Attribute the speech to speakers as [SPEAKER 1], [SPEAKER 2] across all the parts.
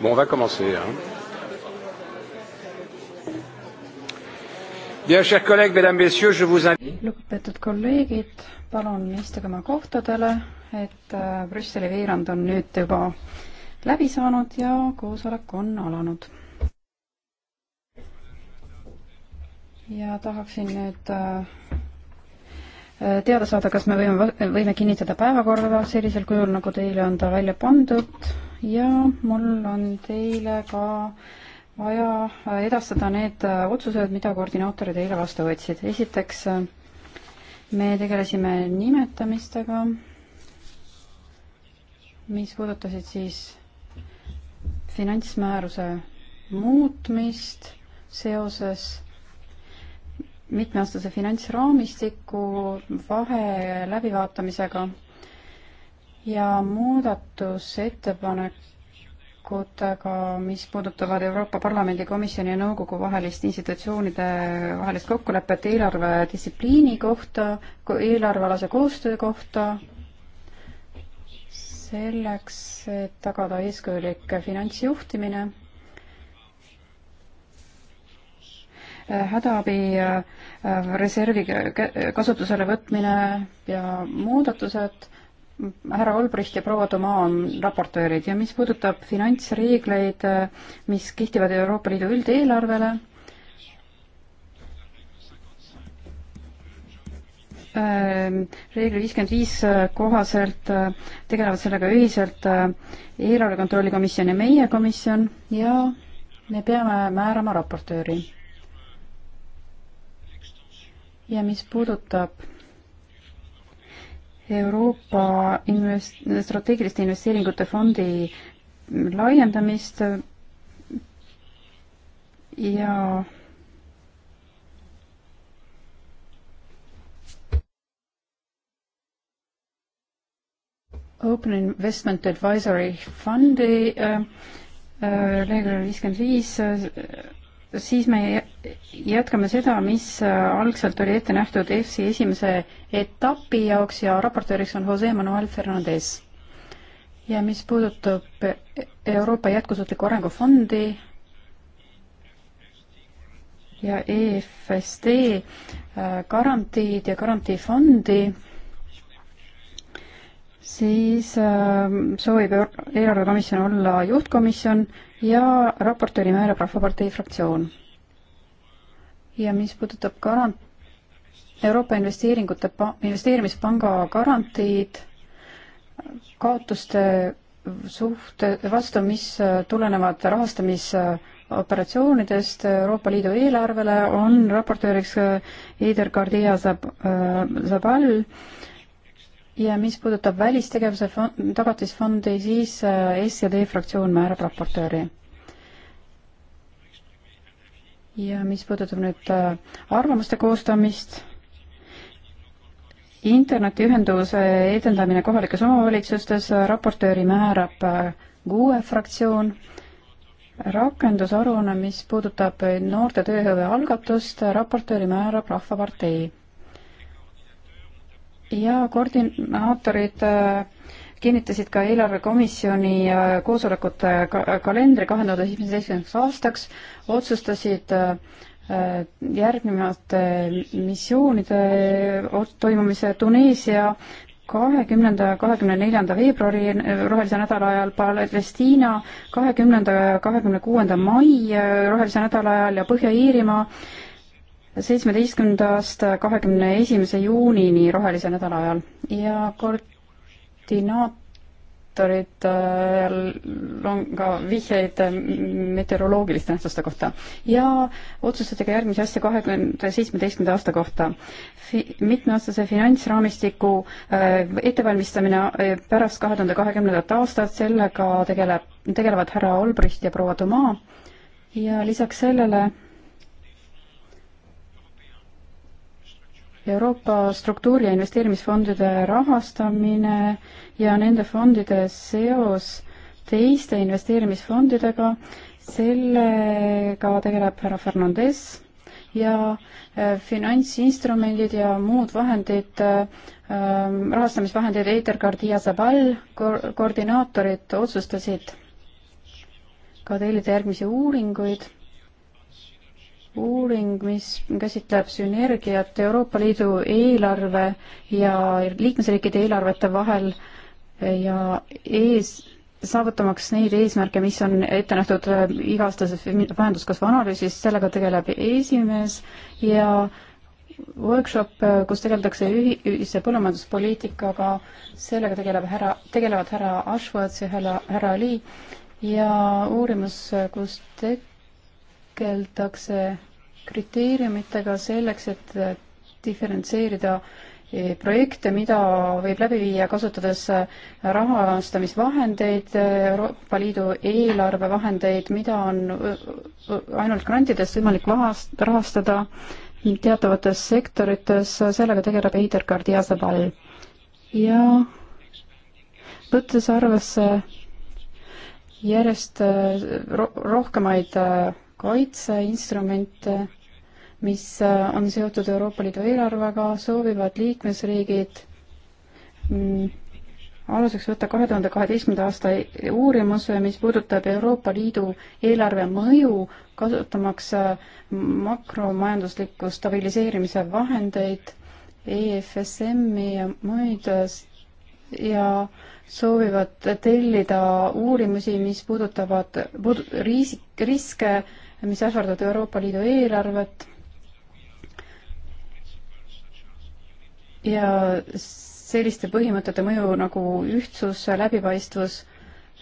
[SPEAKER 1] Bon, on va commencer. Hein. Bien, chers collègues, mesdames, messieurs, je vous invite. lugupeetud kolleegid, palun istuge oma kohtadele, et äh, Brüsseli veerand on nüüd juba läbi saanud ja koosolek on alanud. ja tahaksin nüüd äh, teada saada, kas me võime, võime kinnitada päevakorda sellisel kujul, nagu teile on ta välja pandud ja mul on teile ka vaja edastada need otsused, mida koordinaatorid eile vastu võtsid. esiteks me tegelesime nimetamistega, mis puudutasid siis finantsmääruse muutmist seoses mitmeaastase finantsraamistiku vahe läbivaatamisega ja muudatusettepanekutega, mis puudutavad Euroopa Parlamendi komisjoni ja nõukogu vahelist institutsioonide vahelist kokkulepet eelarvedistsipliini kohta, eelarvealase koostöö kohta, selleks, et tagada eeskujulik finantsjuhtimine hädaabi äh, reservi kasutusele võtmine ja muudatused härra Olbricht ja proua Tomaa on raportöörid ja mis puudutab finantsreegleid, mis kehtivad Euroopa Liidu üldeelarvele, ähm, reegli viiskümmend viis kohaselt äh, tegelevad sellega ühiselt äh, eelarve kontrolli komisjon ja meie komisjon ja me peame määrama raportööri. ja mis puudutab Euroopa invest-, strateegiliste investeeringute fondi laiendamist ja Open Investment Advisory Fundi äh, äh, leheküljel viiskümmend viis äh, siis me jätkame seda, mis äh, algselt oli ette nähtud EFSI esimese etapi jaoks ja raportööriks on Jose Manuel Fernandez. ja mis puudutab Euroopa Jätkusuutliku Arengu Fondi ja EFSD äh, garantiid ja garantiifondi, siis ähm, soovib eelarvekomisjon olla juhtkomisjon ja raportööri määrab Rahvapartei fraktsioon. ja mis puudutab garant-, Euroopa investeeringute pa-, investeerimispanga garantiid kaotuste suht-, vastu, mis äh, tulenevad rahastamisoperatsioonidest Euroopa Liidu eelarvele, on raportööriks äh, Eider Gardia Zab-, äh, Zabal, ja mis puudutab välistegevuse fond, tagatisfondi, siis äh, SD fraktsioon määrab raportööri. ja mis puudutab nüüd äh, arvamuste koostamist, internetiühenduse edendamine kohalikes omavalitsustes, äh, raportööri määrab GUE fraktsioon, rakendusaruanne, mis puudutab noorte tööhõive algatust, raportööri määrab Rahvapartei ja koordinaatorid äh, kinnitasid ka eelarvekomisjoni äh, koosolekute äh, kalendri kahe tuhande seitsmeteistkümnendaks aastaks, otsustasid järgnevate missioonide toimumise Tuneesia kahekümnenda ja kahekümne neljanda veebruari rohelise nädala ajal, Palestiina kahekümnenda ja kahekümne kuuenda mai rohelise nädala ajal ja Põhja-Iirimaa seitsmeteistkümnenda aasta kahekümne esimese juunini rohelise nädala ajal ja koordinaatoritel äh, on ka vihjeid äh, meteoroloogiliste nähtuste kohta. ja otsustati ka järgmisi asju kahekümne seitsmeteistkümnenda aasta kohta Fi. mitmeaastase finantsraamistiku äh, ettevalmistamine pärast kahe tuhande kahekümnendat aastat, sellega tegeleb, tegelevad härra Olbrist ja proua Tomaa ja lisaks sellele Euroopa struktuuri- ja investeerimisfondide rahastamine ja nende fondide seos teiste investeerimisfondidega, sellega tegeleb härra Fernandes ja äh, finantsinstrumendid ja muud vahendid, ähm, rahastamisvahendid Eitergard ja Zabal koordinaatorid otsustasid ka tellida järgmisi uuringuid uuring, mis käsitleb sünergiat Euroopa Liidu eelarve ja liikmesriikide eelarvete vahel ja ees, saavutamaks neid eesmärke, mis on ette nähtud äh, iga-aastases majanduskasvu analüüsis, sellega tegeleb esimees ja workshop, äh, kus tegeldakse ühise põllumajanduspoliitikaga, sellega tegeleb härra, tegelevad härra Ashworth ja härra, härra Ali ja uurimus, äh, kus te-, kõhkeldakse kriteeriumitega selleks, et diferentseerida eh, projekte, mida võib läbi viia, kasutades eh, rahastamisvahendeid, eh, Euroopa Liidu eelarvevahendeid, mida on ainult grantidest võimalik vahast-, rahastada teatavates sektorites, sellega tegeleb Heider Gardiazabal. ja võttes arvesse järjest ro-, rohkemaid kaitseinstrument, mis äh, on seotud Euroopa Liidu eelarvega, soovivad liikmesriigid mm, aluseks võtta kahe tuhande kaheteistkümnenda aasta uurimuse, mis puudutab Euroopa Liidu eelarve mõju, kasutamaks äh, makromajandusliku stabiliseerimise vahendeid, EFSM-i ja muid ja soovivad tellida uurimusi, mis puudutavad puud, riis, riske mis ähvardavad Euroopa Liidu eelarvet ja selliste põhimõtete mõju nagu ühtsus, läbipaistvus,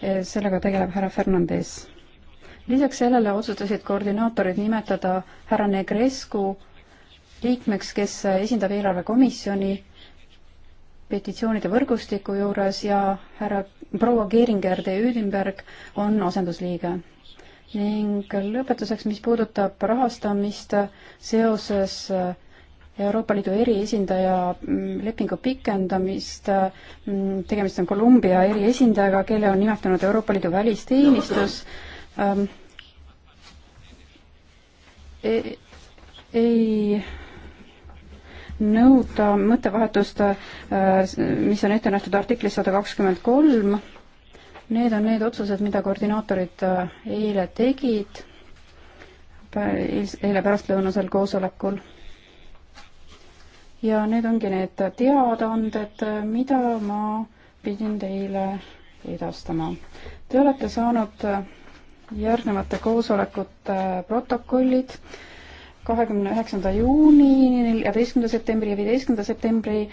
[SPEAKER 1] eh, sellega tegeleb härra Fernandes. lisaks sellele otsustasid koordinaatorid nimetada härra Negrescu liikmeks, kes esindab eelarvekomisjoni petitsioonide võrgustiku juures ja härra proua Geringer de Üdenberg on asendusliige ning lõpetuseks, mis puudutab rahastamist seoses Euroopa Liidu eriesindaja mm, lepingu pikendamist, mm, tegemist on Kolumbia eriesindajaga, kelle on nimetanud Euroopa Liidu välisteenistus, ähm, e, ei nõuda mõttevahetust, äh, mis on ette nähtud artiklis sada kakskümmend kolm Need on need otsused, mida koordinaatorid äh, eile tegid, eile pärastlõunasel koosolekul. ja need ongi need teadaanded, äh, mida ma pidin teile edastama. Te olete saanud äh, järgnevate koosolekute protokollid kahekümne üheksanda juuni, neljateistkümnenda septembri ja viieteistkümnenda septembri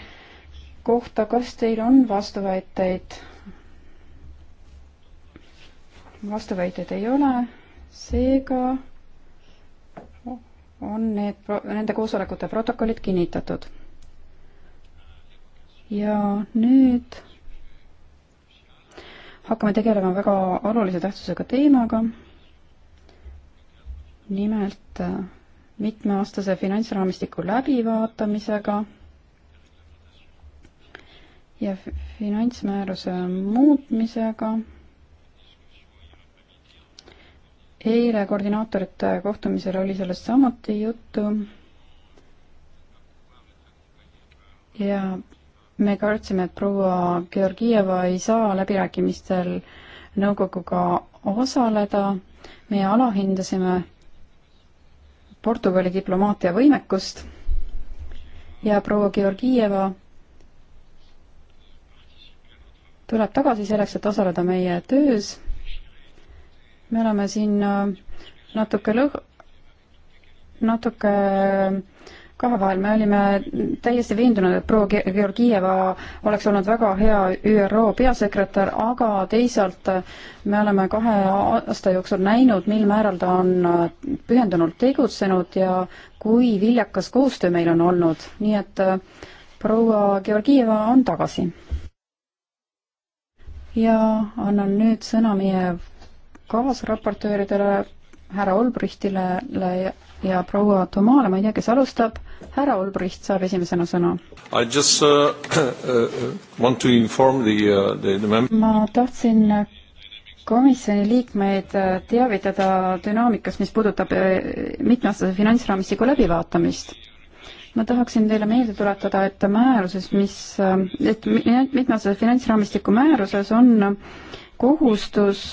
[SPEAKER 1] kohta, kas teil on vastuväiteid? vastuväiteid ei ole, seega on need, nende koosolekute protokollid kinnitatud. ja nüüd hakkame tegelema väga olulise tähtsusega teemaga, nimelt äh, mitmeaastase finantsraamistiku läbivaatamisega ja finantsmääruse muutmisega eile koordinaatorite kohtumisel oli sellest samuti juttu. ja me kartsime, et proua Georgieva ei saa läbirääkimistel nõukoguga osaleda. me alahindasime Portugali diplomaatia võimekust ja proua Georgieva tuleb tagasi selleks, et osaleda meie töös me oleme siin äh, natuke lõh-, natuke kahe vahel, me olime täiesti veendunud, et proua Georgieva oleks olnud väga hea ÜRO peasekretär, aga teisalt äh, me oleme kahe aasta jooksul näinud, mil määral ta on äh, pühendunult tegutsenud ja kui viljakas koostöö meil on olnud, nii et proua Georgieva on tagasi ja annan nüüd sõna meie kaasraportööridele, härra Olbrichtile ja, ja proua Tomale, ma ei tea, kes alustab, härra Olbricht saab esimesena sõna. Just, uh, uh, the, uh, the, the ma tahtsin komisjoni liikmeid uh, teavitada dünaamikast, mis puudutab uh, mitmeaastase finantsraamistiku läbivaatamist ma tahaksin teile meelde tuletada, et määruses, mis, uh, et mitmeaastase finantsraamistiku määruses on kohustus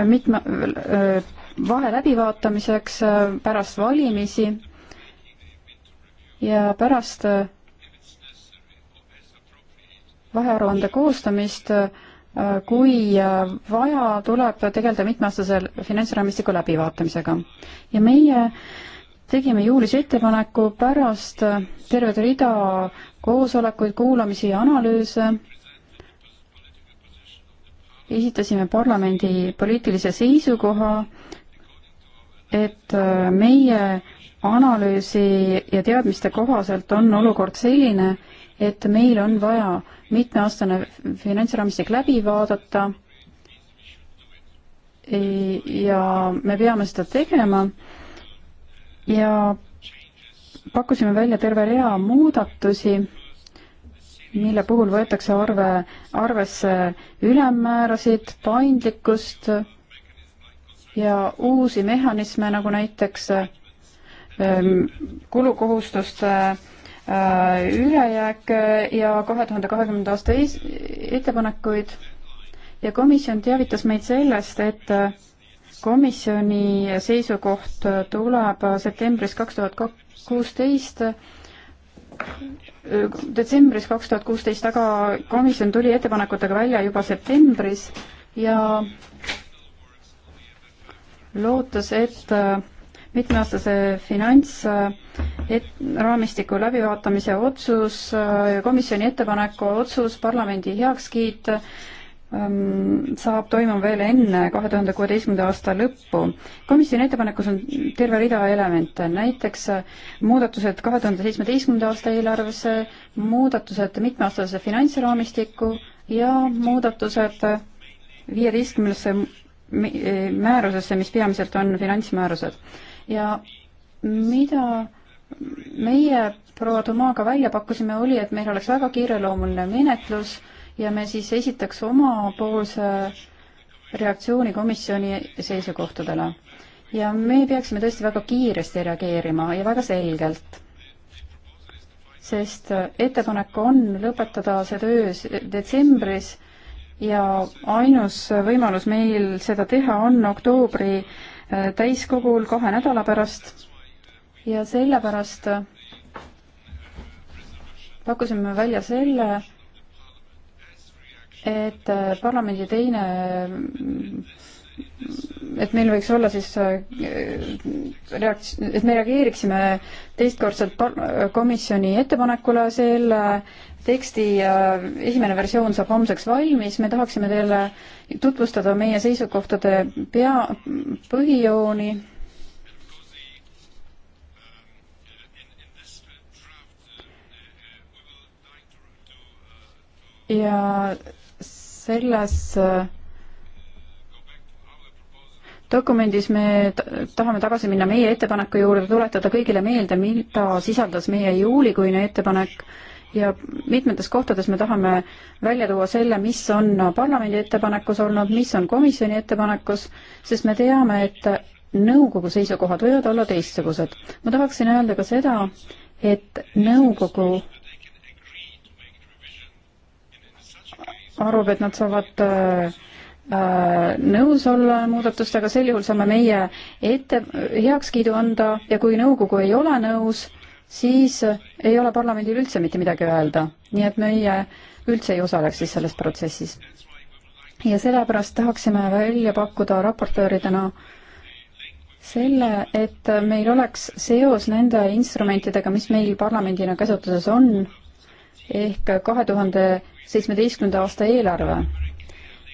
[SPEAKER 1] mitme vahe läbivaatamiseks pärast valimisi ja pärast vahearuande koostamist, kui vaja, tuleb tegeleda mitmeaastase finantsraamistiku läbivaatamisega. ja meie tegime juulis ettepaneku pärast terved rida koosolekuid, kuulamisi ja analüüse esitasime parlamendi poliitilise seisukoha, et äh, meie analüüsi ja teadmiste kohaselt on olukord selline, et meil on vaja mitmeaastane finantsraamistik läbi vaadata e, ja me peame seda tegema ja pakkusime välja terve rea muudatusi mille puhul võetakse arve, arvesse ülemmäärasid, paindlikkust ja uusi mehhanisme, nagu näiteks ähm, kulukohustuste äh, ülejääk ja kahe tuhande kahekümnenda aasta ees, ettepanekuid ja komisjon teavitas meid sellest, et komisjoni seisukoht tuleb septembris kaks tuhat kuusteist detsembris kaks tuhat kuusteist, aga komisjon tuli ettepanekutega välja juba septembris ja lootes, et äh, mitmeaastase finantsraamistiku äh, läbivaatamise otsus, äh, komisjoni ettepaneku otsus, parlamendi heakskiit saab toimuma veel enne kahe tuhande kuueteistkümnenda aasta lõppu. komisjoni ettepanekus on terve rida elemente, näiteks äh, muudatused kahe tuhande seitsmeteistkümnenda aasta eelarvesse, muudatused mitmeaastase finantsraamistikku ja muudatused viieteistkümnesse äh, määrusesse, mis peamiselt on finantsmäärused. ja mida meie proua Tomaga välja pakkusime, oli, et meil oleks väga kiireloomuline menetlus äh, ja me siis esitaks omapoolse reaktsiooni komisjoni seisukohtadele. ja me peaksime tõesti väga kiiresti reageerima ja väga selgelt, sest ettepanek on lõpetada see töö detsembris ja ainus võimalus meil seda teha on oktoobri äh, täiskogul kahe nädala pärast ja sellepärast pakkusime välja selle, et äh, parlamendi teine et meil võiks olla siis äh, reaks-, et me reageeriksime teistkordselt komisjoni ettepanekule, selle teksti äh, esimene versioon saab homseks valmis, me tahaksime teile tutvustada meie seisukohtade pea, põhijooni. ja selles äh, dokumendis me tahame tagasi minna meie ettepaneku juurde, tuletada kõigile meelde, mida sisaldas meie juulikuine ettepanek ja mitmetes kohtades me tahame välja tuua selle, mis on parlamendi ettepanekus olnud, mis on komisjoni ettepanekus, sest me teame, et nõukogu seisukohad võivad olla teistsugused. ma tahaksin öelda ka seda, et nõukogu arvab, et nad saavad äh, äh, nõus olla muudatustega, sel juhul saame meie ette heakskiidu anda ja kui nõukogu ei ole nõus, siis ei ole parlamendil üldse mitte midagi öelda. nii et meie üldse ei osaleks siis selles protsessis. ja sellepärast tahaksime välja pakkuda raportööridena selle, et meil oleks seos nende instrumentidega, mis meil parlamendina käsutuses on ehk kahe tuhande seitsmeteistkümnenda aasta eelarve.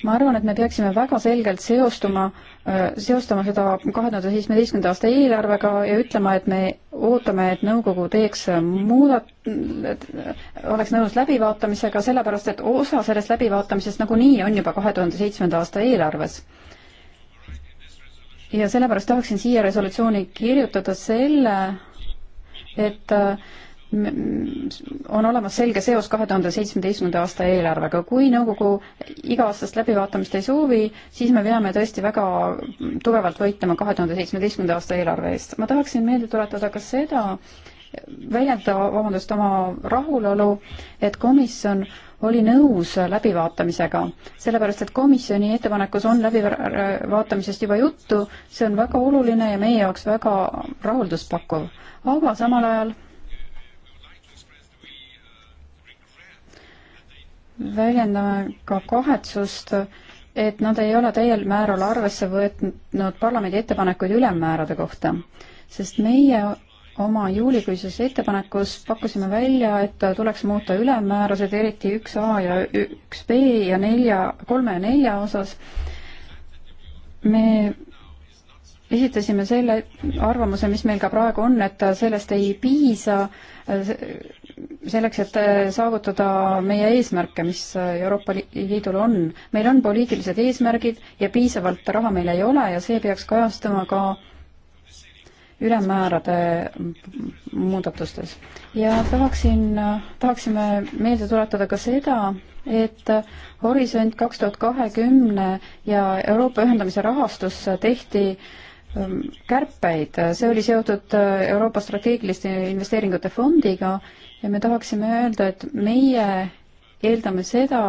[SPEAKER 1] ma arvan, et me peaksime väga selgelt seostuma, äh, seostama seda kahe tuhande seitsmeteistkümnenda aasta eelarvega ja ütlema, et me ootame, et nõukogu teeks muudat-, äh, oleks nõus läbivaatamisega, sellepärast et osa sellest läbivaatamisest nagunii on juba kahe tuhande seitsmenda aasta eelarves ja sellepärast tahaksin siia resolutsiooni kirjutada selle, et äh, on olemas selge seos kahe tuhande seitsmeteistkümnenda aasta eelarvega. kui nõukogu iga-aastast läbivaatamist ei soovi, siis me peame tõesti väga tugevalt võitlema kahe tuhande seitsmeteistkümnenda aasta eelarve eest. ma tahaksin meelde tuletada ka seda, väljenda, vabandust, oma rahulolu, et komisjon oli nõus läbivaatamisega, sellepärast et komisjoni ettepanekus on läbivaatamisest juba juttu, see on väga oluline ja meie jaoks väga rahulduspakkuv. aga samal ajal väljendame ka kahetsust, et nad ei ole täiel määral arvesse võtnud parlamendi ettepanekuid ülemmäärade kohta, sest meie oma juulikuises ettepanekus pakkusime välja, et tuleks muuta ülemmäärasid, eriti üks A ja üks B ja nelja, kolme ja nelja osas. me esitasime selle arvamuse, mis meil ka praegu on, et sellest ei piisa selleks, et äh, saavutada meie eesmärke, mis äh, Euroopa Liidul on. meil on poliitilised eesmärgid ja piisavalt raha meil ei ole ja see peaks kajastuma ka ülemmäärade muudatustes. ja tahaksin, tahaksime meelde tuletada ka seda, et Horisont kaks tuhat kahekümne ja Euroopa ühendamise rahastus tehti ähm, kärpeid, see oli seotud äh, Euroopa strateegiliste investeeringute fondiga ja me tahaksime öelda, et meie eeldame seda,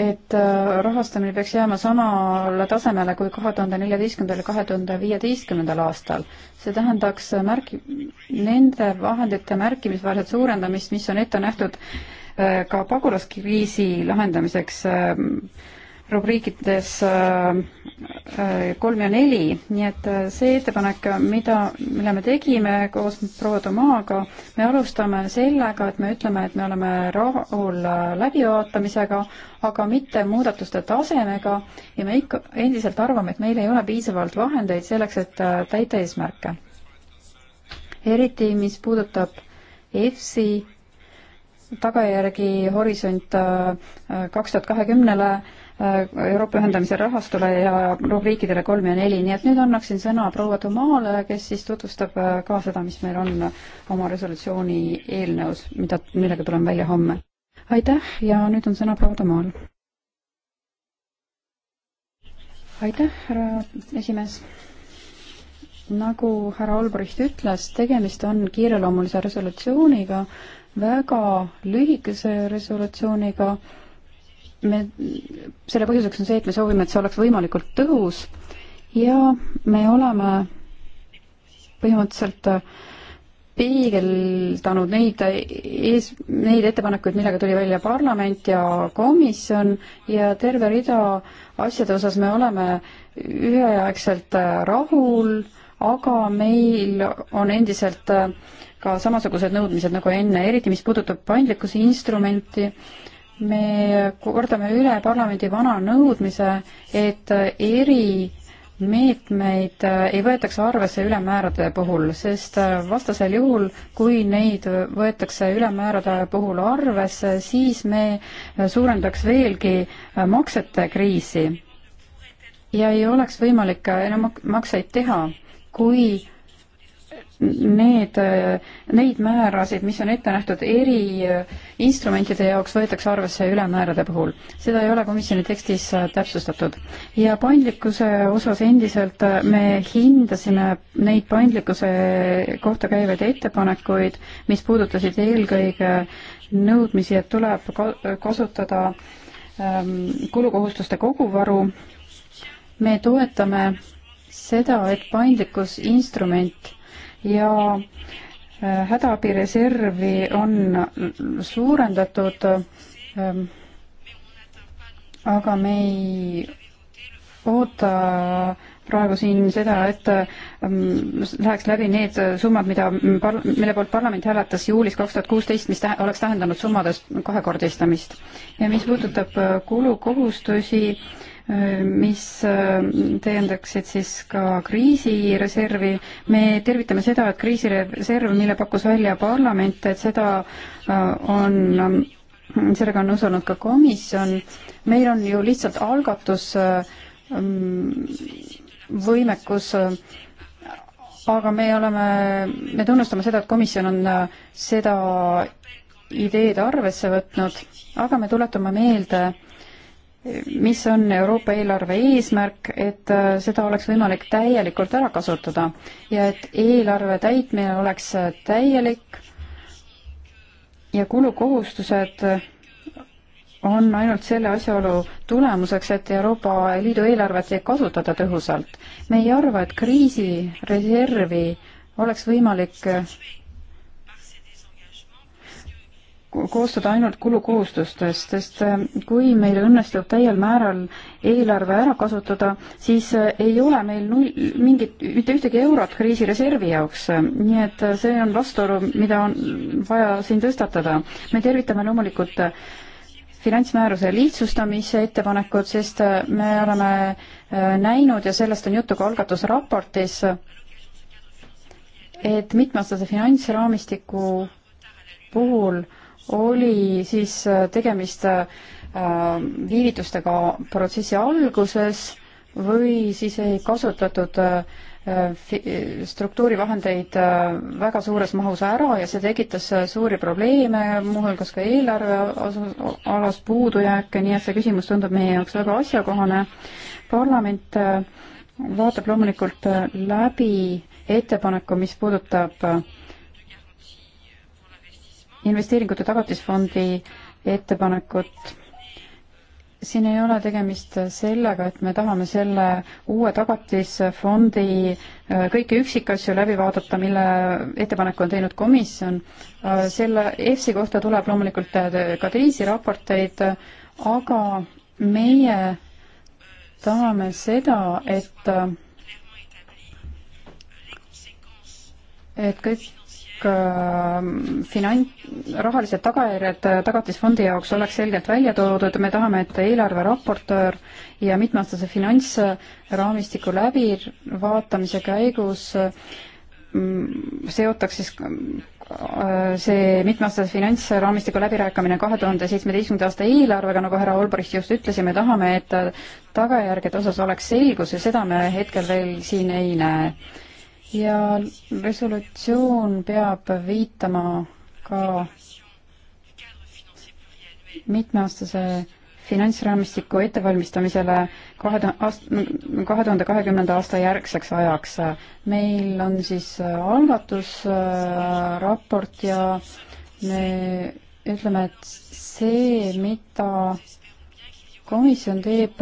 [SPEAKER 1] et äh, rahastamine peaks jääma samale tasemele kui kahe tuhande neljateistkümnendal ja kahe tuhande viieteistkümnendal aastal. see tähendaks märki, nende vahendite märkimisväärset suurendamist, mis on ette nähtud äh, ka pagulaskriisi lahendamiseks äh, rubriikides äh, äh, kolm ja neli, nii et äh, see ettepanek, mida, mille me tegime koos proua Tomaaga, me alustame sellega, et me ütleme, et me oleme rahul läbivaatamisega, aga mitte muudatuste tasemega ja me ikka endiselt arvame, et meil ei ole piisavalt vahendeid selleks, et täita eesmärke. eriti, mis puudutab EFSI tagajärgi Horisont kaks tuhat kahekümnele Äh, Euroopa ühendamise rahastule ja rubriikidele kolm ja neli, nii et nüüd annaksin sõna proua Tomaale, kes siis tutvustab äh, ka seda, mis meil on oma resolutsiooni eelnõus, mida, millega tuleme välja homme. aitäh ja nüüd on sõna proua Tomaal. aitäh, härra esimees. nagu härra Olbricht ütles, tegemist on kiireloomulise resolutsiooniga, väga lühikese resolutsiooniga me, selle põhjuseks on see, et me soovime, et see oleks võimalikult tõhus ja me oleme põhimõtteliselt äh, peegeldanud neid ees, neid ettepanekuid, millega tuli välja parlament ja komisjon ja terve rida asjade osas me oleme üheaegselt äh, rahul, aga meil on endiselt äh, ka samasugused nõudmised nagu enne, eriti mis puudutab paindlikkuse instrumenti äh, me kordame üle parlamendi vana nõudmise, et eri meetmeid ei võetaks arvesse ülemäärade puhul, sest vastasel juhul, kui neid võetakse ülemäärade puhul arvesse, siis me suurendaks veelgi maksete kriisi ja ei oleks võimalik enam makseid teha, kui need, neid määrasid, mis on ette nähtud eriinstrumentide äh, jaoks, võetakse arvesse ülemäärade puhul. seda ei ole komisjoni tekstis äh, täpsustatud. ja paindlikkuse osas endiselt äh, me hindasime neid paindlikkuse kohta käivaid ettepanekuid, mis puudutasid eelkõige nõudmisi, et tuleb kasutada ähm, kulukohustuste koguvaru. me toetame seda, et paindlikkusinstrument ja äh, hädaabireservi on suurendatud, ähm, aga me ei oota praegu siin seda, et ähm, läheks läbi need summad, mida par-, mille poolt parlament hääletas juulis kaks tuhat kuusteist, mis tähe-, oleks tähendanud summades kahekordistamist. ja mis puudutab äh, kulukohustusi äh,, mis äh, täiendaksid siis ka kriisireservi. me tervitame seda, et kriisireserv, mille pakkus välja parlament, et seda äh, on, äh, sellega on nõus olnud ka komisjon. meil on ju lihtsalt algatus mm, võimekus aga me oleme, me tunnustame seda, et komisjon on seda ideed arvesse võtnud, aga me tuletame meelde, mis on Euroopa eelarve eesmärk, et äh, seda oleks võimalik täielikult ära kasutada ja et eelarve täitmine oleks äh, täielik ja kulukohustused on ainult selle asjaolu tulemuseks, et Euroopa Liidu eelarvet ei kasutata tõhusalt. me ei arva, et kriisireservi oleks võimalik äh, koostada ainult kulukohustustest, sest äh, kui meil õnnestub täiel määral eelarve ära kasutada, siis äh, ei ole meil null, mingit, mitte ühtegi eurot kriisireservi jaoks. nii et äh, see on vastuolu, mida on vaja siin tõstatada. me tervitame loomulikult finantsmääruse lihtsustamise ettepanekut, sest me oleme näinud ja sellest on juttu ka algatusraportis, et mitmeaastase finantsraamistiku puhul äh, oli siis äh, tegemist äh, viivitustega protsessi alguses või siis ei kasutatud äh, struktuurivahendeid väga suures mahus ära ja see tekitas suuri probleeme, muuhulgas ka eelarve alas puudujääke, nii et see küsimus tundub meie jaoks väga asjakohane. parlament vaatab loomulikult läbi ettepaneku, mis puudutab äh, investeeringute tagatisfondi ettepanekut. siin ei ole tegemist sellega, et me tahame selle uue tagatisfondi äh, kõiki üksikasju läbi vaadata, mille ettepaneku on teinud komisjon. Äh, selle EFSI kohta tuleb loomulikult äh, ka teisi raporteid, aga meie tahame seda, et et kõik Ähm, finant-, rahalised tagajärjed äh, Tagatisfondi jaoks oleks selgelt välja toodud, me tahame, et eelarveraportöör ja mitmeaastase finantsraamistiku läbivaatamise käigus mm, seotaks siis äh, see mitmeaastase finantsraamistiku läbirääkimine kahe tuhande seitsmeteistkümnenda aasta eelarvega, nagu härra Olbrich just ütles, ja me tahame, et tagajärgede osas oleks selgus ja seda me hetkel veel siin ei näe ja resolutsioon peab viitama ka mitmeaastase finantsraamistiku ettevalmistamisele kahe tuhande kahekümnenda aasta järgseks ajaks. meil on siis algatusraport äh, ja me ütleme, et see, mida komisjon teeb,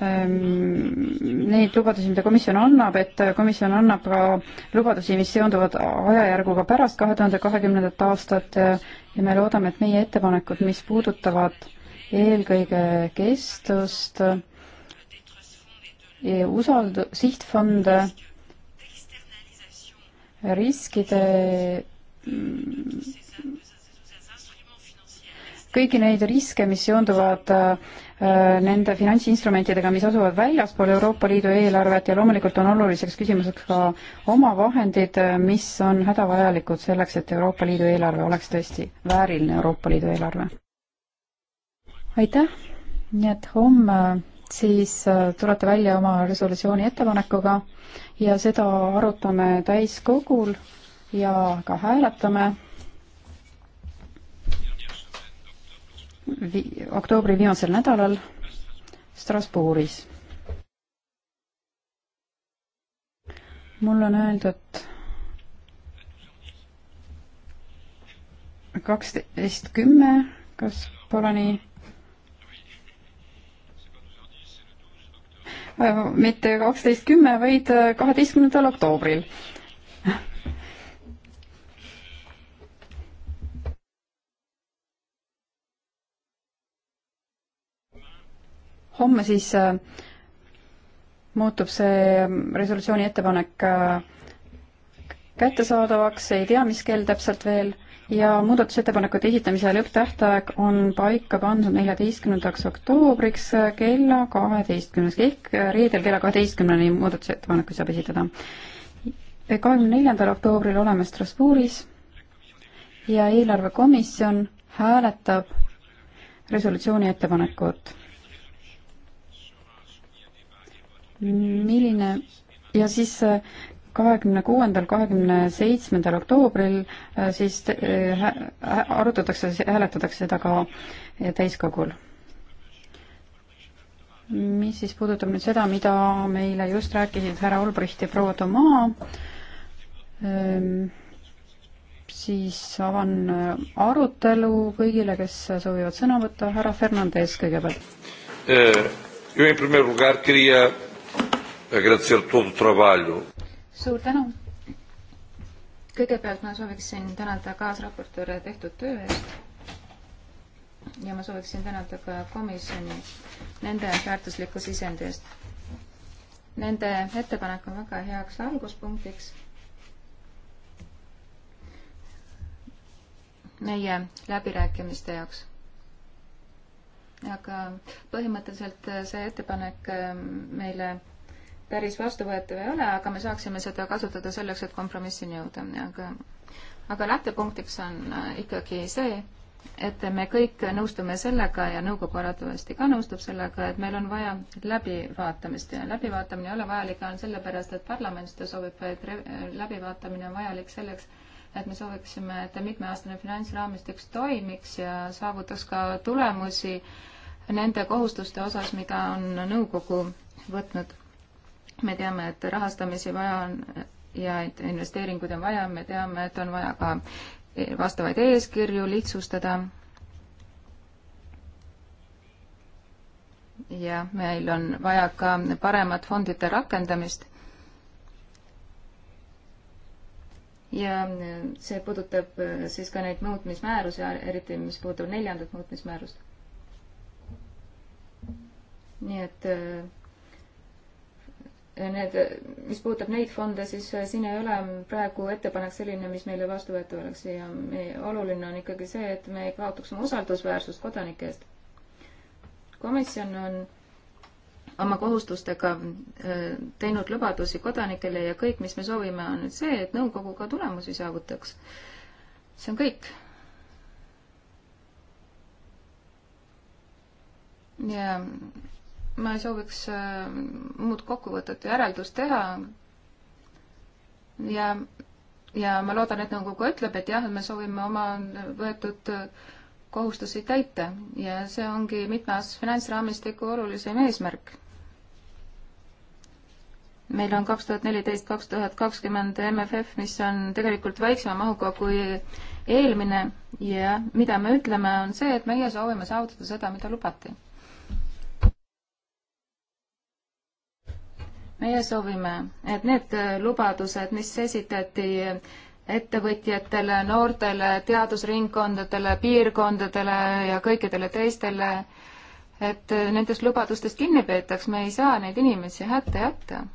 [SPEAKER 1] Ehm, neid lubadusi, mida komisjon annab, et komisjon annab ka lubadusi, mis seonduvad ajajärguga pärast kahe tuhande kahekümnendat aastat ja me loodame, et meie ettepanekud, mis puudutavad eelkõige kestust, usald-, sihtfonde, riskide mm, kõiki neid riske, mis seonduvad äh, nende finantsinstrumentidega, mis asuvad väljaspool Euroopa Liidu eelarvet ja loomulikult on oluliseks küsimuseks ka omavahendid, äh, mis on hädavajalikud selleks, et Euroopa Liidu eelarve oleks tõesti vääriline Euroopa Liidu eelarve. aitäh, nii et homme siis äh, tulete välja oma resolutsiooni ettepanekuga ja seda arutame täiskogul ja ka hääletame vi-, oktoobri viimasel nädalal Strasbourgis. mulle on öeldud kaksteist kümme, kas pole nii? mitte kaksteist kümme, vaid kaheteistkümnendal oktoobril homme siis äh, muutub see ähm, resolutsiooni ettepanek äh, kättesaadavaks, ei tea, mis kell täpselt veel, ja muudatusettepanekute esitamise lõpptähtaeg on paika pandud neljateistkümnendaks oktoobriks äh, kella kaheteistkümneks ehk reedel kella kaheteistkümneni muudatusettepanekuid saab esitada. kahekümne neljandal oktoobril oleme Strasbourgis ja eelarvekomisjon hääletab resolutsiooni ettepanekut milline ja siis äh, kahekümne kuuendal, kahekümne seitsmendal oktoobril äh, siis äh, arutatakse, hääletatakse seda ka täiskogul. mis siis puudutab nüüd seda, mida meile just rääkisid härra Olbricht ja proua Tomaa, ähm, siis avan arutelu kõigile, kes soovivad sõna võtta, härra Fernandes kõigepealt. Eu,
[SPEAKER 2] em primeiro lugar, queria agradecer todo o trabalho.
[SPEAKER 3] suur tänu. kõigepealt ma sooviksin tänada kaasraportööre tehtud töö eest ja ma sooviksin tänada ka komisjoni nende väärtusliku sisendi eest. Nende ettepanek on väga heaks alguspunktiks meie läbirääkimiste jaoks. aga põhimõtteliselt see ettepanek ähm, meile päris vastuvõetav ei ole, aga me saaksime seda kasutada selleks, et kompromissini jõuda, aga aga lähtepunktiks on äh, ikkagi see, et me kõik nõustume sellega ja nõukogu arvatavasti ka nõustub sellega, et meil on vaja läbivaatamist ja läbivaatamine ei ole vajalik ainult sellepärast, et parlament seda soovib, vaid läbivaatamine on vajalik selleks, et me sooviksime, et mitmeaastane finantsraamistik toimiks ja saavutaks ka tulemusi nende kohustuste osas, mida on nõukogu võtnud me teame, et rahastamisi vaja on ja et investeeringuid on vaja, me teame, et on vaja ka vastavaid eeskirju lihtsustada. ja meil on vaja ka paremat fondide rakendamist. ja see puudutab siis ka neid muutmismäärusi, eriti mis puudutab neljandat muutmismäärust. nii et äh, need, mis puudutab neid fonde, siis äh, siin ei ole praegu ettepanek selline, mis meile vastuvõetav oleks ja me, oluline on ikkagi see, et me ei kaotaks oma usaldusväärsust kodanike eest. komisjon on oma kohustustega äh, teinud lubadusi kodanikele ja kõik, mis me soovime, on nüüd see, et nõukogu ka tulemusi saavutaks. see on kõik. ja ma ei sooviks äh, muud kokkuvõtet ja järeldust teha. ja, ja ma loodan, et nõukogu ütleb, et jah, et me soovime oma võetud äh, kohustusi täita ja see ongi mitmeaastase finantsraamistiku olulisem eesmärk. meil on kaks tuhat neliteist, kaks tuhat kakskümmend MFF, mis on tegelikult väiksema mahuga kui eelmine ja mida me ütleme, on see, et meie soovime saavutada seda, mida lubati meie soovime, et need lubadused, mis esitati ettevõtjatele, noortele, teadusringkondadele, piirkondadele ja kõikidele teistele, et nendest lubadustest kinni peetaks, me ei saa neid inimesi hätta jätta.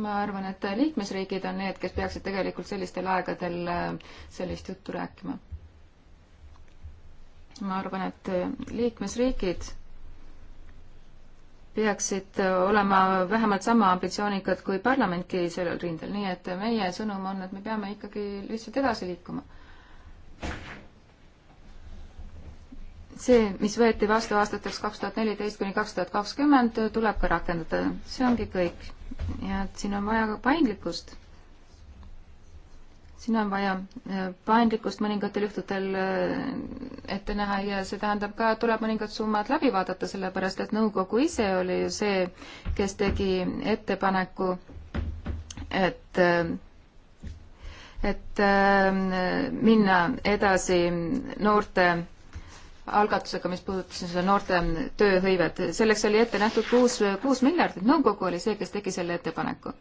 [SPEAKER 3] ma arvan, et liikmesriigid on need, kes peaksid tegelikult sellistel aegadel äh, sellist juttu rääkima. ma arvan, et liikmesriigid peaksid olema vähemalt sama ambitsioonikad kui parlamentki sellel rindel, nii et meie sõnum on, et me peame ikkagi lihtsalt edasi liikuma. see, mis võeti vastu aastateks kaks tuhat neliteist kuni kaks tuhat kakskümmend, tuleb ka rakendada, see ongi kõik. ja et siin on vaja ka paindlikkust siin on vaja äh, paindlikkust mõningatel juhtudel äh, ette näha ja see tähendab ka, tuleb mõningad summad läbi vaadata, sellepärast et nõukogu ise oli ju see, kes tegi ettepaneku, et äh, et minna edasi noorte algatusega, mis puudutas seda noorte tööhõivet. selleks oli ette nähtud kuus, kuus miljardit, nõukogu oli see, kes tegi selle ettepaneku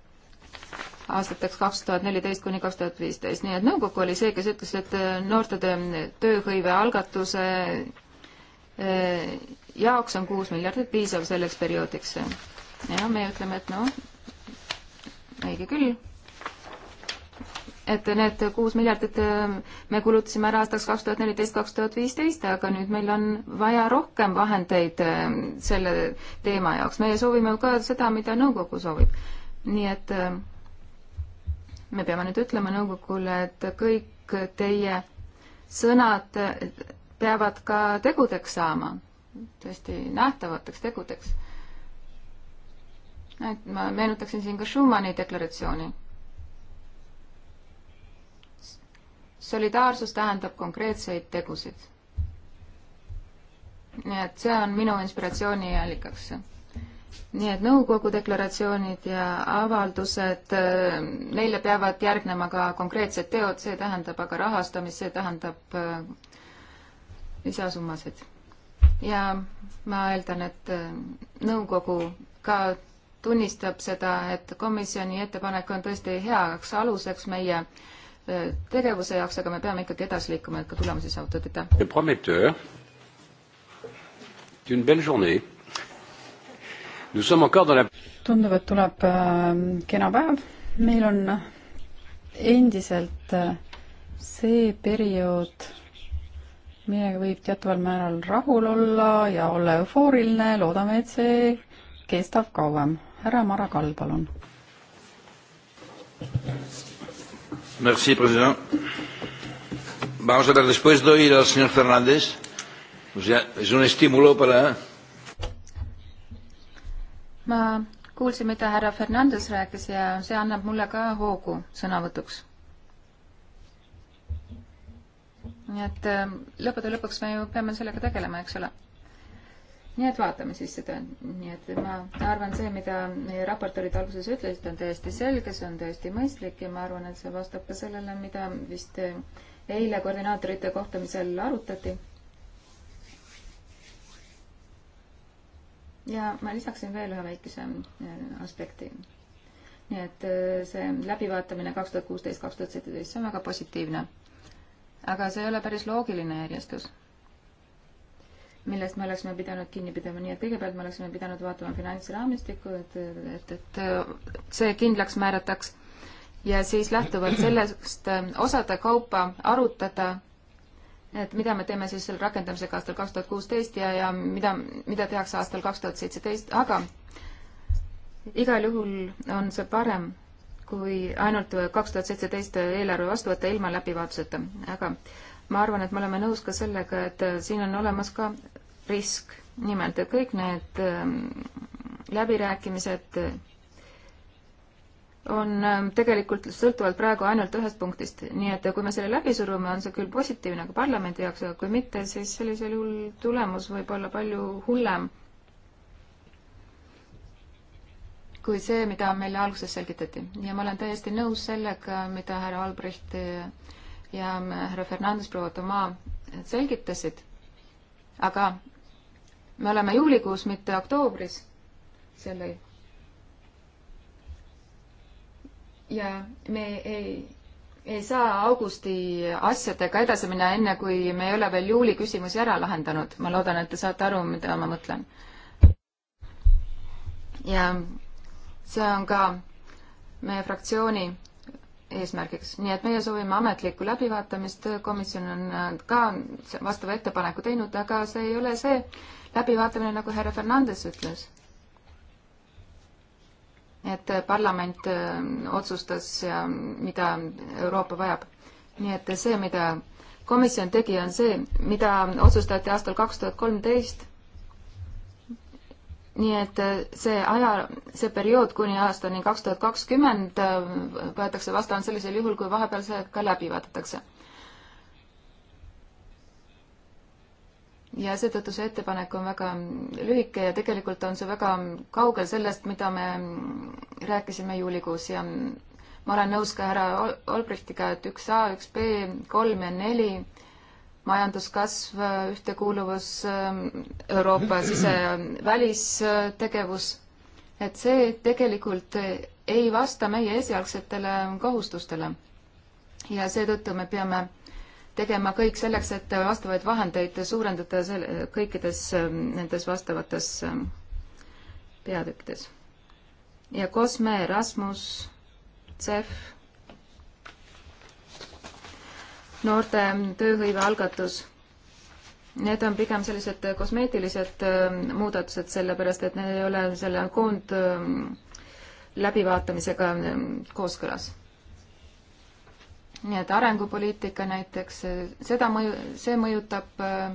[SPEAKER 3] aastateks kaks tuhat neliteist kuni kaks tuhat viisteist. nii et nõukogu oli see, kes ütles, et äh, noortetöö tööhõive algatuse äh, jaoks on kuus miljardit piisav selleks perioodiks. ja me ütleme, et noh, õige küll, et need kuus miljardit äh, me kulutasime ära aastaks kaks tuhat neliteist, kaks tuhat viisteist, aga nüüd meil on vaja rohkem vahendeid selle teema jaoks. meie soovime ka seda, mida nõukogu soovib. nii et äh, me peame nüüd ütlema nõukogule, et kõik teie sõnad peavad ka tegudeks saama, tõesti nähtavateks tegudeks. et ma meenutaksin siin ka Schumanni deklaratsiooni. solidaarsus tähendab konkreetseid tegusid. nii et see on minu inspiratsiooni allikaks nii et nõukogu deklaratsioonid ja avaldused, äh, neile peavad järgnema ka konkreetsed teod, see tähendab aga rahastamist, see tähendab äh, lisasummasid. ja ma eeldan, et äh, nõukogu ka tunnistab seda, et komisjoni ettepanek on tõesti heaks aluseks meie tegevuse jaoks, aga me peame ikkagi edasi liikuma, et ka tulemusi saavutada tundub, et tuleb
[SPEAKER 1] äh, kena päev, meil on endiselt äh, see periood, millega võib teataval määral rahul olla ja olla eufooriline, loodame, et see kestab kauem. härra Mara Kall, palun. Merci, president.
[SPEAKER 3] Vamos a ver, después doy al señor Fernández, o sea, es un estímulo para ma kuulsin, mida härra Fernandes rääkis ja see annab mulle ka hoogu sõnavõtuks. nii et äh, lõppude lõpuks me ju peame sellega tegelema, eks ole. nii et vaatame siis seda, nii et ma arvan, see, mida meie raportöörid alguses ütlesid, on täiesti selge, see on täiesti mõistlik ja ma arvan, et see vastab ka sellele, mida vist eile koordinaatorite kohtumisel arutati ja ma lisaksin veel ühe väikese äh, aspekti. nii et äh, see läbivaatamine kaks tuhat kuusteist, kaks tuhat seitseteist, see on väga positiivne. aga see ei ole päris loogiline järjestus, millest me oleksime pidanud kinni pidama, nii et kõigepealt me oleksime pidanud vaatama finantsraamistikku, et, et, et see kindlaks määrataks ja siis lähtuvalt sellest äh, osade kaupa arutada et mida me teeme siis selle rakendamisega aastal kaks tuhat kuusteist ja, ja mida, mida tehakse aastal kaks tuhat seitseteist, aga igal juhul on see parem kui ainult kaks tuhat seitseteist eelarve vastu võtta ilma läbivaatuseta, aga ma arvan, et me oleme nõus ka sellega, et siin on olemas ka risk, nimelt kõik need ähm, läbirääkimised on ähm, tegelikult sõltuvalt praegu ainult ühest punktist, nii et kui me selle läbi surume, on see küll positiivne ka parlamendi jaoks, aga kui mitte, siis sellisel juhul tulemus võib olla palju hullem kui see, mida meile alguses selgitati. ja ma olen täiesti nõus sellega, mida härra Albrecht ja härra Fernandes, proua Tomaa selgitasid, aga me oleme juulikuus, mitte oktoobris selle ja me ei, ei saa augusti asjadega edasi minna, enne kui me ei ole veel juuli küsimusi ära lahendanud. ma loodan, et te saate aru, mida ma mõtlen. ja see on ka meie fraktsiooni eesmärgiks, nii et meie soovime ametlikku läbivaatamist, komisjon on ka vastava ettepaneku teinud, aga see ei ole see läbivaatamine, nagu härra Fernandes ütles et parlament äh, otsustas ja mida Euroopa vajab. nii et see, mida komisjon tegi, on see, mida otsustati aastal kaks tuhat kolmteist. nii et äh, see aja, see periood kuni aastani kaks tuhat kakskümmend äh, võetakse vastu ainult sellisel juhul, kui vahepeal see ka läbi vaadatakse ja seetõttu see ettepanek on väga lühike ja tegelikult on see väga kaugel sellest, mida me rääkisime juulikuus ja ma olen nõus ka härra Olbrichtiga, et üks A, üks B, kolm ja neli, majanduskasv, ühtekuuluvus, Euroopa sise-, välistegevus, et see tegelikult ei vasta meie esialgsetele kohustustele. ja seetõttu me peame tegema kõik selleks, et vastavaid vahendeid suurendada kõikides ähm, nendes vastavates ähm, peatükkides. ja Cosme, Erasmus, CEF, noorte ähm, tööhõive algatus, need on pigem sellised kosmeetilised muudatused, sellepärast et need ei ole selle koond läbivaatamisega kooskõlas nii et arengupoliitika näiteks, seda mõju, see mõjutab äh,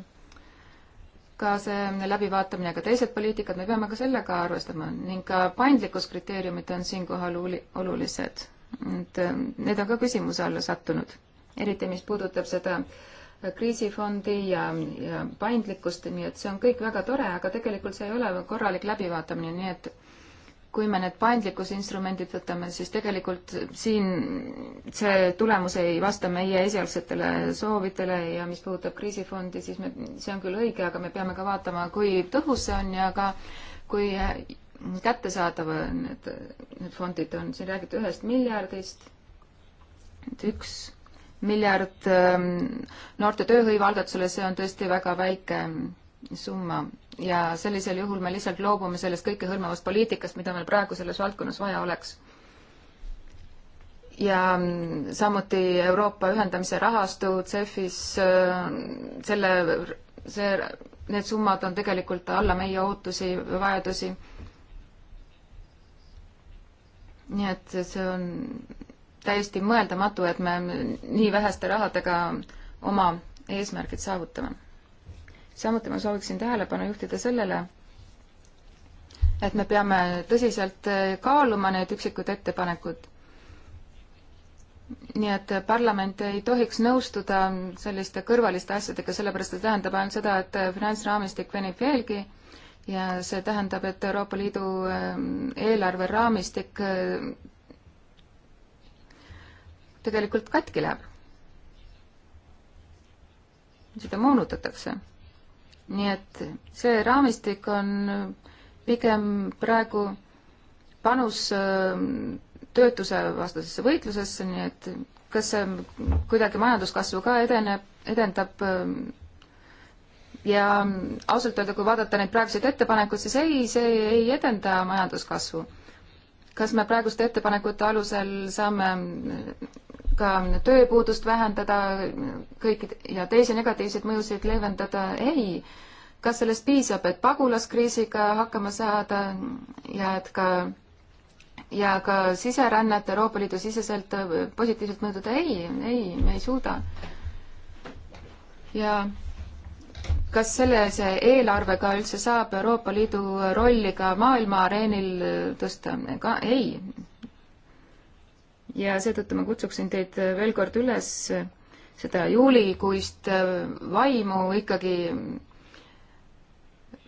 [SPEAKER 3] ka see läbivaatamine, aga teised poliitikad, me peame ka sellega arvestama ning ka paindlikkuskriteeriumid on siinkohal olulised. et äh, need on ka küsimuse alla sattunud, eriti mis puudutab seda äh, kriisifondi ja, ja paindlikkust, nii et see on kõik väga tore, aga tegelikult see ei ole korralik läbivaatamine, nii et kui me need paindlikkusinstrumendid võtame, siis tegelikult siin see tulemus ei vasta meie esialgsetele soovidele ja mis puudutab kriisifondi, siis me, see on küll õige, aga me peame ka vaatama, kui tõhus see on ja ka kui kättesaadav need, need fondid on. siin räägiti ühest miljardist, et üks miljard ähm, noorte tööhõive algatusele, see on tõesti väga väike summa ja sellisel juhul me lihtsalt loobume sellest kõikehõlmavast poliitikast, mida meil praegu selles valdkonnas vaja oleks. ja mm, samuti Euroopa ühendamise rahastu CEF-is äh, selle, see, need summad on tegelikult alla meie ootusi, vajadusi. nii et see on täiesti mõeldamatu, et me nii väheste rahadega oma eesmärgid saavutame samuti ma sooviksin tähelepanu juhtida sellele, et me peame tõsiselt eh, kaaluma need üksikud ettepanekud. nii et parlament ei tohiks nõustuda selliste kõrvaliste asjadega, sellepärast see tähendab ainult seda, et finantsraamistik venib veelgi ja see tähendab, et Euroopa Liidu eh, eelarveraamistik eh, tegelikult katki läheb. seda moonutatakse nii et see raamistik on pigem praegu panus ähm, töötuse vastasesse võitlusesse, nii et kas see kuidagi majanduskasvu ka edeneb, edendab ähm, ja ausalt öelda, kui vaadata neid praeguseid ettepanekuid, siis ei, see ei edenda majanduskasvu. kas me praeguste ettepanekute alusel saame ka tööpuudust vähendada, kõiki ja teisi negatiivseid mõjusid leevendada, ei. kas sellest piisab, et pagulaskriisiga hakkama saada ja et ka ja ka siserännet Euroopa Liidu siseselt positiivselt mõjutada, ei, ei, me ei suuda. ja kas sellise eelarvega üldse saab Euroopa Liidu rolli ka maailma areenil tõsta? ka ei ja seetõttu ma kutsuksin teid veel kord üles seda juulikuist vaimu ikkagi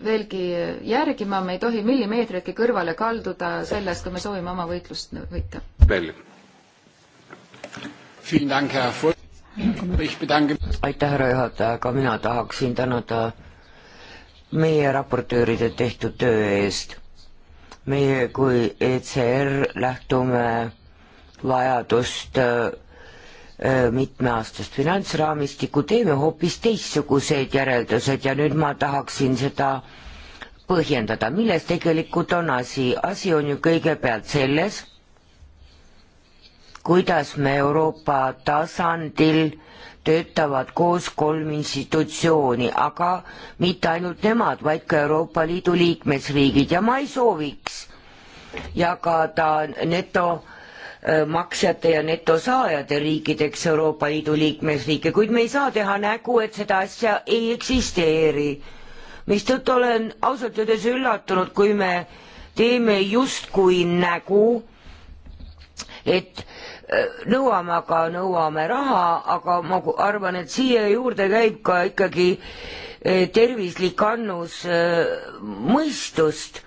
[SPEAKER 3] veelgi järgima, me ei tohi millimeetritki kõrvale kalduda sellest, kui me soovime oma võitlust võita.
[SPEAKER 2] aitäh, härra juhataja, ka mina tahaksin tänada meie raportööride tehtud töö eest. meie kui ECR lähtume vajadust äh, äh, mitmeaastast finantsraamistikku, teeme hoopis teistsugused järeldused ja nüüd ma tahaksin seda põhjendada, milles tegelikult on asi, asi on ju kõigepealt selles, kuidas me Euroopa tasandil töötavad koos kolm institutsiooni, aga mitte ainult nemad, vaid ka Euroopa Liidu liikmesriigid ja ma ei sooviks jagada neto Äh, maksjate ja netosaajate riikideks Euroopa Liidu liikmesriike, kuid me ei saa teha nägu, et seda asja ei eksisteeri. mistõttu olen ausalt öeldes üllatunud, kui me teeme justkui nägu, et äh, nõuame, aga nõuame raha, aga ma arvan, et siia juurde käib ka ikkagi äh, tervislik annus mõistust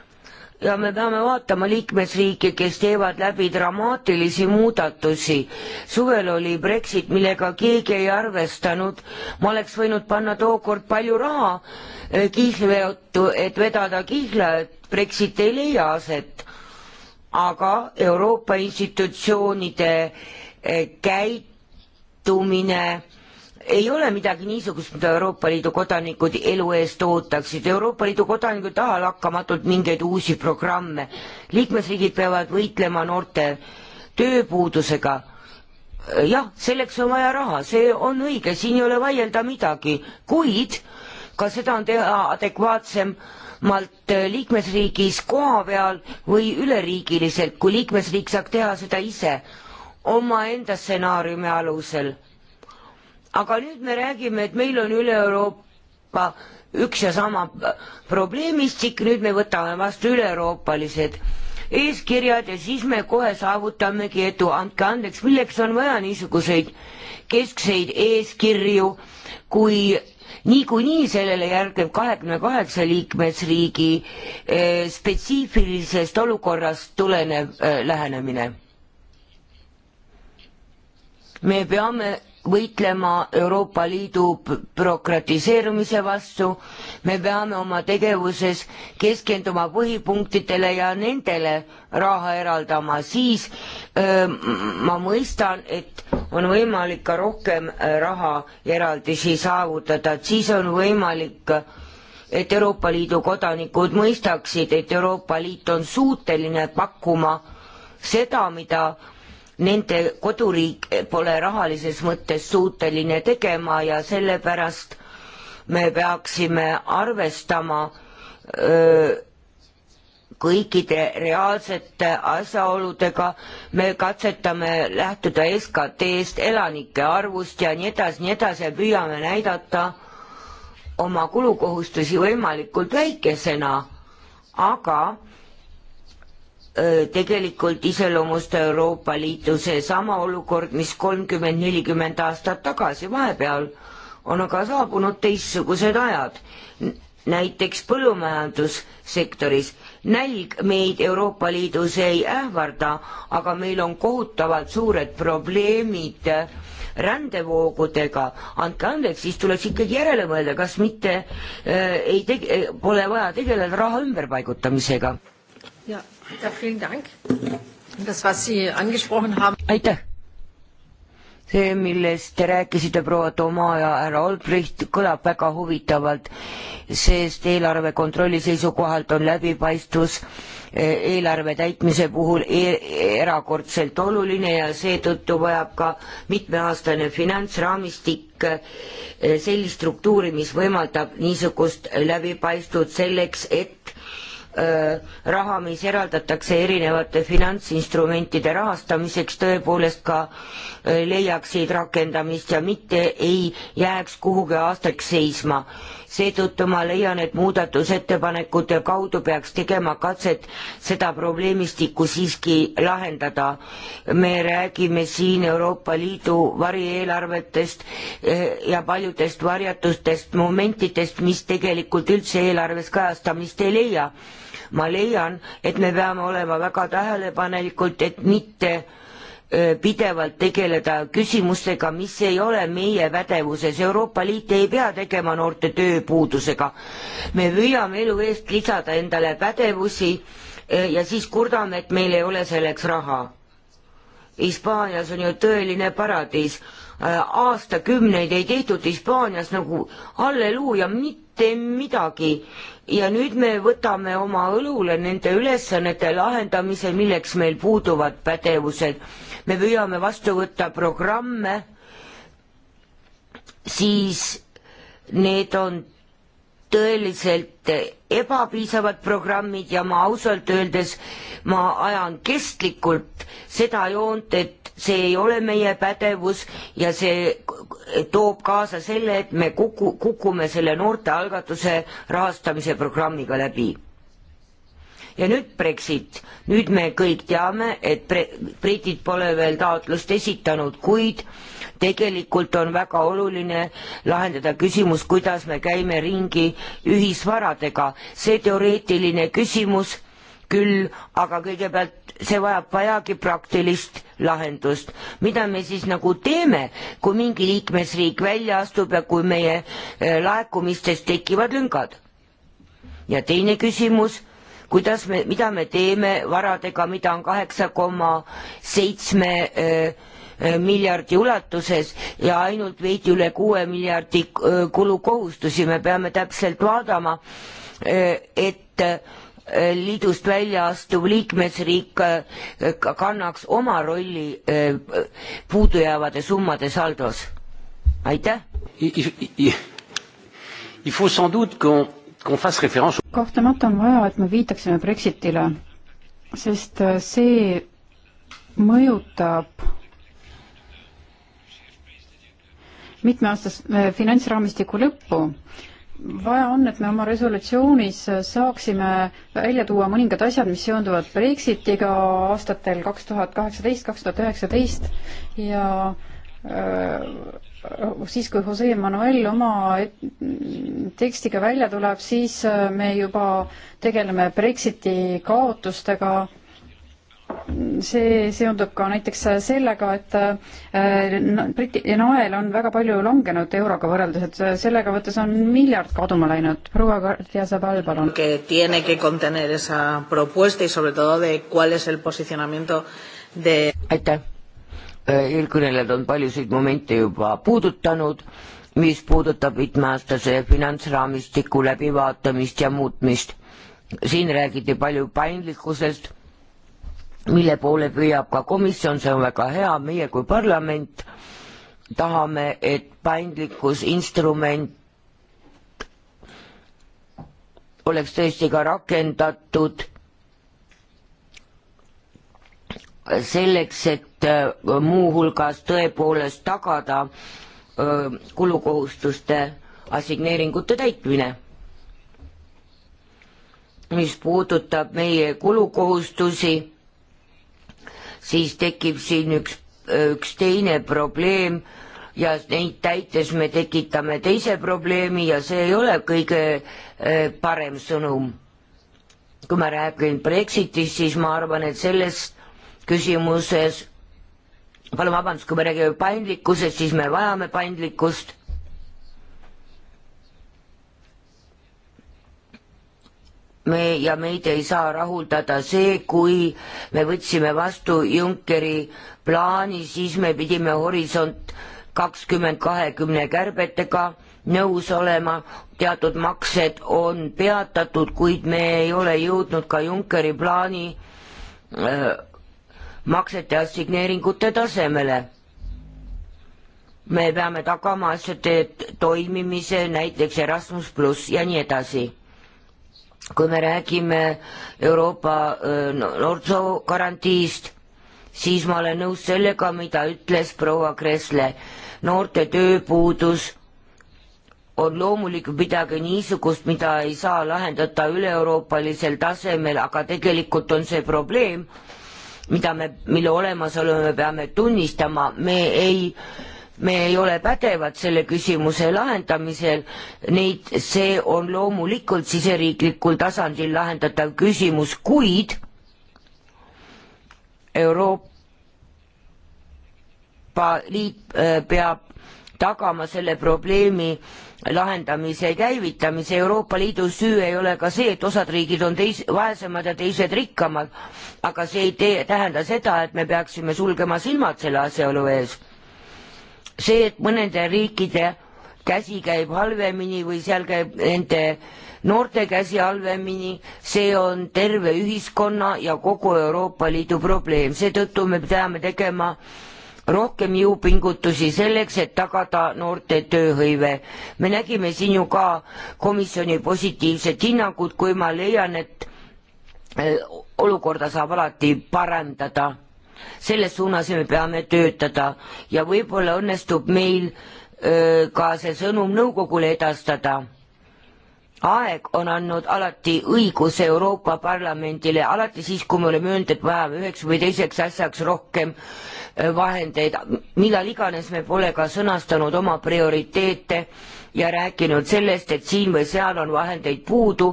[SPEAKER 2] ja me peame vaatama liikmesriike, kes teevad läbi dramaatilisi muudatusi. suvel oli Brexit, millega keegi ei arvestanud, ma oleks võinud panna tookord palju raha eh, kihlveotu, et vedada kihla, et Brexit ei leia aset. aga Euroopa institutsioonide eh, käitumine ei ole midagi niisugust, mida Euroopa Liidu kodanikud elu eest ootaksid. Euroopa Liidu kodanikud tahavad lakkamatult mingeid uusi programme. liikmesriigid peavad võitlema noorte tööpuudusega. jah, selleks on vaja raha, see on õige, siin ei ole vaielda midagi, kuid ka seda on teha adekvaatsemalt liikmesriigis koha peal või üleriigiliselt, kui liikmesriik saab teha seda ise omaenda stsenaariumi alusel aga nüüd me räägime, et meil on üle Euroopa üks ja sama probleemistik, nüüd me võtame vastu üle-euroopalised eeskirjad ja siis me kohe saavutamegi edu, andke andeks, milleks on vaja niisuguseid keskseid eeskirju, kui niikuinii sellele järgneb kahekümne kaheksa liikmesriigi eh, spetsiifilisest olukorrast tulenev eh, lähenemine. me peame võitlema Euroopa Liidu bürokratiseerumise vastu, me peame oma tegevuses keskenduma põhipunktidele ja nendele raha eraldama, siis öö, ma mõistan, et on võimalik ka rohkem raha eraldisi saavutada, et siis on võimalik et Euroopa Liidu kodanikud mõistaksid, et Euroopa Liit on suuteline pakkuma seda, mida nende koduriik pole rahalises mõttes suuteline tegema ja sellepärast me peaksime arvestama öö, kõikide reaalsete asjaoludega, me katsetame lähtuda SKT-st, elanike arvust ja nii edasi, nii edasi ja püüame näidata oma kulukohustusi võimalikult väikesena, aga tegelikult iseloomustab Euroopa Liitu seesama olukord, mis kolmkümmend, nelikümmend aastat tagasi, vahepeal on aga saabunud teistsugused ajad. näiteks põllumajandussektoris nälg meid Euroopa Liidus ei ähvarda, aga meil on kohutavalt suured probleemid äh, rändevoogudega, andke andeks, siis tuleks ikkagi järele mõelda, kas mitte äh, ei tege-, pole vaja tegeleda raha ümberpaigutamisega.
[SPEAKER 1] jah aitäh!
[SPEAKER 2] see, millest te rääkisite, proua Toma ja härra Olbricht, kõlab väga huvitavalt, sest eelarve kontrolli seisukohalt on läbipaistvus eh, eelarve täitmise puhul e erakordselt oluline ja seetõttu vajab ka mitmeaastane finantsraamistik eh, sellist struktuuri, mis võimaldab niisugust läbipaistvust selleks, et Äh, raha, mis eraldatakse erinevate finantsinstrumentide rahastamiseks, tõepoolest ka äh, leiaksid rakendamist ja mitte ei jääks kuhugi aastaks seisma seetõttu ma leian, et muudatusettepanekute kaudu peaks tegema katset seda probleemistikku siiski lahendada. me räägime siin Euroopa Liidu varieelarvetest eh, ja paljudest varjatustest momentidest, mis tegelikult üldse eelarves kajastamist ei leia. ma leian, et me peame olema väga tähelepanelikud, et mitte pidevalt tegeleda küsimustega, mis ei ole meie pädevuses. Euroopa Liit ei pea tegema noorte tööpuudusega. me püüame elu eest lisada endale pädevusi ja siis kurdame, et meil ei ole selleks raha. Hispaanias on ju tõeline paradiis. aastakümneid ei tehtud Hispaanias nagu halleluuja mitte midagi ja nüüd me võtame oma õlule nende ülesannete lahendamise, milleks meil puuduvad pädevused. me püüame vastu võtta programme, siis need on tõeliselt ebapiisavad programmid ja ma ausalt öeldes, ma ajan kestlikult seda joont, et see ei ole meie pädevus ja see toob kaasa selle, et me kuku, kukume selle noortealgatuse rahastamise programmiga läbi. ja nüüd Brexit, nüüd me kõik teame, et bre-, britid pole veel taotlust esitanud, kuid tegelikult on väga oluline lahendada küsimus, kuidas me käime ringi ühisvaradega, see teoreetiline küsimus küll, aga kõigepealt see vajab vajagi praktilist lahendust. mida me siis nagu teeme, kui mingi liikmesriik välja astub ja kui meie eh, laekumistes tekivad lüngad? ja teine küsimus, kuidas me, mida me teeme varadega, mida on kaheksa koma seitsme eh, miljardi ulatuses ja ainult veidi üle kuue miljardi eh, kulukohustusi, me peame täpselt vaatama, et liidust välja astuv liikmesriik äh, kannaks oma rolli äh, puudujäävade summade saldos? aitäh!
[SPEAKER 1] kahtlemata on vaja, et me viitaksime Brexitile, sest äh, see mõjutab mitmeaastase finantsraamistiku lõppu vaja on, et me oma resolutsioonis saaksime välja tuua mõningad asjad, mis seonduvad Brexitiga aastatel kaks tuhat kaheksateist, kaks tuhat üheksateist ja äh, siis, kui Jose Manuel oma tekstiga välja tuleb, siis äh, me juba tegeleme Brexiti kaotustega see seondub ka näiteks sellega, et äh, Briti nael on väga palju langenud euroga võrreldes, et sellega võttes on miljard kaduma läinud. proua Gardia Zabal, palun.
[SPEAKER 2] tiene que contener esa propuesta y sobre todo de cuál es el posicionamiento de aitäh. Äh, eelkõnelejad on paljusid momente juba puudutanud, mis puudutab mitmeaastase finantsraamistiku läbivaatamist ja muutmist siin räägiti palju paindlikkusest mille poole püüab ka komisjon, see on väga hea, meie kui parlament tahame, et paindlikkusinstrument oleks tõesti ka rakendatud selleks, et äh, muuhulgas tõepoolest tagada äh, kulukohustuste assigneeringute täitmine. mis puudutab meie kulukohustusi siis tekib siin üks, üks teine probleem ja neid täites me tekitame teise probleemi ja see ei ole kõige eh, parem sõnum. kui ma räägin Brexitist, siis ma arvan, et selles küsimuses, palun vabandust, kui me räägime paindlikkusest, siis me vajame paindlikkust me ja meid ei saa rahuldada see, kui me võtsime vastu Junckeri plaani, siis me pidime Horisont kakskümmend kahekümne kärbetega nõus olema, teatud maksed on peatatud, kuid me ei ole jõudnud ka Junckeri plaani öö, äh, maksete assigneeringute tasemele me peame tagama asjade toimimise, näiteks Erasmus pluss ja nii edasi kui me räägime Euroopa äh, noorsoo garantiist, siis ma olen nõus sellega, mida ütles proua Kresle. noorte tööpuudus on loomulikult midagi niisugust, mida ei saa lahendada üle-euroopalisel tasemel, aga tegelikult on see probleem, mida me, mille olemasolu me peame tunnistama, me ei äh, me ei ole pädevad selle küsimuse lahendamisel, neid, see on loomulikult siseriiklikul tasandil lahendatav küsimus, kuid Euroopa Liit äh, peab tagama selle probleemi lahendamise käivitamise. Euroopa Liidu süü ei ole ka see, et osad riigid on teis-, vaesemad ja teised rikkamad, aga see ei tee, tähenda seda, et me peaksime sulgema silmad selle asjaolu ees see, et mõnede riikide käsi käib halvemini või seal käib nende noorte käsi halvemini, see on terve ühiskonna ja kogu Euroopa Liidu probleem, seetõttu me peame tegema rohkem jõupingutusi selleks, et tagada noorte tööhõive. me nägime siin ju ka komisjoni positiivset hinnangut, kui ma leian, et äh, olukorda saab alati parandada selles suunas me peame töötada ja võib-olla õnnestub meil öö, ka see sõnum nõukogule edastada. aeg on andnud alati õiguse Euroopa Parlamendile, alati siis, kui me oleme öelnud, et vajame üheks või teiseks asjaks rohkem vahendeid, millal iganes me pole ka sõnastanud oma prioriteete ja rääkinud sellest, et siin või seal on vahendeid puudu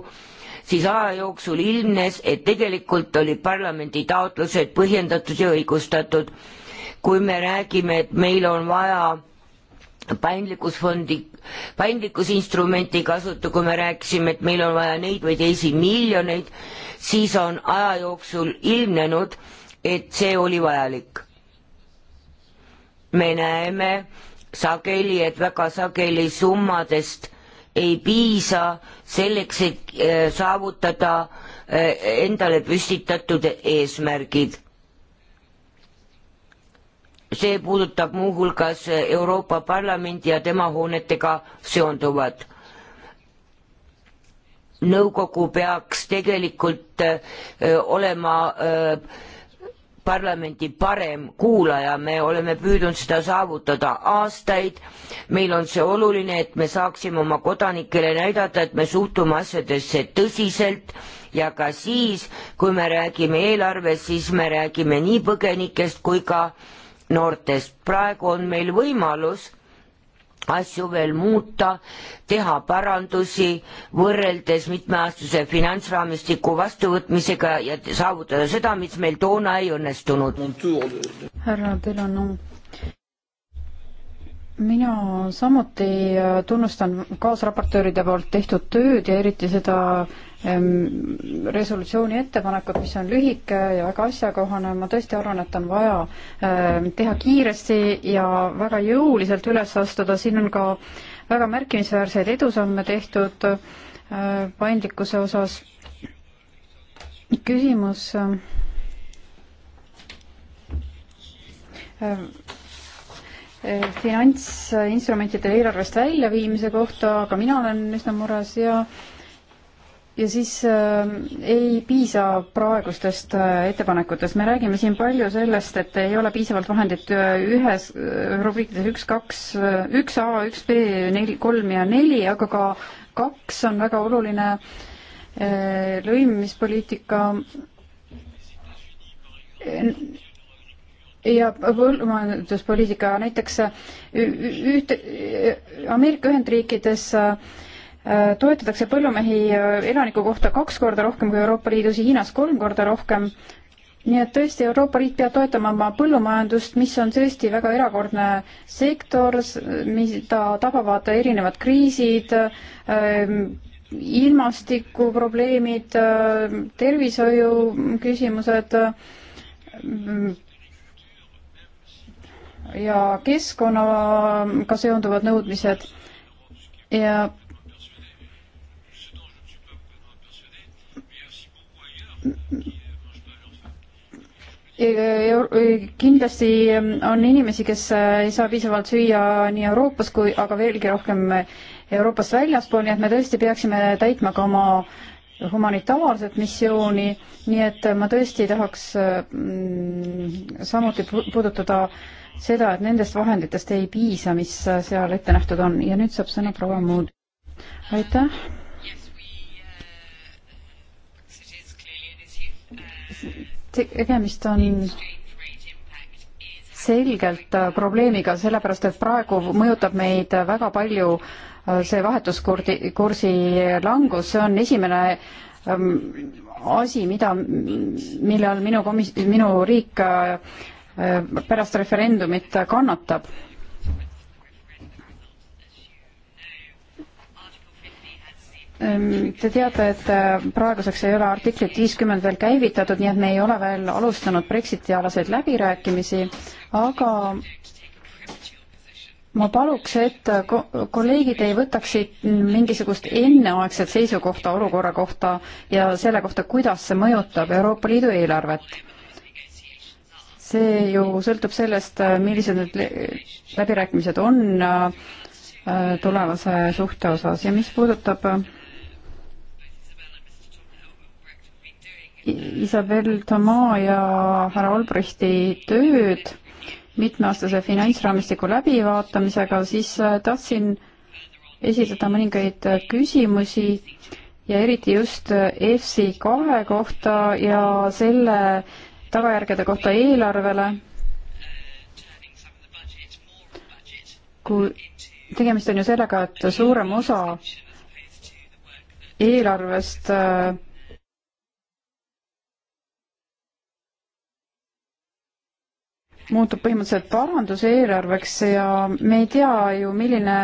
[SPEAKER 2] siis aja jooksul ilmnes, et tegelikult olid parlamendi taotlused põhjendatud ja õigustatud. kui me räägime, et meil on vaja paindlikkusfondi, paindlikkusinstrumenti kasutada, kui me rääkisime, et meil on vaja neid või teisi miljoneid, siis on aja jooksul ilmnenud, et see oli vajalik. me näeme sageli, et väga sageli summadest ei piisa selleks, et äh, saavutada äh, endale püstitatud eesmärgid. see puudutab muuhulgas Euroopa Parlamendi ja tema hoonetega seonduvat. nõukogu peaks tegelikult äh, olema öö, parlamenti parem kuulaja, me oleme püüdnud seda saavutada aastaid, meil on see oluline, et me saaksime oma kodanikele näidata, et me suhtume asjadesse tõsiselt ja ka siis, kui me räägime eelarvest, siis me räägime nii põgenikest kui ka noortest. praegu on meil võimalus asju veel muuta, teha parandusi võrreldes mitmeaastase finantsraamistiku vastuvõtmisega ja saavutada seda, mis meil toona ei õnnestunud.
[SPEAKER 1] härra, teil on mina samuti äh, tunnustan kaasraportööride poolt tehtud tööd ja eriti seda ähm, resolutsiooni ettepanekut, mis on lühike ja väga asjakohane, ma tõesti arvan, et on vaja ähm, teha kiiresti ja väga jõuliselt üles astuda, siin on ka väga märkimisväärseid edusamme tehtud äh, paindlikkuse osas. küsimus äh, finantsinstrumentide eelarvest väljaviimise kohta, aga mina olen üsna mures ja ja siis äh, ei piisa praegustest äh, ettepanekutest, me räägime siin palju sellest, et ei ole piisavalt vahendit äh, ühes äh, rubriikides üks, kaks, äh, üks A, üks B, neli, kolm ja neli, aga ka kaks on väga oluline äh, lõimimispoliitika ja põllumajanduspoliitika, näiteks üht, Ameerika Ühendriikides äh, toetatakse põllumehi äh, elaniku kohta kaks korda rohkem kui Euroopa Liidus ja Hiinas kolm korda rohkem. nii et tõesti, Euroopa Liit peab toetama oma põllumajandust, mis on tõesti väga erakordne sektor, mida tabavad erinevad kriisid, äh, ilmastikuprobleemid, tervishoiu küsimused ja keskkonnaga seonduvad nõudmised ja kindlasti on inimesi, kes ei saa piisavalt süüa nii Euroopas kui, aga veelgi rohkem Euroopast väljaspool, nii et me tõesti peaksime täitma ka oma humanitaarset missiooni, nii et ma tõesti tahaks mm, samuti puudutada äh, seda, et nendest vahenditest ei piisa, mis äh, seal ette nähtud on ja nüüd saab sõna proua Mood. aitäh. tegemist on selgelt äh, probleemiga, sellepärast et praegu mõjutab meid väga palju äh, see vahetuskurdi, kursi langus, see on esimene ähm, asi, mida, mille all minu komis-, minu riik äh, Äh, pärast referendumit kannatab. Ähm, te teate, et äh, praeguseks ei ole artiklit viiskümmend veel käivitatud, nii et me ei ole veel alustanud Brexiti alaseid läbirääkimisi, aga ma paluks, et äh, kolleegid ei võtaks siit mingisugust enneaegset seisukohta olukorra kohta ja selle kohta, kuidas see mõjutab Euroopa Liidu eelarvet see ju sõltub sellest, äh, millised need läbirääkimised on äh, tulevase suhte osas ja mis puudutab äh, Isabel Toma ja härra Olbrichti tööd mitmeaastase finantsraamistiku läbivaatamisega, siis tahtsin esitada mõningaid küsimusi ja eriti just EFSI kahe kohta ja selle äh, tagajärgede kohta eelarvele, kui tegemist on ju sellega, et suurem osa eelarvest äh, muutub põhimõtteliselt paranduseelarveks ja me ei tea ju, milline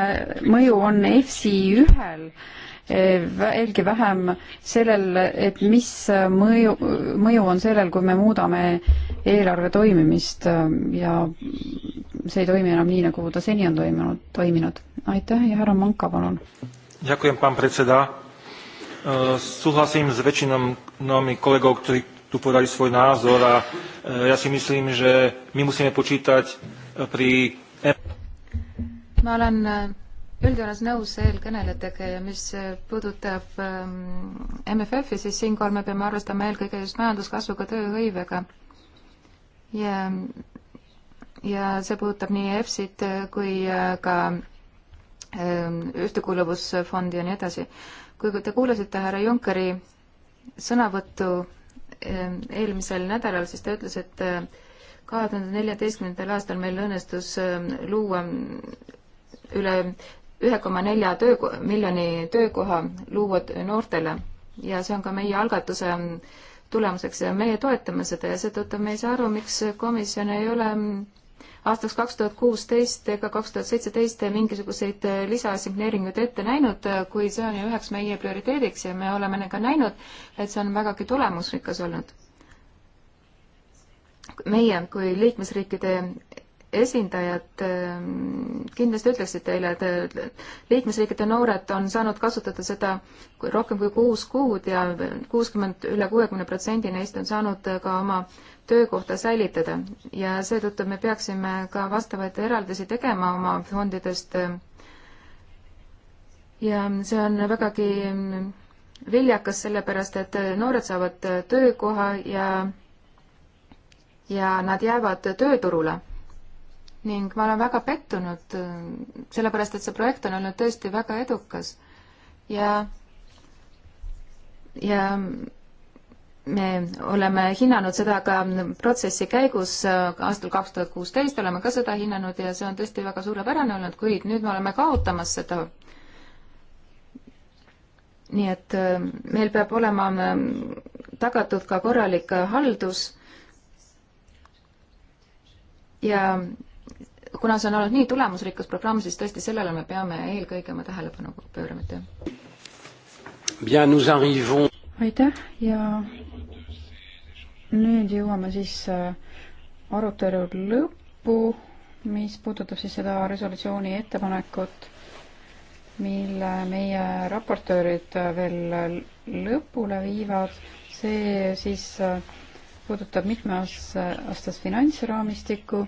[SPEAKER 1] mõju on EFSI ühel äh, veelgi vähem sellel, et mis mõju, mõju on sellel, kui me muudame eelarve toimimist äh, ja see ei toimi enam nii, nagu ta seni on toimunud, toiminud. aitäh ja härra Manka, palun. Äh, súhlasím s väčšinou kolegov, ktorí tu podali svoj názor a äh, ja si myslím, že
[SPEAKER 3] my musíme počítať pri... Ma olen üldjoontes nõus eelkõnelejatega ja mis puudutab MFF-i, ähm, siis siinkohal me peame arvestama eelkõige just majanduskasvuga, tööhõivega. ja, ja see puudutab nii EFSit kui äh, ka ähm, ühtekuuluvusfondi ja nii edasi. kui te kuulasite härra Junckeri sõnavõttu ähm, eelmisel nädalal, siis ta ütles, et äh, kahe tuhande neljateistkümnendal aastal meil õnnestus luua üle ühe koma nelja töö, miljoni töökoha luua noortele ja see on ka meie algatuse tulemuseks ja meie toetame seda ja seetõttu me ei saa aru, miks komisjon ei ole aastaks kaks tuhat kuusteist ega kaks tuhat seitseteist mingisuguseid lisaassigneeringuid ette näinud, kui see on ju üheks meie prioriteediks ja me oleme ka näinud, et see on vägagi tulemusrikas olnud. meie kui liikmesriikide esindajad ähm, kindlasti ütleksid teile, et liikmesriikide noored on saanud kasutada seda rohkem kui kuus kuud ja kuuskümmend, üle kuuekümne protsendi neist on saanud ka oma töökohta säilitada ja seetõttu me peaksime ka vastavaid eraldisi tegema oma fondidest. ja see on vägagi mm, viljakas, sellepärast et noored saavad töökoha ja ja nad jäävad tööturule ning ma olen väga pettunud, äh, sellepärast et see projekt on olnud tõesti väga edukas. ja, ja me oleme hinnanud seda ka protsessi käigus äh, aastal kaks tuhat kuusteist oleme ka seda hinnanud ja see on tõesti väga suurepärane olnud, kuid nüüd me oleme kaotamas seda. nii et äh, meil peab olema tagatud ka korralik haldus ja kuna see on olnud nii tulemusrikas programm, siis tõesti sellele me peame eelkõige oma tähelepanu pöörama, aitäh. aitäh
[SPEAKER 1] ja nüüd jõuame siis äh, arutelu lõppu, mis puudutab siis seda resolutsiooni ettepanekut, mille meie raportöörid äh, veel äh, lõpule viivad, see siis puudutab mitmeaastast finantsraamistikku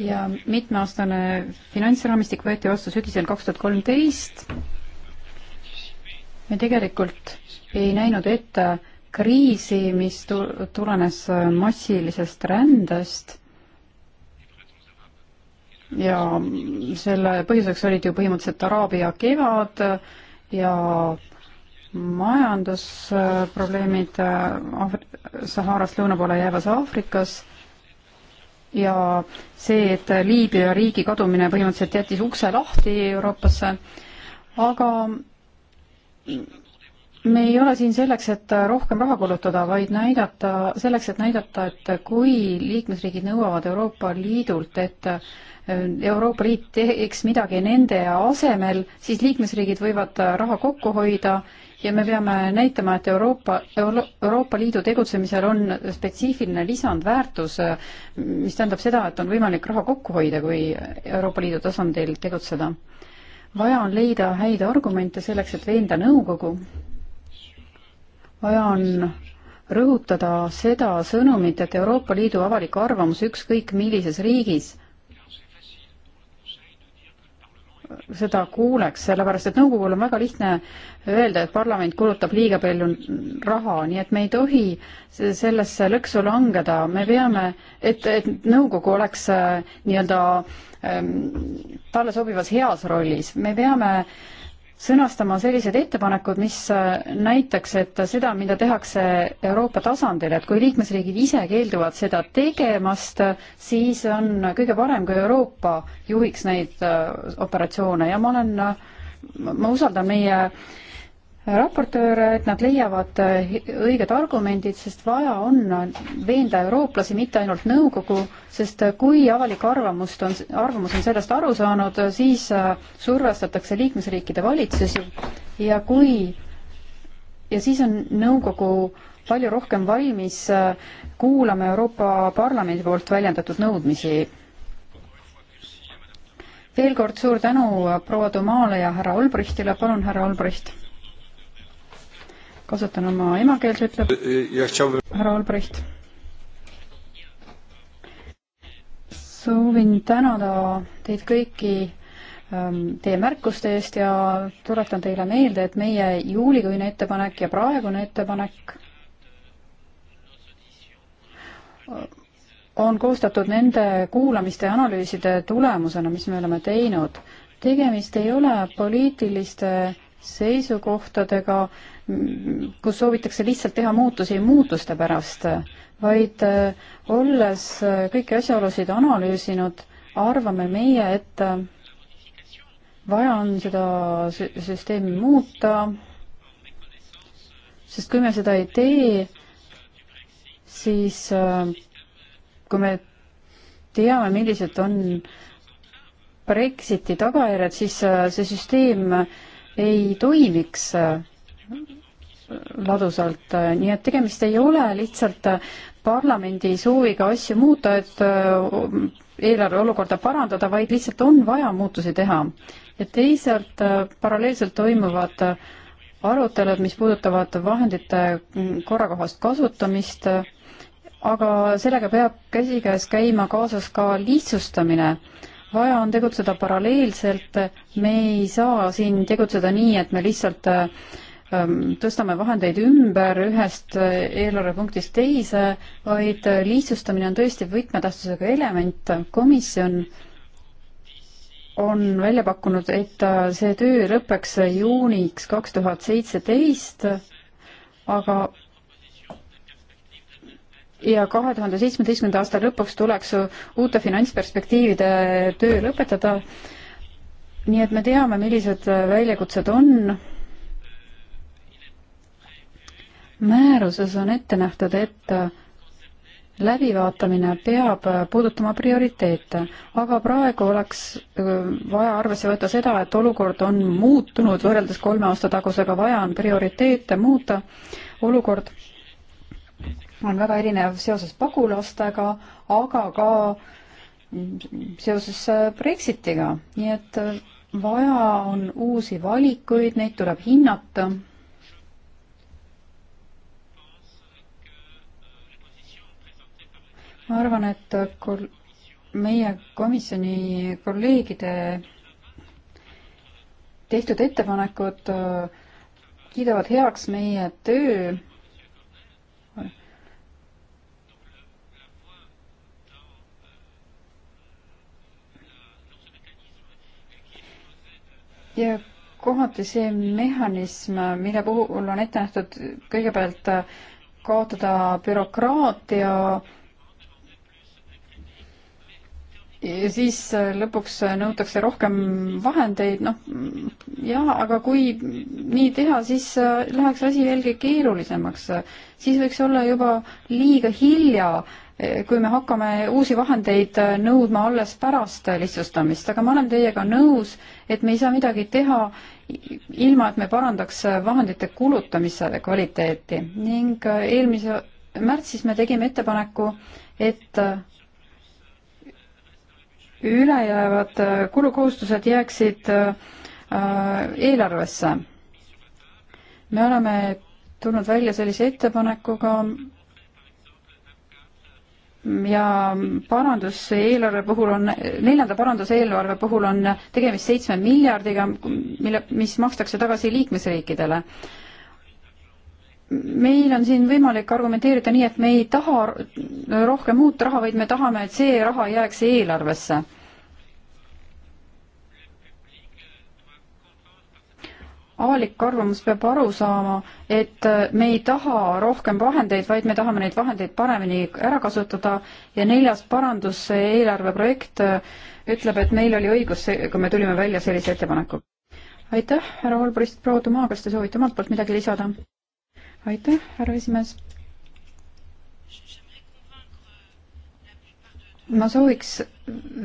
[SPEAKER 1] ja mitmeaastane finantsraamistik võeti vastu sügisel kaks tuhat kolmteist. me tegelikult ei näinud ette kriisi, mis tulenes massilisest rändest ja selle põhjuseks olid ju põhimõtteliselt Araabia kevad ja majandusprobleemid Sahara Saharast lõuna poole jäävas Aafrikas ja see, et Liibüa riigi kadumine põhimõtteliselt jättis ukse lahti Euroopasse, aga me ei ole siin selleks, et rohkem raha kulutada, vaid näidata, selleks, et näidata, et kui liikmesriigid nõuavad Euroopa Liidult, et Euroopa Liit teeks midagi nende asemel, siis liikmesriigid võivad raha kokku hoida ja me peame näitama, et Euroopa Euro, Euroopa Liidu tegutsemisel on spetsiifiline lisandväärtus, mis tähendab seda, et on võimalik raha kokku hoida, kui Euroopa Liidu tasandil tegutseda. vaja on leida häid argumente selleks, et veenda nõukogu. vaja on rõhutada seda sõnumit, et Euroopa Liidu avalik arvamus ükskõik millises riigis seda kuuleks, sellepärast et nõukogul on väga lihtne öelda, et parlament kulutab liiga palju raha, nii et me ei tohi sellesse lõksu langeda, me peame, et, et nõukogu oleks äh, nii-öelda ähm, talle sobivas heas rollis, me peame äh, sõnastama sellised ettepanekud, mis äh, näitaks, et seda, mida tehakse Euroopa tasandil, et kui liikmesriigid ise keelduvad seda tegemast, siis on kõige parem, kui Euroopa juhiks neid äh, operatsioone ja ma olen, äh, ma usaldan meie äh, raportööre, et nad leiavad eh, õiged argumendid, sest vaja on veenda eurooplasi, mitte ainult nõukogu, sest kui avalik arvamust on, arvamus on sellest aru saanud, siis eh, survestatakse liikmesriikide valitsusi ja kui ja siis on nõukogu palju rohkem valmis eh, kuulama Euroopa Parlamendi poolt väljendatud nõudmisi. veel kord suur tänu proua Tomale ja härra Olbrichtile, palun härra Olbricht kasutan oma emakeelt, ütleb
[SPEAKER 3] äh, äh,
[SPEAKER 1] härra Albrecht. soovin tänada teid kõiki ähm, teie märkuste eest ja tuletan teile meelde, et meie juulikuine ettepanek ja praegune ettepanek äh, on koostatud nende kuulamiste ja analüüside tulemusena, mis me oleme teinud. tegemist ei ole poliitiliste seisukohtadega äh, kus soovitakse lihtsalt teha muutusi muutuste pärast, vaid äh, olles äh, kõiki asjaolusid analüüsinud, arvame meie, et äh, vaja on seda süsteemi muuta, sest kui me seda ei tee, siis kui me teame, millised on Brexiti tagajärjed, siis see süsteem ei toimiks ladusalt, nii et tegemist ei ole lihtsalt parlamendi sooviga asju muuta, et äh, eelarve olukorda parandada, vaid lihtsalt on vaja muutusi teha. ja teisalt äh, paralleelselt toimuvad äh, arutelud, mis puudutavad vahendite mm, korrakohast kasutamist, aga sellega peab käsikäes käima kaasas ka lihtsustamine vaja on tegutseda paralleelselt, me ei saa siin tegutseda nii, et me lihtsalt äh, Ehm, tõstame vahendeid ümber ühest äh, eelarvepunktist teise, vaid äh, lihtsustamine on tõesti võtmetähtsusega element. komisjon on välja pakkunud, et äh, see töö lõpeks juuniks kaks tuhat seitseteist, aga ja kahe tuhande seitsmeteistkümnenda aasta lõpuks tuleks uute finantsperspektiivide töö lõpetada. nii et me teame, millised väljakutsed on määruses on ette nähtud, et läbivaatamine peab puudutama prioriteete, aga praegu oleks äh, vaja arvesse võtta seda, et olukord on muutunud võrreldes kolme aasta tagusega, vaja on prioriteete muuta, olukord on väga erinev seoses pagulastega, aga ka seoses äh, Brexitiga, nii et äh, vaja on uusi valikuid, neid tuleb hinnata ma arvan, et kol-, meie komisjoni kolleegide tehtud ettepanekud äh, kiidavad heaks meie töö. ja kohati see mehhanism, mille puhul on ette nähtud kõigepealt äh, kaotada bürokraatia ja ja siis äh, lõpuks äh, nõutakse rohkem vahendeid, noh jah, aga kui nii teha, siis äh, läheks asi veelgi keerulisemaks. siis võiks olla juba liiga hilja, kui me hakkame uusi vahendeid nõudma alles pärast lihtsustamist, aga ma olen teiega nõus, et me ei saa midagi teha ilma, et me parandaks vahendite kulutamise kvaliteeti ning eelmise märtsis me tegime ettepaneku, et ülejäävad äh, kulukohustused jääksid äh, äh, eelarvesse. me oleme tulnud välja sellise ettepanekuga ja paranduseelarve puhul on, neljanda paranduseelarve puhul on tegemist seitsme miljardiga, mille, mis makstakse tagasi liikmesriikidele meil on siin võimalik argumenteerida nii, et me ei taha rohkem uut raha, vaid me tahame, et see raha jääks eelarvesse. avalik arvamus peab aru saama, et me ei taha rohkem vahendeid, vaid me tahame neid vahendeid paremini ära kasutada ja neljas parandus, see eelarveprojekt ütleb, et meil oli õigus, kui me tulime välja sellise ettepanekuga. aitäh, härra Olbrist, proua Tomaa, kas te soovite omalt poolt midagi lisada? aitäh, härra esimees. ma sooviks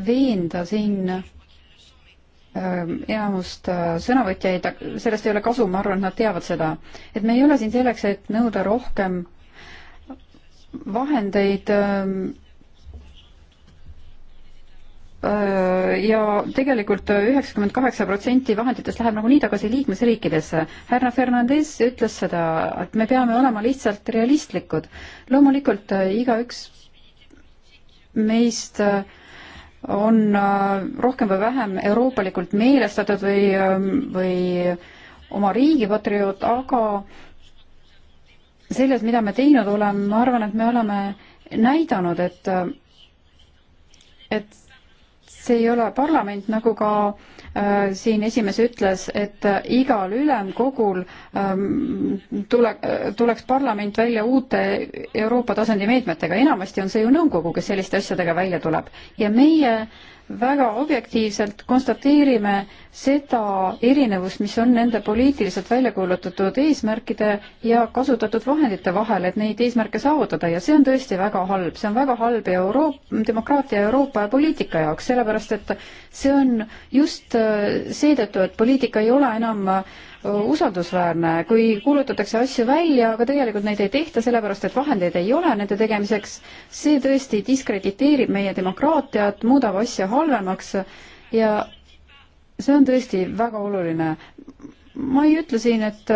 [SPEAKER 1] veenda siin ähm, enamust äh, sõnavõtjaid, sellest ei ole kasu, ma arvan, et nad teavad seda, et me ei ole siin selleks, et nõuda rohkem vahendeid ähm, Äh, ja tegelikult üheksakümmend kaheksa protsenti vahenditest läheb nagunii tagasi liikmesriikidesse. härra Fernandes ütles seda, et me peame olema lihtsalt realistlikud. loomulikult äh, igaüks meist äh, on rohkem või vähem euroopalikult meelestatud või, ähm, või oma riigi patrioot, aga selles, mida me teinud oleme, ma arvan, et me oleme näidanud, et, et see ei ole parlament, nagu ka äh, siin esimees ütles, et äh, igal ülemkogul ähm, tule äh,, tuleks parlament välja uute Euroopa tasandi meetmetega, enamasti on see ju nõukogu, kes selliste asjadega välja tuleb. ja meie äh, väga objektiivselt konstateerime seda erinevust, mis on nende poliitiliselt välja kuulutatud eesmärkide ja kasutatud vahendite vahel, et neid eesmärke saavutada ja see on tõesti väga halb, see on väga halb Euroopa, demokraatia Euroopa ja poliitika jaoks, sellepärast et see on just äh, seetõttu, et poliitika ei ole enam äh, usaldusväärne, kui kuulutatakse asju välja, aga tegelikult neid ei tehta, sellepärast et vahendeid ei ole nende tegemiseks, see tõesti diskrediteerib meie demokraatiat, muudab asja halvemaks ja see on tõesti väga oluline. ma ei ütle siin, et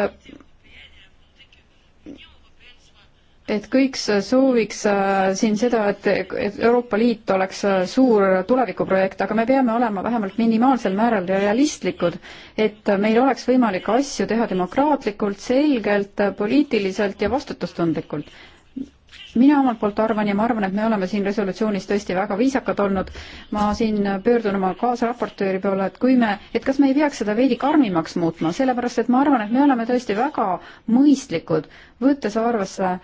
[SPEAKER 1] et kõik äh, sooviks äh, siin seda, et, et Euroopa Liit oleks äh, suur tulevikuprojekt, aga me peame olema vähemalt minimaalsel määral realistlikud, et meil oleks võimalik asju teha demokraatlikult, selgelt, poliitiliselt ja vastutustundlikult mina omalt poolt arvan ja ma arvan, et me oleme siin resolutsioonis tõesti väga viisakad olnud. ma siin pöördun oma kaasraportööri poole, et kui me, et kas me ei peaks seda veidi karmimaks muutma, sellepärast et ma arvan, et me oleme tõesti väga mõistlikud, võttes arvesse äh,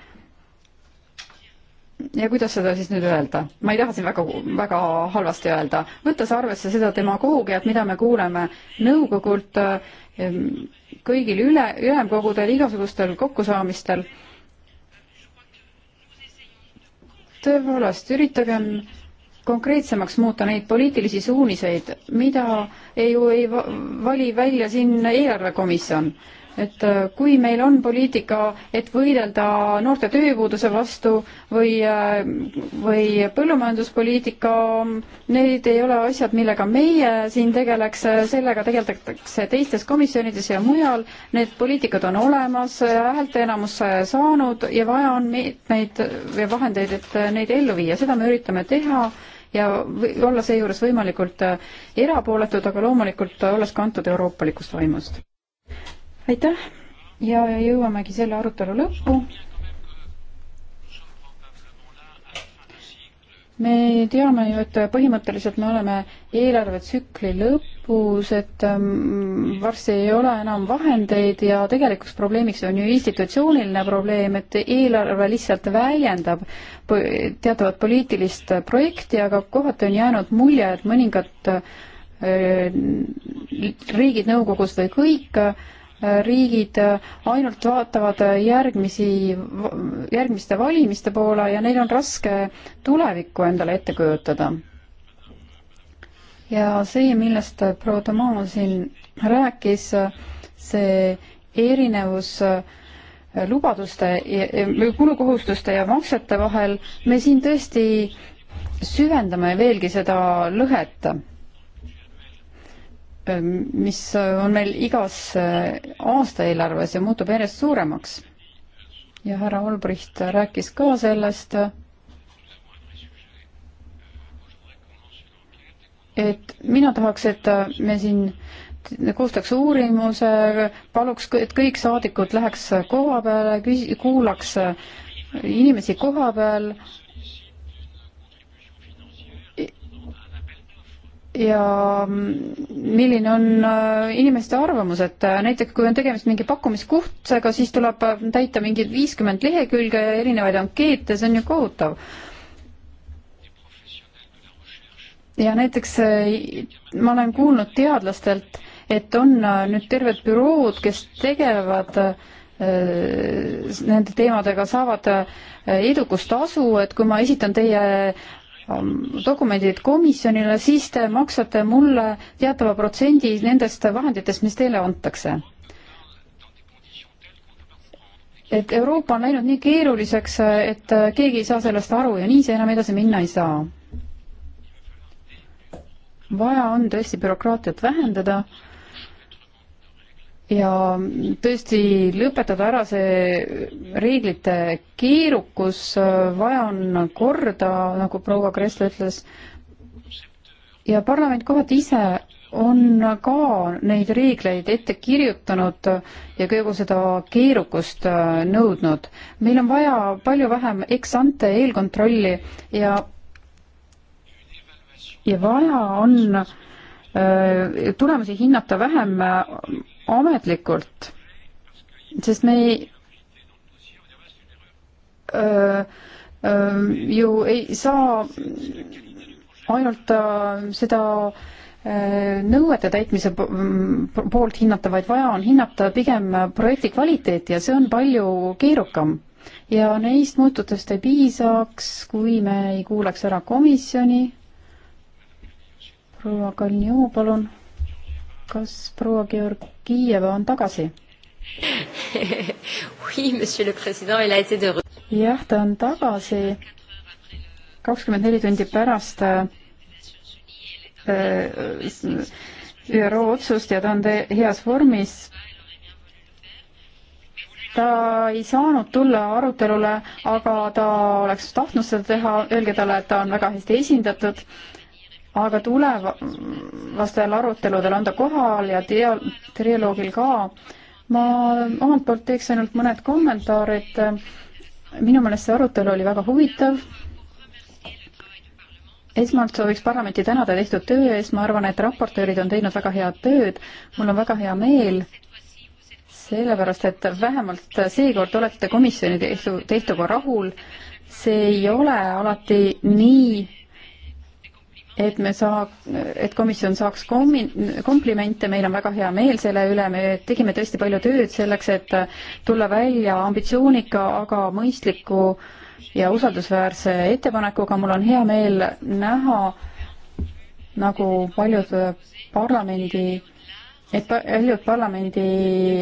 [SPEAKER 1] ja kuidas seda siis nüüd öelda, ma ei taha siin väga, väga halvasti öelda, võttes arvesse seda demagoogiat, mida me kuuleme nõukogult, ehm, kõigil üle, ülemkogudel, igasugustel kokkusaamistel. tõepoolest, üritagem konkreetsemaks muuta neid poliitilisi suuniseid, mida ei ju ei vali välja siin eelarvekomisjon et äh, kui meil on poliitika, et võidelda noorte tööpuuduse vastu või, äh, või põllumajanduspoliitika, need ei ole asjad, millega meie siin tegeleks, sellega tegeletakse teistes komisjonides ja mujal, need poliitikad on olemas, häälteenamuse saanud ja vaja on meetmeid ja vahendeid, et neid ellu viia, seda me üritame teha ja olla seejuures võimalikult äh, erapooletud, aga loomulikult olles kantud euroopalikust vaimust aitäh ja jõuamegi selle arutelu lõppu. me teame ju, et põhimõtteliselt me oleme eelarvetsükli lõpus, et ähm, varsti ei ole enam vahendeid ja tegelikuks probleemiks on ju institutsiooniline probleem, et eelarve lihtsalt väljendab teatavat poliitilist projekti, aga kohati on jäänud mulje, et mõningad äh, riigid nõukogus või kõik riigid ainult vaatavad järgmisi, järgmiste valimiste poole ja neil on raske tulevikku endale ette kujutada. ja see, millest proua Tomaa siin rääkis, see erinevus äh, lubaduste, kulukohustuste ja maksete vahel, me siin tõesti süvendame veelgi seda lõhet Ehm, mis äh, on meil igas äh, aastaeelarves ja muutub järjest suuremaks. ja härra Olbricht rääkis ka sellest, et mina tahaks, et äh, me siin koostaks uurimuse, paluks, et kõik saadikud läheks koha peale, küsi-, kuulaks inimesi koha peal ja mm, milline on äh, inimeste arvamus, et äh, näiteks kui on tegemist mingi pakkumiskohtusega, siis tuleb äh, täita mingi viiskümmend lehekülge ja erinevaid ankeete, see on ju kohutav. ja näiteks ma olen kuulnud teadlastelt, et on nüüd terved bürood, kes tegelevad nende teemadega, saavad edukustasu, et kui ma esitan teie dokumendid komisjonile, siis te maksate mulle teatava protsendi nendest vahenditest, mis teile antakse. et Euroopa on läinud nii keeruliseks, et keegi ei saa sellest aru ja nii see enam edasi minna ei saa. vaja on tõesti bürokraatiat vähendada ja tõesti lõpetada ära see reeglite keerukus, vaja on korda, nagu proua Kressle ütles, ja parlament kohati ise on ka neid reegleid ette kirjutanud ja kogu seda keerukust äh, nõudnud. meil on vaja palju vähem ex-ante eelkontrolli ja ja vaja on äh, tulemusi hinnata vähem äh, ametlikult, sest me ei, ju ei saa ainult äh, seda äh, nõuete täitmise poolt hinnata, vaid vaja on hinnata pigem projekti kvaliteeti ja see on palju keerukam. ja neist muututest ei piisaks, kui me ei kuulaks ära komisjoni proua Kalnio, palun. kas proua Georgieva on tagasi? jah, ta on tagasi kakskümmend neli tundi pärast äh, ÜRO otsust ja ta on heas vormis. ta ei saanud tulla arutelule, aga ta oleks tahtnud seda teha, öelge talle, et ta on väga hästi esindatud aga tulevastel aruteludel on ta kohal ja dia-, triloogil ka. ma omalt poolt teeks ainult mõned kommentaarid. minu meelest see arutelu oli väga huvitav. esmalt sooviks parlamenti tänada tehtud töö eest, ma arvan, et raportöörid on teinud väga head tööd. mul on väga hea meel, sellepärast et vähemalt seekord olete komisjoni tehtu, tehtuga rahul. see ei ole alati nii et me saa-, et komisjon saaks kommi-, komplimente, meil on väga hea meel selle üle, me tegime tõesti palju tööd selleks, et tulla välja ambitsioonika, aga mõistliku ja usaldusväärse ettepanekuga, mul on hea meel näha, nagu paljud parlamendi, et paljud parlamendi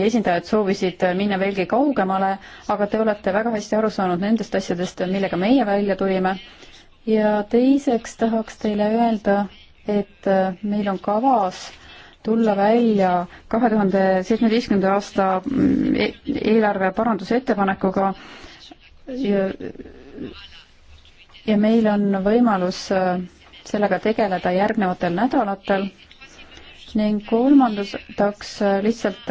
[SPEAKER 1] esindajad soovisid minna veelgi kaugemale, aga te olete väga hästi aru saanud nendest asjadest, millega meie välja tulime ja teiseks tahaks teile öelda, et äh, meil on kavas tulla välja kahe tuhande seitsmeteistkümnenda aasta mm, e-, eelarve parandusettepanekuga ja, ja meil on võimalus äh, sellega tegeleda järgnevatel nädalatel ning kolmandaks äh, lihtsalt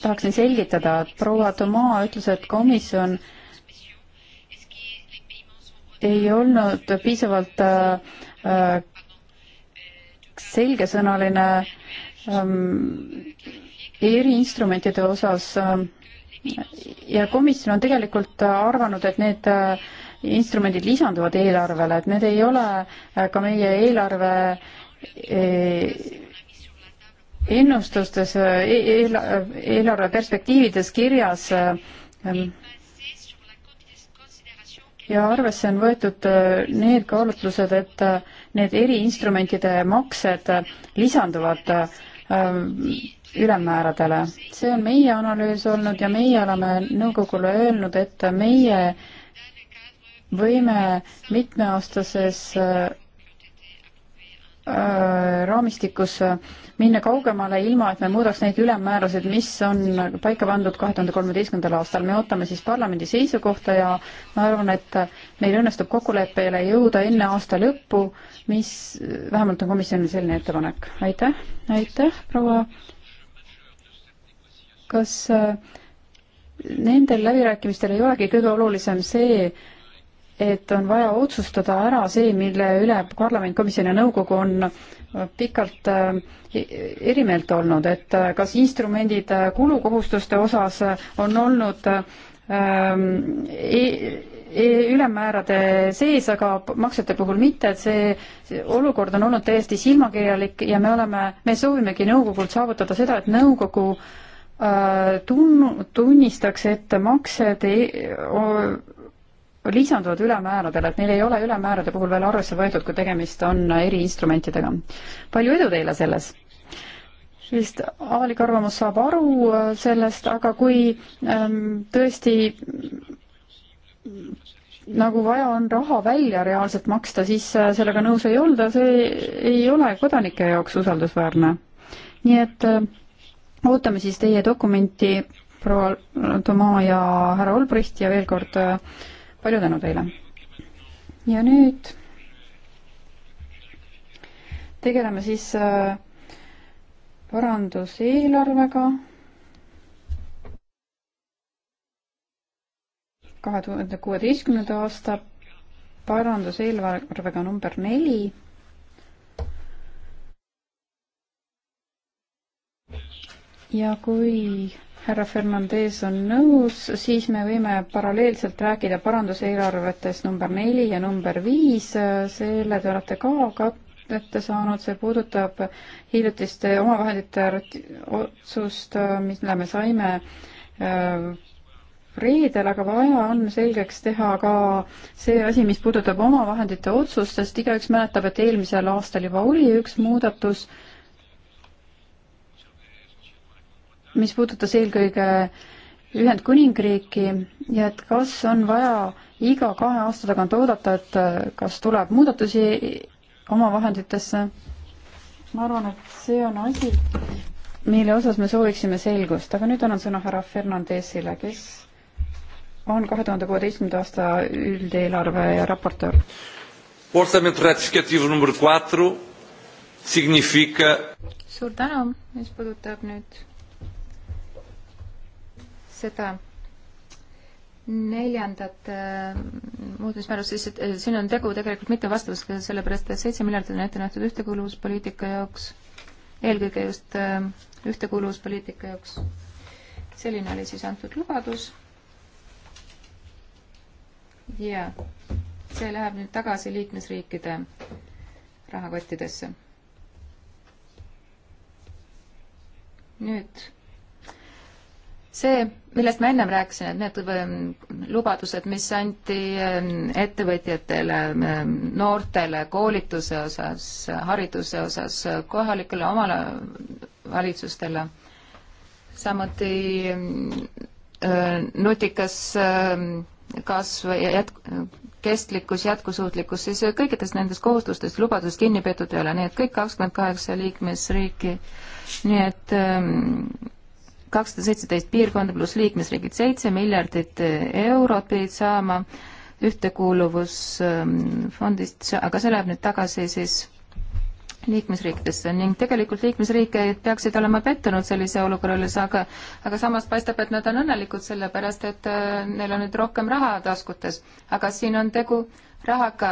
[SPEAKER 1] tahaksin selgitada, et proua Tomaa ütles, et komisjon äh, ei olnud piisavalt äh, äh, selgesõnaline ähm, eriinstrumentide osas äh, ja komisjon on tegelikult arvanud, et need äh, instrumendid lisanduvad eelarvele, et need ei ole äh, ka meie eelarve äh, ennustustes, äh, e-, e-, eelarve perspektiivides kirjas äh, ähm, ja arvesse on võetud äh, need kaalutlused, et äh, need eri instrumentide maksed äh, lisanduvad ülemmääradele. see on meie analüüs olnud ja meie oleme nõukogule öelnud, et meie võime mitmeaastases raamistikus äh, minna kaugemale, ilma et me muudaks neid ülemmäärasid, mis on paika pandud kahe tuhande kolmeteistkümnendal aastal. me ootame siis parlamendi seisukohta ja ma arvan, et meil õnnestub kokkuleppele jõuda enne aasta lõppu, mis vähemalt on komisjonil selline ettepanek. aitäh, aitäh, proua. kas äh, nendel läbirääkimistel ei olegi kõige olulisem see, et on vaja otsustada ära see, mille üle parlament, komisjon ja nõukogu on pikalt äh, e-, eri meelt olnud, et äh, kas instrumendid äh, kulukohustuste osas on olnud ähm, e e ülemmäärade sees, aga maksete puhul mitte, et see, see olukord on olnud täiesti silmakirjalik ja me oleme, me soovimegi nõukogult saavutada seda, et nõukogu tunn-, tunnistaks, et maksed ei, lisanduvad ülemääradele, et neil ei ole ülemäärade puhul veel arvesse võetud, kui tegemist on eriinstrumentidega. palju edu teile selles! vist avalik arvamus saab aru äh, sellest, aga kui ähm, tõesti nagu vaja on raha välja reaalselt maksta, siis äh, sellega nõus ei olda, see ei ole kodanike jaoks usaldusväärne. nii et äh, ootame siis teie dokumenti, proua Tomaa ja härra Olbricht ja veel kord äh, palju tänu teile! ja nüüd tegeleme siis äh, paranduseelarvega kahe tuhande kuueteistkümnenda aasta paranduseelarvega number neli. ja kui härra Fernandez on nõus, siis me võime paralleelselt rääkida paranduseelarvetest number neli ja number viis, selle te olete ka kätte saanud, see puudutab hiljutiste omavahendite otsust, mille me saime äh, reedel, aga vaja on selgeks teha ka see asi, mis puudutab omavahendite otsust, sest igaüks mäletab, et eelmisel aastal juba oli üks muudatus äh, mis puudutas eelkõige Ühendkuningriiki ja et kas on vaja iga kahe aasta tagant oodata, et äh, kas tuleb muudatusi omavahenditesse. ma arvan, et see on asi, mille osas me sooviksime selgust, aga nüüd annan sõna härra Fernandesile, kes on kahe tuhande kuueteistkümnenda
[SPEAKER 3] aasta üldeelarve raportöör.
[SPEAKER 2] Orçamento retificativo number quatro significa
[SPEAKER 3] suur tänu, mis puudutab nüüd seda neljandat äh, muutmismäärust, siis et, äh, siin on tegu tegelikult mitte vastavusega, sellepärast et seitse miljardit on ette nähtud ühtekuuluvuspoliitika jaoks, eelkõige just äh, ühtekuuluvuspoliitika jaoks. selline oli siis antud lubadus. ja see läheb nüüd tagasi liikmesriikide rahakottidesse. nüüd see, millest ma ennem rääkisin, et need ähm, lubadused, mis anti ähm, ettevõtjatele, ähm, noortele koolituse osas, hariduse osas, kohalikele omavalitsustele, samuti äh, nutikas kasv ja jätk-, kestlikkus, jätkusuutlikkus, siis kõikidest nendest kohustustest, lubadusest kinni peetud ei ole, nii et kõik kakskümmend kaheksa liikmesriiki, nii et kakssada seitseteist piirkonda pluss liikmesriigid seitse miljardit eh, eurot pidid saama ühtekuuluvusfondist, aga see läheb nüüd tagasi siis liikmesriikidesse ning tegelikult liikmesriike peaksid olema pettunud sellise olukorra üles, aga aga samas paistab, et nad on õnnelikud, sellepärast et eh, neil on nüüd rohkem raha taskutes. aga siin on tegu rahaga,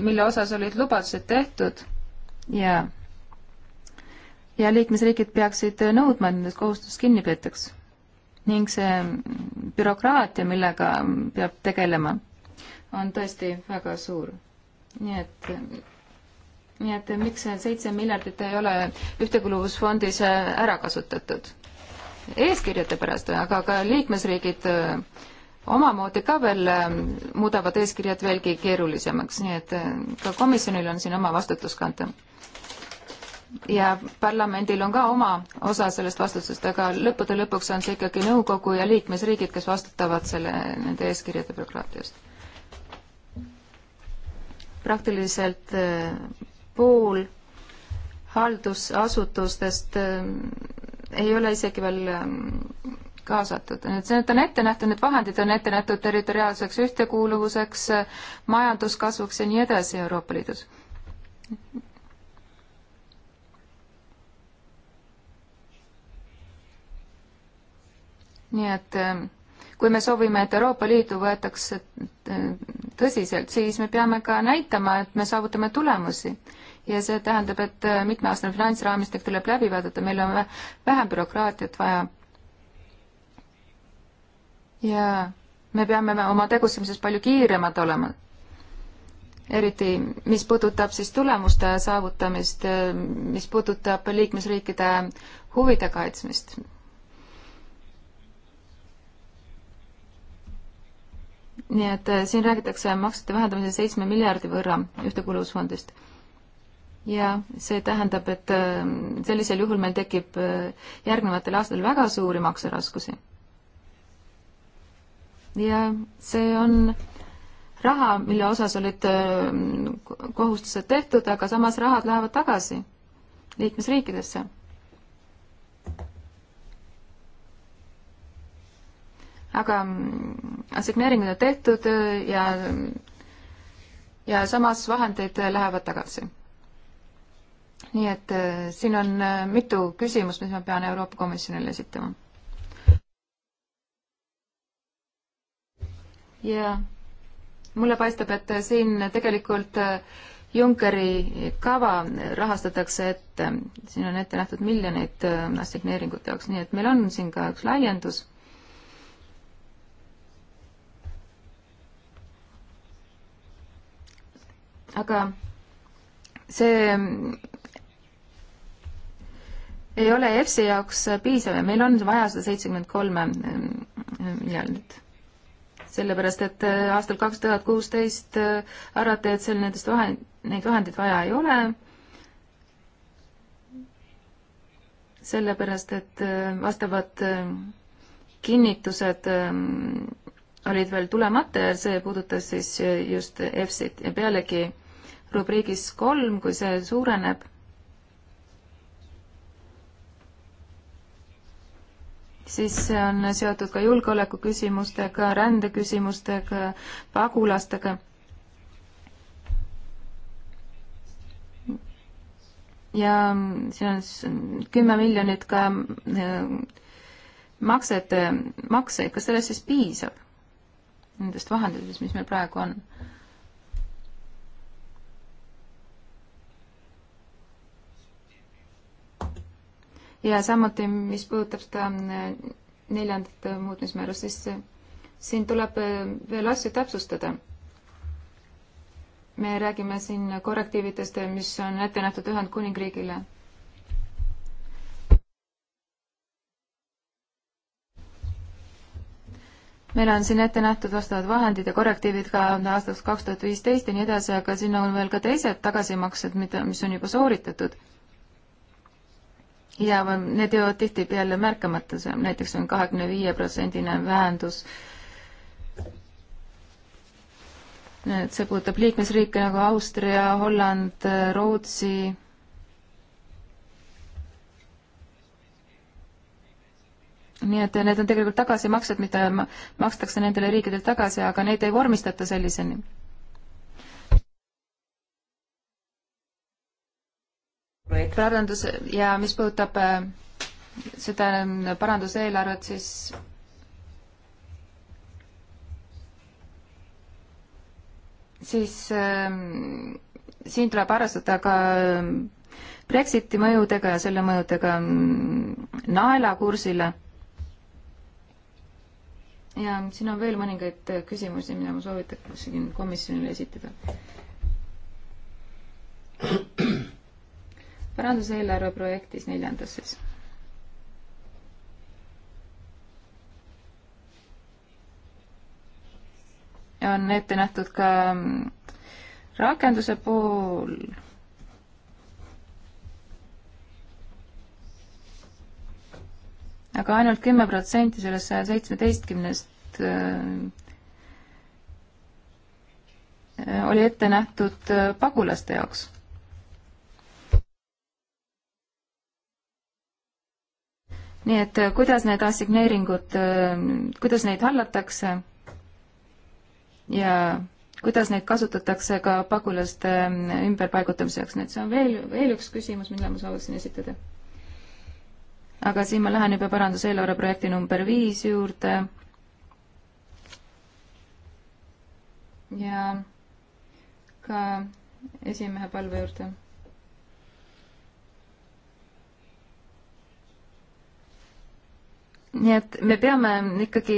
[SPEAKER 3] mille osas olid lubadused tehtud ja yeah ja liikmesriigid peaksid nõudma, et nendest kohustustest kinni peetaks. ning see bürokraatia, millega peab tegelema, on tõesti väga suur. nii et, nii et miks see seitse miljardit ei ole Ühtekuuluvusfondis ära kasutatud? eeskirjade pärast, aga ka liikmesriigid äh, omamoodi ka veel äh, muudavad eeskirjad veelgi keerulisemaks, nii et äh, ka komisjonil on siin oma vastutus kanda ja parlamendil on ka oma osa sellest vastutusest, aga lõppude lõpuks on see ikkagi nõukogu ja liikmesriigid, kes vastutavad selle, nende eeskirjade bürokraatiast. praktiliselt eh, pool haldusasutustest eh, ei ole isegi veel eh, kaasatud. nüüd see, et on ette nähtud, need vahendid on ette nähtud territoriaalseks ühtekuuluvuseks, majanduskasvuks ja nii edasi Euroopa Liidus nii et ähm, kui me soovime, et Euroopa Liidu võetakse äh, tõsiselt, siis me peame ka näitama, et me saavutame tulemusi. ja see tähendab, et äh, mitmeaastane finantsraamistik tuleb läbi vaadata, meil on vähem bürokraatiat vaja. ja me peame oma tegutsemises palju kiiremad olema. eriti, mis puudutab siis tulemuste saavutamist, äh, mis puudutab liikmesriikide huvide kaitsmist nii et äh, siin räägitakse maksete vähendamise seitsme miljardi võrra ühtekuuluvusfondist. ja see tähendab, et äh, sellisel juhul meil tekib äh, järgnevatel aastatel väga suuri makseraskusi. ja see on raha, mille osas olid kohustused tehtud, aga samas rahad lähevad tagasi liikmesriikidesse aga mm, assigneeringud on tehtud äh, ja, ja samas vahendeid äh, lähevad tagasi. nii et äh, siin on mitu küsimust, mis ma pean Euroopa Komisjonile esitama. ja mulle paistab, et siin tegelikult Junckeri kava rahastatakse ette, siin on ette nähtud miljoneid assigneeringute jaoks, nii et meil on siin ka üks laiendus aga see ei ole EFSi jaoks piisav ja meil on vaja seda seitsekümmend kolme mm, mm, miljardit. sellepärast, et äh, aastal kaks tuhat kuusteist äh, arvati, et seal nendest vahend, neid vahendeid vaja ei ole, sellepärast, et äh, vastavad kinnitused ähm, olid veel tulemata ja see puudutas siis just EFSit ja pealegi rubriigis kolm, kui see suureneb, siis see on seotud ka julgeolekuküsimustega, rändeküsimustega, pagulastega. ja siin on kümme miljonit ka äh, maksete, makseid, kas sellest siis piisab? Nendest vahenditest, mis meil praegu on ja samuti, mis puudutab seda äh, neljandat äh, muutmismäärust, siis äh, siin tuleb veel asju täpsustada. me räägime siin korrektiividest, mis on ette nähtud Ühendkuningriigile meil on siin ette nähtud vastavad vahendid ja korrektiivid ka aastaks kaks tuhat viisteist ja nii edasi, aga siin on veel ka teised tagasimaksed, mida, mis on juba sooritatud ja need jäävad tihtipeale märkamata, see on näiteks on kahekümne viie protsendine vähendus. et see puudutab liikmesriike nagu Austria, Holland, Rootsi nii et need on tegelikult tagasimaksed, mida makstakse nendele riikidele tagasi, aga neid ei vormistata selliseni. parandus ja mis puudutab äh, seda paranduseelarvet, siis siis äh, siin tuleb arvestada ka ähm, Brexiti mõjudega ja selle mõjudega mm, naelakursile. ja siin on veel mõningaid äh, küsimusi, mida ma soovitaksin komisjonile esitada. paranduseelarve projektis neljandas siis. on ette nähtud ka mm, rakenduse pool. aga ainult kümme protsenti sellest saja seitsmeteistkümnest mm, oli ette nähtud äh, pagulaste jaoks nii et äh, kuidas need assigneeringud, äh, kuidas neid hallatakse ja kuidas neid kasutatakse ka pagulaste äh, ümberpaigutamiseks, nii et see on veel, veel üks küsimus, mille ma sooviksin esitada. aga siin ma lähen juba paranduseelarve projekti number viis juurde. ja ka esimehe palve juurde nii et me peame ikkagi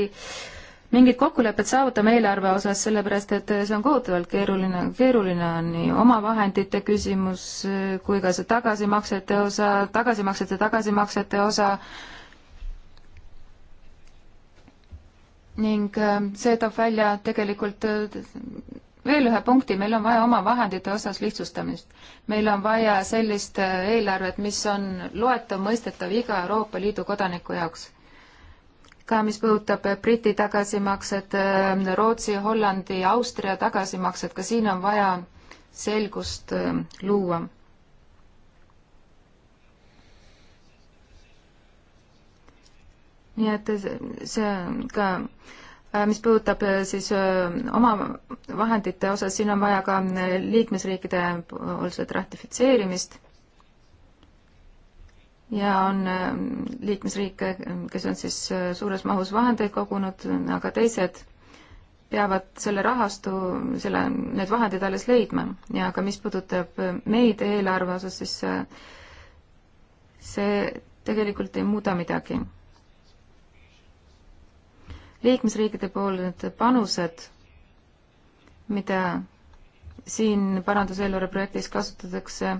[SPEAKER 3] mingid kokkulepped saavutama eelarve osas, sellepärast et see on kohutavalt keeruline, keeruline on nii omavahendite küsimus eh, kui ka see tagasimaksete osa, tagasimaksete, tagasimaksete osa. ning eh, see toob välja tegelikult eh, veel ühe punkti, meil on vaja oma vahendite osas lihtsustamist. meil on vaja sellist eelarvet, mis on loetav, mõistetav iga Euroopa Liidu kodaniku jaoks ka mis puudutab Briti tagasimaksed, Rootsi, Hollandi, Austria tagasimaksed, ka siin on vaja selgust ähm, luua. nii et see ka, äh, mis puudutab äh, siis äh, oma vahendite osas, siin on vaja ka liikmesriikide poolset ratifitseerimist ja on ähm, liikmesriike, kes on siis äh, suures mahus vahendeid kogunud, aga teised peavad selle rahastu, selle, need vahendid alles leidma ja ka mis puudutab äh, meid eelarve osas, siis äh, see tegelikult ei muuda midagi. liikmesriikide pool need panused, mida siin paranduseelarve projektis kasutatakse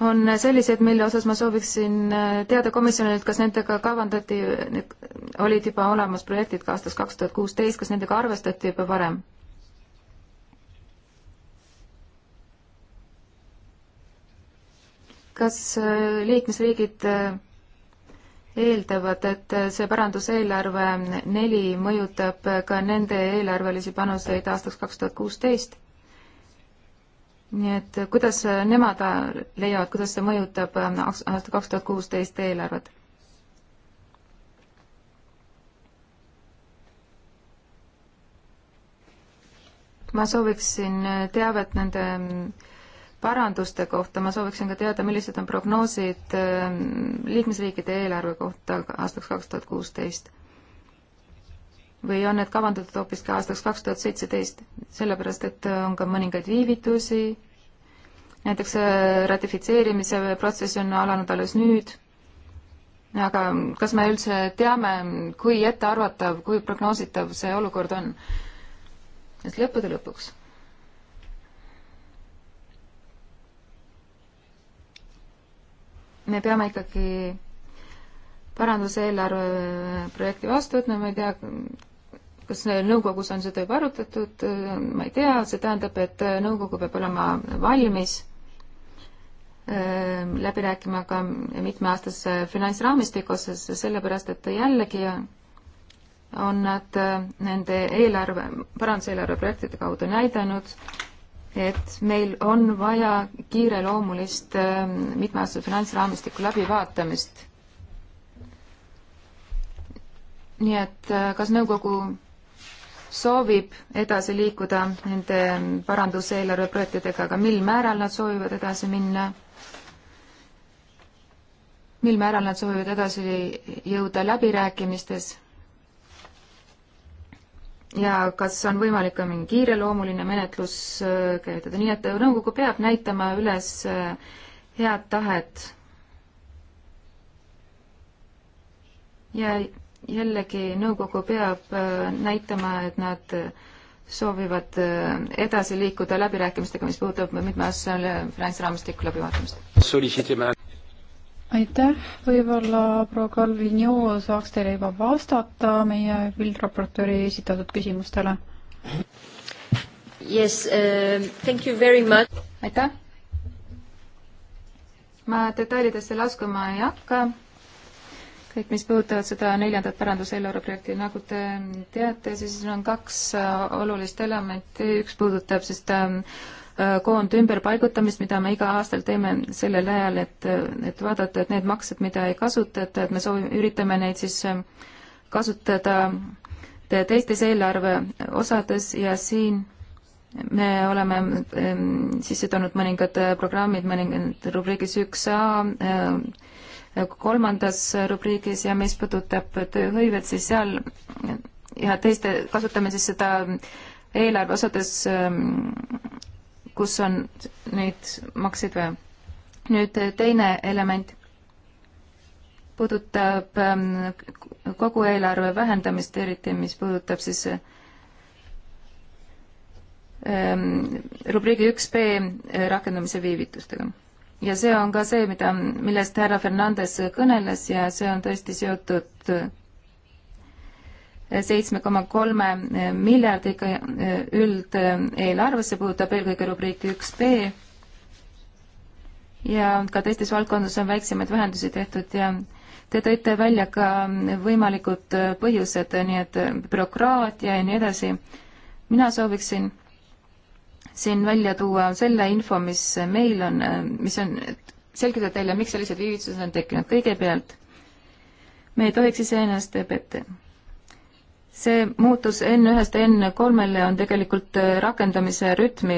[SPEAKER 3] on sellised, mille osas ma sooviksin äh, teada komisjonilt, kas nendega kavandati, olid juba olemas projektid ka aastast kaks tuhat kuusteist, kas nendega arvestati juba varem? kas äh, liikmesriigid äh, eeldavad, et see päranduseelarve neli mõjutab ka nende eelarvelisi panuseid aastaks kaks tuhat kuusteist? nii et kuidas nemad äh, leiavad, kuidas see mõjutab äh, aasta kaks tuhat kuusteist eelarvet? ma sooviksin äh, teavet nende mm, paranduste kohta, ma sooviksin ka teada, millised on prognoosid liikmesriikide eelarve kohta aastaks kaks tuhat kuusteist või on need kavandatud hoopis ka aastaks kaks tuhat seitseteist, sellepärast et äh, on ka mõningaid viivitusi, näiteks äh, ratifitseerimise protsess on alanud alles nüüd, aga kas me üldse teame, kui ettearvatav, kui prognoositav see olukord on? et lõppude lõpuks me peame ikkagi paranduse eelarve projekti vastu võtma, ma ei tea, kas nõukogus on seda juba arutatud, ma ei tea, see tähendab, et nõukogu peab olema valmis ehm, läbi rääkima ka mitmeaastase finantsraamistiku osas, sellepärast et jällegi on nad nende eelarve, paranduseelarve projektide kaudu näidanud, et meil on vaja kiireloomulist ehm, mitmeaastase finantsraamistiku läbivaatamist. nii et kas nõukogu soovib edasi liikuda nende paranduseelarve projektidega, aga mil määral nad soovivad edasi minna, mil määral nad soovivad edasi jõuda läbirääkimistes ja kas on võimalik ka mingi kiireloomuline menetlus äh, käivitada, nii et nõukogu peab näitama üles äh, head tahet ja jällegi nõukogu peab äh, näitama, et nad äh, soovivad äh, edasi liikuda läbirääkimistega, mis puudutab mitmeaastase finantsraamistiku läbivaatamist.
[SPEAKER 1] aitäh, võib-olla proua Calvino saaks teile juba vastata meie üldraportööri esitatud küsimustele.
[SPEAKER 3] Yes uh,, thank you very much. aitäh. ma detailidesse laskuma ei hakka kõik, mis puudutavad seda neljandat päranduseelarve projekti, nagu te teate, siis on kaks äh, olulist elementi, üks puudutab siis ta ähm, äh, koond ümberpaigutamist, mida me iga aastal teeme sellel ajal, et, et vaadata, et need maksed, mida ei kasutata, et me soovime, üritame neid siis ähm, kasutada teistes eelarve osades ja siin me oleme ähm, sisse toonud mõningad äh, programmid, mõningad rubriigis üks A äh, kolmandas rubriigis ja mis puudutab tööhõivet, siis seal ja teiste, kasutame siis seda eelarve osades, kus on neid makseid vaja. nüüd teine element puudutab ähm, kogu eelarve vähendamist, eriti mis puudutab siis ähm, rubriigi üks B rakendamise viivitustega ja see on ka see, mida, millest härra Fernandes kõneles ja see on tõesti seotud seitsme koma kolme miljardiga üldeelarvesse, puudutab eelkõige rubriiki üks B ja ka teistes valdkondades on väiksemaid vähendusi tehtud ja te tõite välja ka võimalikud põhjused, nii et bürokraatia ja nii edasi. mina sooviksin siin välja tuua selle info, mis meil on, mis on, selgitada teile, miks sellised viivitused on tekkinud. kõigepealt, me ei tohiks iseenesest petta see muutus N1-st N3-le on tegelikult rakendamise rütmi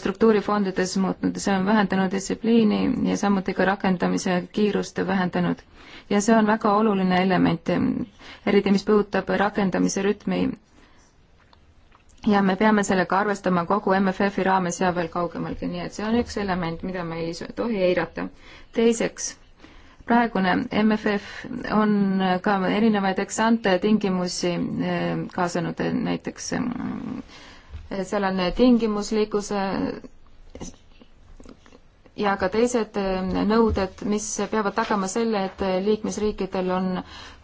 [SPEAKER 3] struktuurifondides muutnud ja see on vähendanud distsipliini ja samuti ka rakendamise kiirust vähendanud. ja see on väga oluline element, eriti mis puudutab rakendamise rütmi ja me peame sellega arvestama kogu MFF-i raames ja veel kaugemalgi, nii et see on üks element, mida me ei tohi eirata. teiseks, praegune MFF on ka erinevaid eksante tingimusi eh, kaasanud, näiteks mm, eh, seal on tingimuslikkuse ja ka teised ähm, nõuded, mis peavad tagama selle, et liikmesriikidel on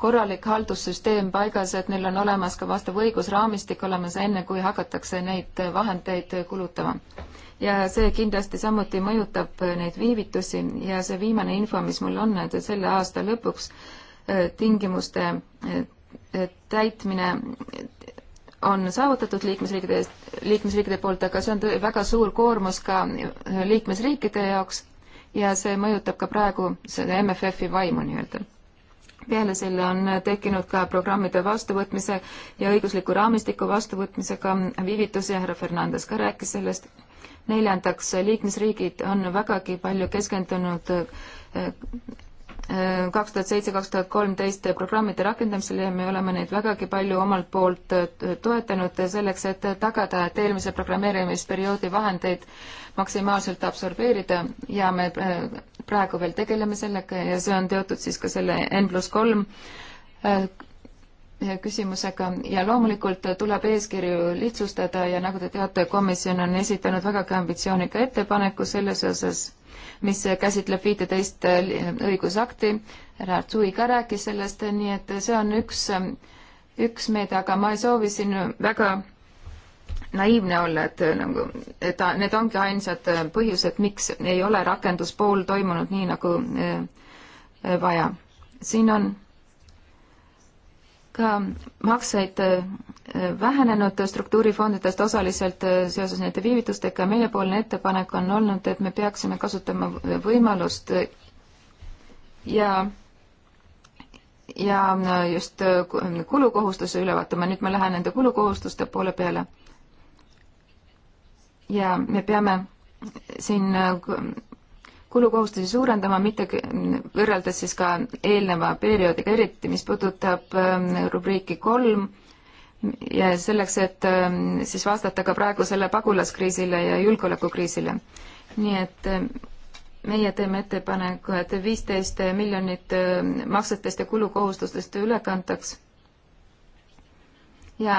[SPEAKER 3] korralik haldussüsteem paigas, et neil on olemas ka vastav õigusraamistik olemas, enne kui hakatakse neid vahendeid kulutama. ja see kindlasti samuti mõjutab neid viivitusi ja see viimane info, mis mul on, et selle aasta lõpuks äh, tingimuste äh, täitmine on saavutatud liikmesriikide, liikmesriikide poolt, aga see on väga suur koormus ka äh, liikmesriikide jaoks ja see mõjutab ka praegu seda MFF-i vaimu nii-öelda. peale selle on tekkinud ka programmide vastuvõtmise ja õigusliku raamistiku vastuvõtmisega viivitusi, härra Fernandes ka rääkis sellest. neljandaks, liikmesriigid on vägagi palju keskendunud äh, kaks tuhat seitse, kaks tuhat kolmteist programmide rakendamisel ja me oleme neid vägagi palju omalt poolt äh, toetanud selleks, et tagada, et eelmise programmeerimisperioodi vahendeid maksimaalselt absorbeerida ja me äh, praegu veel tegeleme sellega ja see on teatud siis ka selle N pluss kolm äh, küsimusega ja loomulikult tuleb eeskirju lihtsustada ja nagu te teate, komisjon on esitanud vägagi ambitsioonika ettepaneku selles osas mis käsitleb viiteist õigusakti. härra Artsui ka rääkis sellest, nii et see on üks, üks meede, aga ma ei soovi siin väga naiivne olla, et nagu, et need ongi ainsad põhjused, miks ei ole rakenduspool toimunud nii, nagu eh, vaja. siin on ka makseid äh, vähenenud struktuurifondidest osaliselt äh, seoses nende viivitustega. meiepoolne ettepanek on olnud, et me peaksime kasutama võimalust ja ja just äh, kulukohustuse üle vaatama, nüüd ma lähen nende kulukohustuste poole peale. ja me peame siin kulukohustusi suurendama, mitte võrreldes siis ka eelneva perioodiga, eriti mis puudutab ähm, rubriiki kolm ja selleks, et ähm, siis vastata ka praegusele pagulaskriisile ja julgeolekukriisile. nii et ähm, meie teeme ettepaneku, et viisteist miljonit maksetest ja kulukohustustest üle kantaks. ja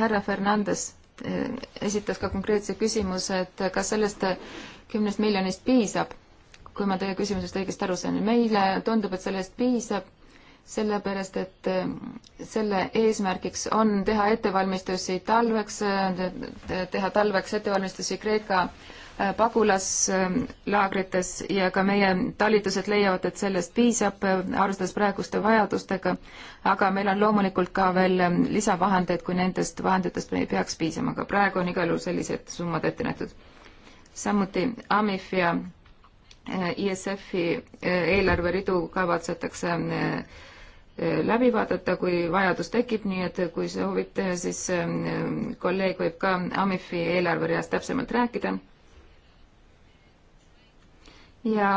[SPEAKER 3] härra Fernandes äh, esitas ka konkreetse küsimuse, et kas sellest äh, kümnest miljonist piisab kui ma teie küsimusest õigesti aru sain. meile tundub, et sellest piisab, sellepärast et eh, selle eesmärgiks on teha ettevalmistusi talveks, teha talveks ettevalmistusi Kreeka eh, pagulaslaagrites ja ka meie talitused leiavad, et sellest piisab, arvestades praeguste vajadustega, aga meil on loomulikult ka veel eh, lisavahendeid, kui nendest vahenditest me ei peaks piisama, aga praegu on igal juhul sellised summad ette nähtud. samuti AMIF ja ISF-i e e, eelarveridu kavatsetakse e, läbi vaadata, kui vajadus tekib, nii et kui soovite, siis kolleeg võib ka AMIF-i eelarvereast täpsemalt rääkida. ja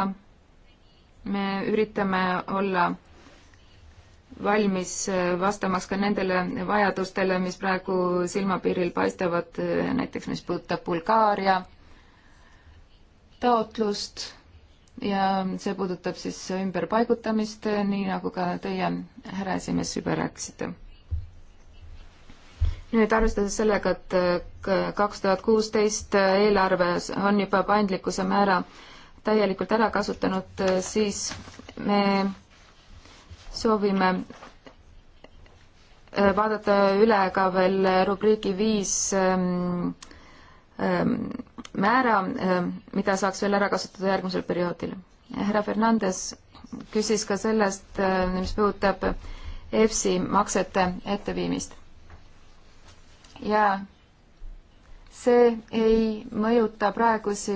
[SPEAKER 3] me üritame olla valmis vastamaks ka nendele vajadustele, mis praegu silmapiiril paistavad, näiteks mis puudutab Bulgaaria taotlust ja see puudutab siis ümberpaigutamist, nii nagu ka teie, härra esimees, juba rääkisite. nüüd arvestades sellega, et äh, kaks tuhat kuusteist äh, eelarves on juba paindlikkuse määra täielikult ära kasutanud, äh, siis me soovime vaadata üle ka veel rubriigi viis ähm, ähm, määra, äh, mida saaks veel ära kasutada järgmisel perioodil. härra Fernandes küsis ka sellest, äh, mis puudutab EFSI maksete etteviimist. ja see ei mõjuta praegusi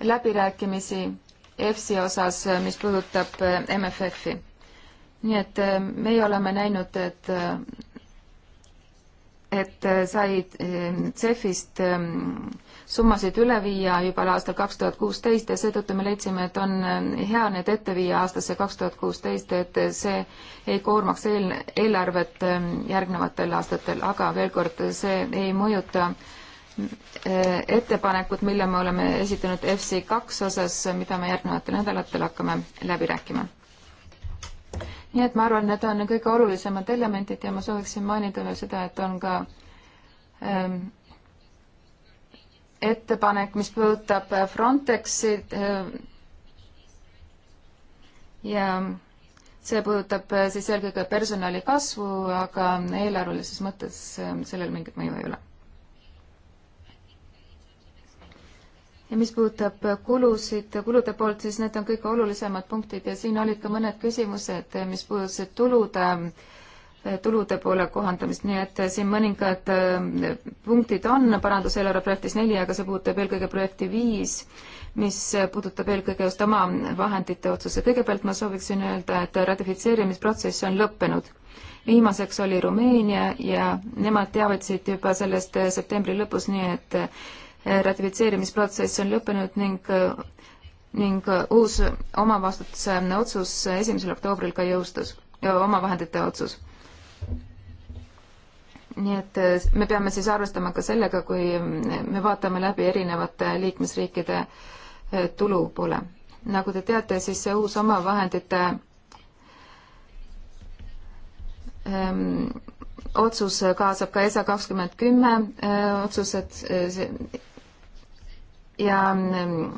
[SPEAKER 3] läbirääkimisi EFSI osas, äh, mis puudutab MFF-i. nii et meie oleme näinud, et et sai CEF-ist ähm, summasid üle viia juba aastal kaks tuhat kuusteist ja seetõttu me leidsime, et on äh, hea need ette viia aastasse kaks tuhat kuusteist, et see ei koormaks eel, eelarvet ähm, järgnevatel aastatel, aga veel kord, see ei mõjuta äh, ettepanekut, mille me oleme esitanud FC kaks osas, mida me järgnevatel nädalatel hakkame läbi rääkima. nii et ma arvan, need on kõige olulisemad elemendid ja ma sooviksin mainida veel seda, et on ka ähm, ettepanek, mis puudutab Frontexi äh, ja see puudutab äh, siis eelkõige personali kasvu, aga eelarvelises mõttes äh, sellel mingit mõju ei ole. ja mis puudutab kulusid, kulude poolt, siis need on kõige olulisemad punktid ja siin olid ka mõned küsimused, mis puudutasid tulude äh, tulude poole kohandamist, nii et siin mõningad äh, punktid on paranduseelarve projektis neli, aga see puudutab eelkõige projekti viis, mis puudutab eelkõige just oma vahendite otsuse. kõigepealt ma sooviksin öelda, et ratifitseerimisprotsess on lõppenud. viimaseks oli Rumeenia ja nemad teavitasid juba sellest äh, septembri lõpus, nii et äh, ratifitseerimisprotsess on lõppenud ning ning uus omavastutuse otsus esimesel oktoobril ka jõustus, omavahendite otsus nii et äh, me peame siis arvestama ka sellega, kui me vaatame läbi erinevate liikmesriikide äh, tulupoole. nagu te teate, siis see uus omavahendite öö, ähm, otsus kaasab ka ESA kakskümmend kümme äh, otsused ja öö, ähm,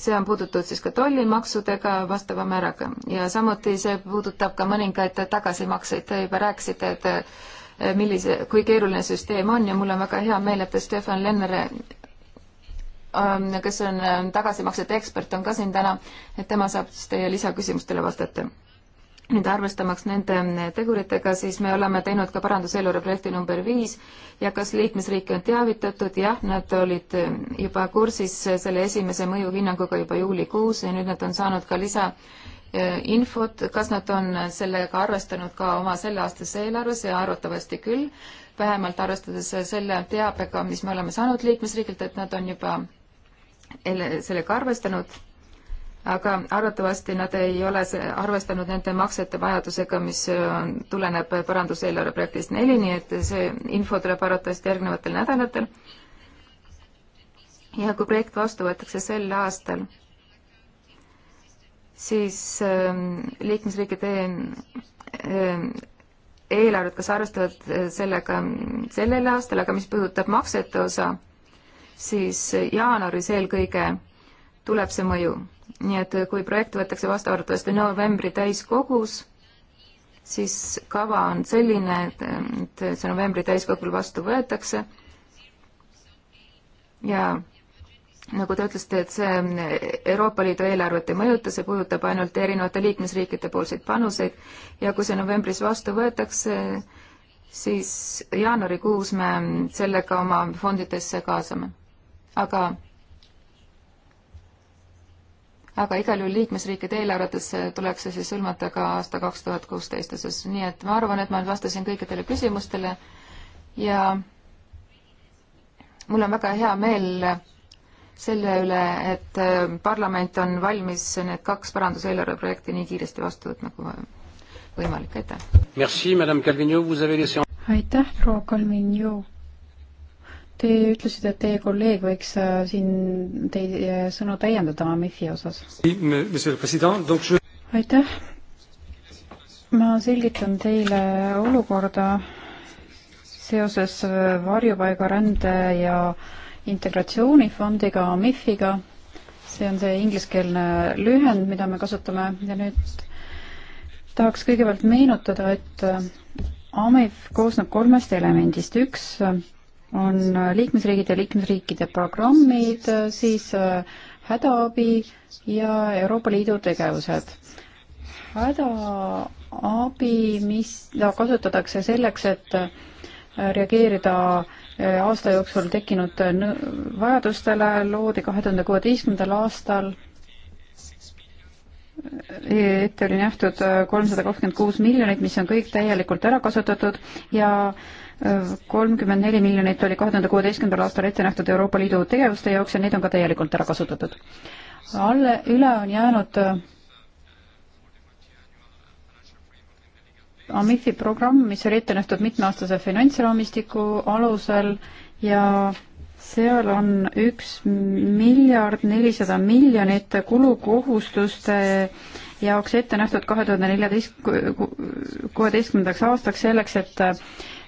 [SPEAKER 3] see on puudutud siis ka tollimaksudega vastava määraga ja samuti see puudutab ka mõningaid tagasimakseid, te juba rääkisite, et eh, millise, kui keeruline süsteem on ja mul on väga hea meel, et Stefan Lenner, ähm, kes on ähm, tagasimaksete ekspert, on ka siin täna, et tema saab siis teie lisaküsimustele vastata nüüd arvestamaks nende teguritega, siis me oleme teinud ka paranduseelarve projekti number viis ja kas liikmesriike on teavitatud, jah, nad olid juba kursis selle esimese mõjuhinnanguga juba juulikuus ja nüüd nad on saanud ka lisainfot, eh, kas nad on sellega arvestanud ka oma selleaastase eelarves ja arvatavasti küll, vähemalt arvestades selle teabega, mis me oleme saanud liikmesriigilt, et nad on juba sellega arvestanud aga arvatavasti nad ei ole arvestanud nende maksete vajadusega, mis on, äh, tuleneb paranduseelarve projektist neli, nii et see info tuleb arvatavasti järgnevatel nädalatel. ja kui projekt vastu võetakse sel aastal, siis ähm, liikmesriikide ähm, eelarved kas arvestavad äh, sellega sellel aastal, aga mis puudutab maksete osa, siis jaanuaris eelkõige tuleb see mõju nii et eh, kui projekt võetakse vastu arvatavasti novembri täiskogus, siis kava on selline, et, et see novembri täiskogul vastu võetakse ja nagu te ütlesite, et see eh, Euroopa Liidu eelarvet ei mõjuta, see puudutab ainult erinevate liikmesriikide poolseid panuseid ja kui see novembris vastu võetakse, siis jaanuarikuus me sellega oma fondidesse kaasame. aga aga igal juhul liikmesriikide eelarvetesse tuleks see siis hõlmata ka aasta kaks tuhat kuusteist osas, nii et ma arvan, et ma vastasin kõikidele küsimustele ja mul on väga hea meel selle üle, et äh, parlament on valmis need kaks paranduseelarve projekti nii kiiresti vastu võtma kui võimalik, aitäh! aitäh, proua Kalvinjõu! Te ütlesite, et teie
[SPEAKER 1] kolleeg võiks äh, siin teie sõnu täiendada MIFi osas. aitäh. ma selgitan teile olukorda seoses äh, varjupaigarände ja integratsioonifondiga, MIFiga. see on see ingliskeelne lühend, mida me kasutame ja nüüd tahaks kõigepealt meenutada, et äh, AMIF koosneb kolmest elemendist. üks on liikmesriigid ja liikmesriikide programmid, siis äh, hädaabi ja Euroopa Liidu tegevused. hädaabi, mida kasutatakse selleks, et äh, reageerida äh, aasta jooksul tekkinud vajadustele, loodi kahe tuhande kuueteistkümnendal aastal ette oli nähtud kolmsada kakskümmend kuus miljonit, mis on kõik täielikult ära kasutatud ja kolmkümmend neli miljonit oli kahe tuhande kuueteistkümnendal aastal ette nähtud Euroopa Liidu tegevuste jaoks ja need on ka täielikult ära kasutatud. alle, üle on jäänud äh, AMIF-i programm, mis oli ette nähtud mitmeaastase finantsraamistiku alusel ja seal on üks miljard nelisada miljonit kulukohustuste jaoks ette nähtud kahe tuhande neljateist, kuueteistkümnendaks aastaks selleks, et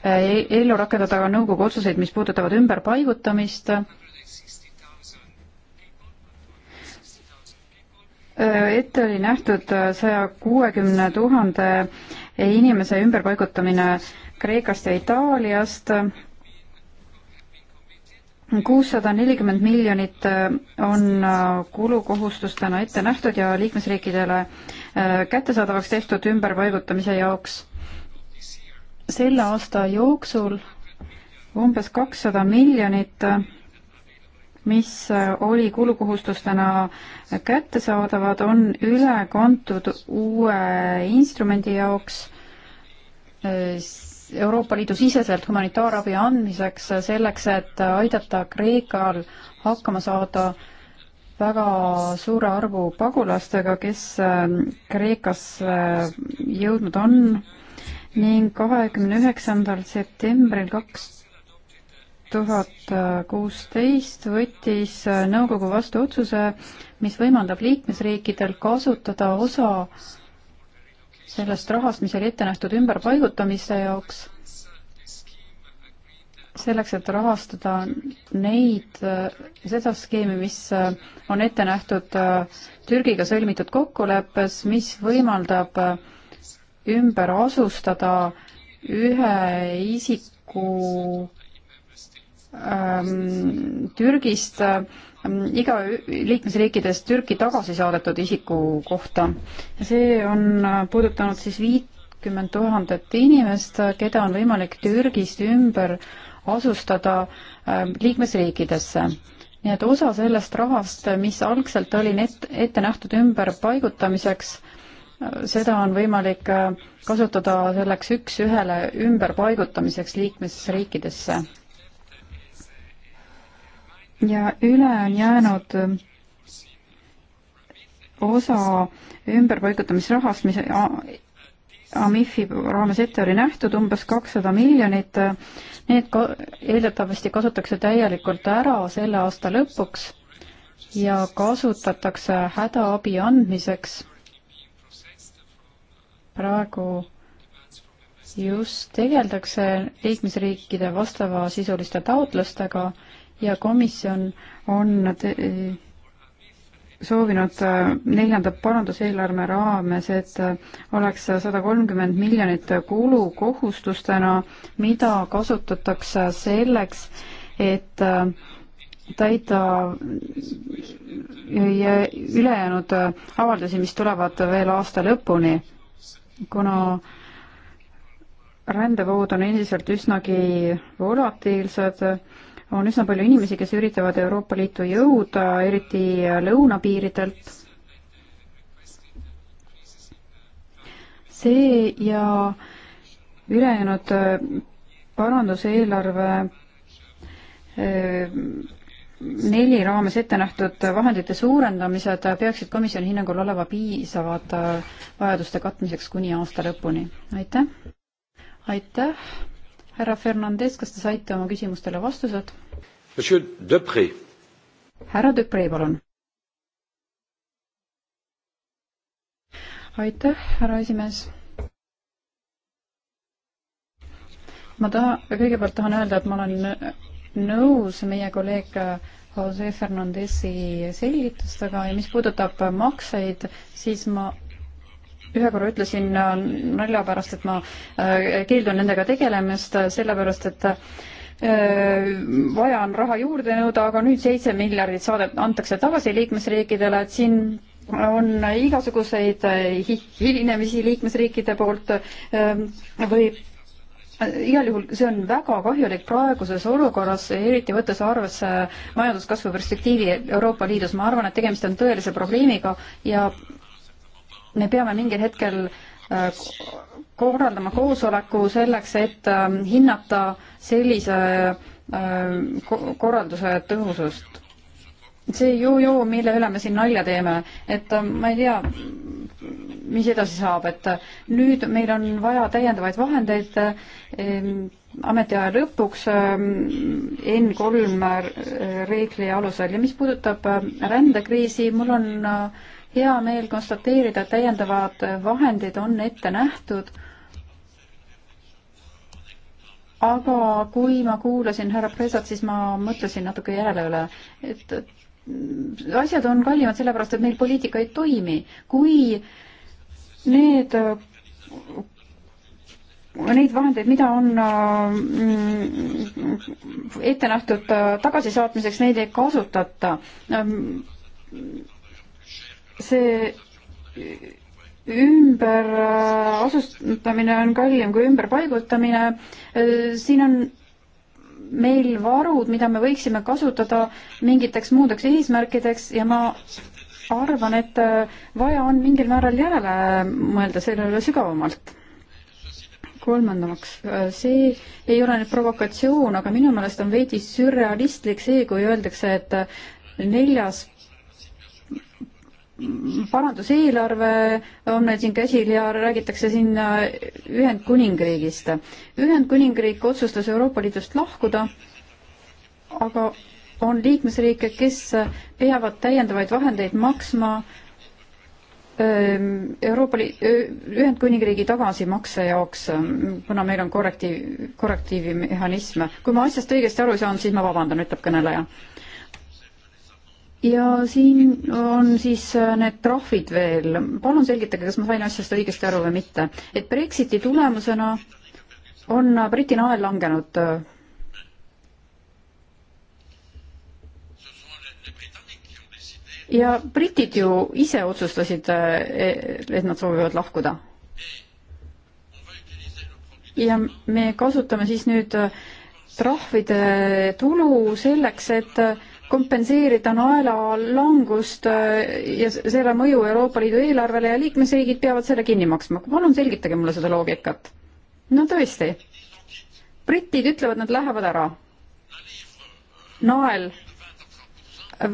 [SPEAKER 1] ellu rakendada ka nõukogu otsuseid, mis puudutavad ümberpaigutamist. ette oli nähtud saja kuuekümne tuhande inimese ümberpaigutamine Kreekast ja Itaaliast kuussada nelikümmend miljonit on kulukohustustena ette nähtud ja liikmesriikidele kättesaadavaks tehtud ümberpaigutamise jaoks selle aasta jooksul umbes kakssada miljonit, mis oli kulukohustustena kättesaadavad, on üle kantud uue instrumendi jaoks Euroopa Liidu siseselt humanitaarabi andmiseks, selleks et aidata Kreekal hakkama saada väga suure arvu pagulastega, kes Kreekas jõudnud on ning kahekümne üheksandal septembril kaks tuhat kuusteist võttis äh, nõukogu vastu otsuse, mis võimaldab liikmesriikidel kasutada osa sellest rahast, mis oli ette nähtud ümberpaigutamise jaoks, selleks, et rahastada neid, äh, seda skeemi, mis äh, on ette nähtud Türgiga sõlmitud kokkuleppes, mis võimaldab ümber asustada ühe isiku ähm, Türgist ähm, iga liikmesriikides Türki tagasi saadetud isiku kohta. see on äh, puudutanud siis viitkümmend tuhandet inimest, keda on võimalik Türgist ümber asustada ähm, liikmesriikidesse nii et osa sellest rahast, mis algselt oli net, ette nähtud ümberpaigutamiseks, seda on võimalik äh, kasutada selleks üks-ühele ümberpaigutamiseks liikmesriikidesse. ja üle on jäänud äh, osa ümberpaigutamisrahast, mis äh, AMIF-i raames ette oli nähtud, umbes kakssada miljonit, need ka eeldatavasti kasutatakse täielikult ära selle aasta lõpuks ja kasutatakse hädaabi andmiseks praegu just tegeldakse liikmesriikide vastavasisuliste taotlustega ja komisjon on soovinud äh, neljanda paranduseelarve raames, et äh, oleks sada kolmkümmend miljonit kulu kohustustena, mida kasutatakse selleks, et äh, täita ülejäänud avaldusi, mis tulevad veel aasta lõpuni kuna rändevood on endiselt üsnagi volatiilsed, on üsna palju inimesi, kes üritavad Euroopa Liitu jõuda, eriti lõunapiiridelt. see ja ülejäänud paranduseelarve eh, neli raames ette nähtud vahendite suurendamised peaksid komisjoni hinnangul olema piisavad äh, vajaduste katmiseks kuni aasta lõpuni. aitäh! aitäh, härra Fernandez, kas te saite oma küsimustele vastused? härra Dupree, palun! aitäh, härra esimees! ma taha, kõigepealt tahan öelda, et ma olen nõus meie kolleeg Jose Fernandesi selgitustega ja mis puudutab makseid, siis ma ühe korra ütlesin nalja pärast, et ma äh, keeldun nendega tegelemast, sellepärast et äh, vaja on raha juurde nõuda, aga nüüd seitse miljardit saadet antakse tagasi liikmesriikidele, et siin on igasuguseid äh, hilinemisi liikmesriikide poolt või Äh, igal juhul see on väga kahjulik praeguses olukorras, eriti võttes arvesse majanduskasvu perspektiivi Euroopa Liidus. ma arvan, et tegemist on tõelise probleemiga ja me peame mingil hetkel äh, korraldama koosoleku selleks, et äh, hinnata sellise korralduse tõhusust. see ju-ju, mille üle me siin nalja teeme, et ma ei tea, mis edasi saab, et nüüd meil on vaja täiendavaid vahendeid ehm, ametiaja lõpuks ehm, N3 reegli alusel ja mis puudutab äh, rändekriisi, mul on äh, hea meel konstateerida, et täiendavad vahendid on ette nähtud aga kui ma kuulasin härra Presat, siis ma mõtlesin natuke järele üle, et asjad on kallimad sellepärast, et meil poliitika ei toimi. kui need, neid vahendeid, mida on mm, ette nähtud äh, tagasisaatmiseks, neid ei kasutata. Ähm, see ümberasustamine äh, on kallim kui ümberpaigutamine. Äh, siin on meil varud, mida me võiksime kasutada mingiteks muudeks eesmärkideks ja ma arvan, et äh, vaja on mingil määral järele mõelda selle üle sügavamalt. kolmandaks, äh, see ei ole nüüd provokatsioon, aga minu meelest on veidi sürrealistlik see, kui öeldakse, et äh, neljas paranduseelarve on meil siin käsil ja räägitakse siin Ühendkuningriigist. Ühendkuningriik otsustas Euroopa Liidust lahkuda, aga on liikmesriike, kes peavad täiendavaid vahendeid maksma ähm, Euroopa Liit, äh, Ühendkuningriigi tagasimakse jaoks, ähm, kuna meil on korrektiiv, korrektiivimehhanism. kui ma asjast õigesti aru saan, siis ma vabandan, ütleb kõneleja ja siin on siis äh, need trahvid veel. palun selgitage, kas ma sain asjast õigesti aru või mitte. et Brexiti tulemusena on äh, Briti nael langenud. Äh, ja britid ju ise otsustasid, e-, et nad soovivad lahkuda. ja me kasutame siis nüüd trahvide tulu selleks, et kompenseerida naela langust äh, ja selle mõju Euroopa Liidu eelarvele ja liikmesriigid peavad selle kinni maksma. palun selgitage mulle seda loogikat. no tõesti. britid ütlevad, nad lähevad ära. nael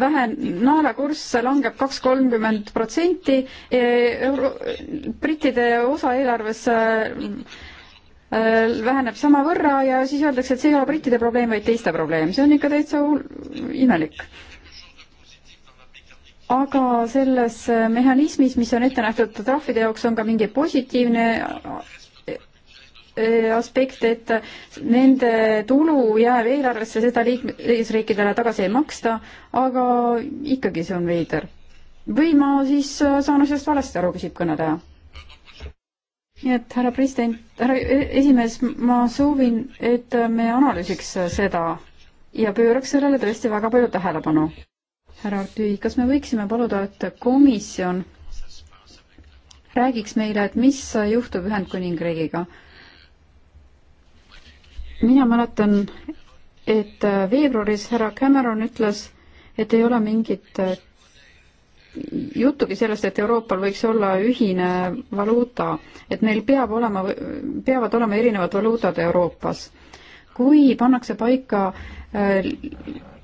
[SPEAKER 1] vähe, naelakurss langeb kaks kolmkümmend protsenti, brittide osa eelarves äh, Äh, väheneb samavõrra ja siis öeldakse, et see ei ole brittide probleem, vaid teiste probleem. see on ikka täitsa imelik. aga selles äh, mehhanismis, mis on ette nähtud trahvide jaoks, on ka mingi positiivne äh, aspekt, et nende tulu jääb eelarvesse, seda liikmesriikidele tagasi ei maksta, aga ikkagi see on veider. või ma siis saan asjast valesti aru, küsib kõneleja nii et härra president, härra esimees, ma soovin, et me analüüsiks seda ja pööraks sellele tõesti väga palju tähelepanu. härra Artüi, kas me võiksime paluda, et komisjon räägiks meile, et mis juhtub Ühendkuningriigiga? mina mäletan, et veebruaris härra Cameron ütles, et ei ole mingit juttugi sellest, et Euroopal võiks olla ühine valuuta, et meil peab olema, peavad olema erinevad valuutad Euroopas. kui pannakse paika äh,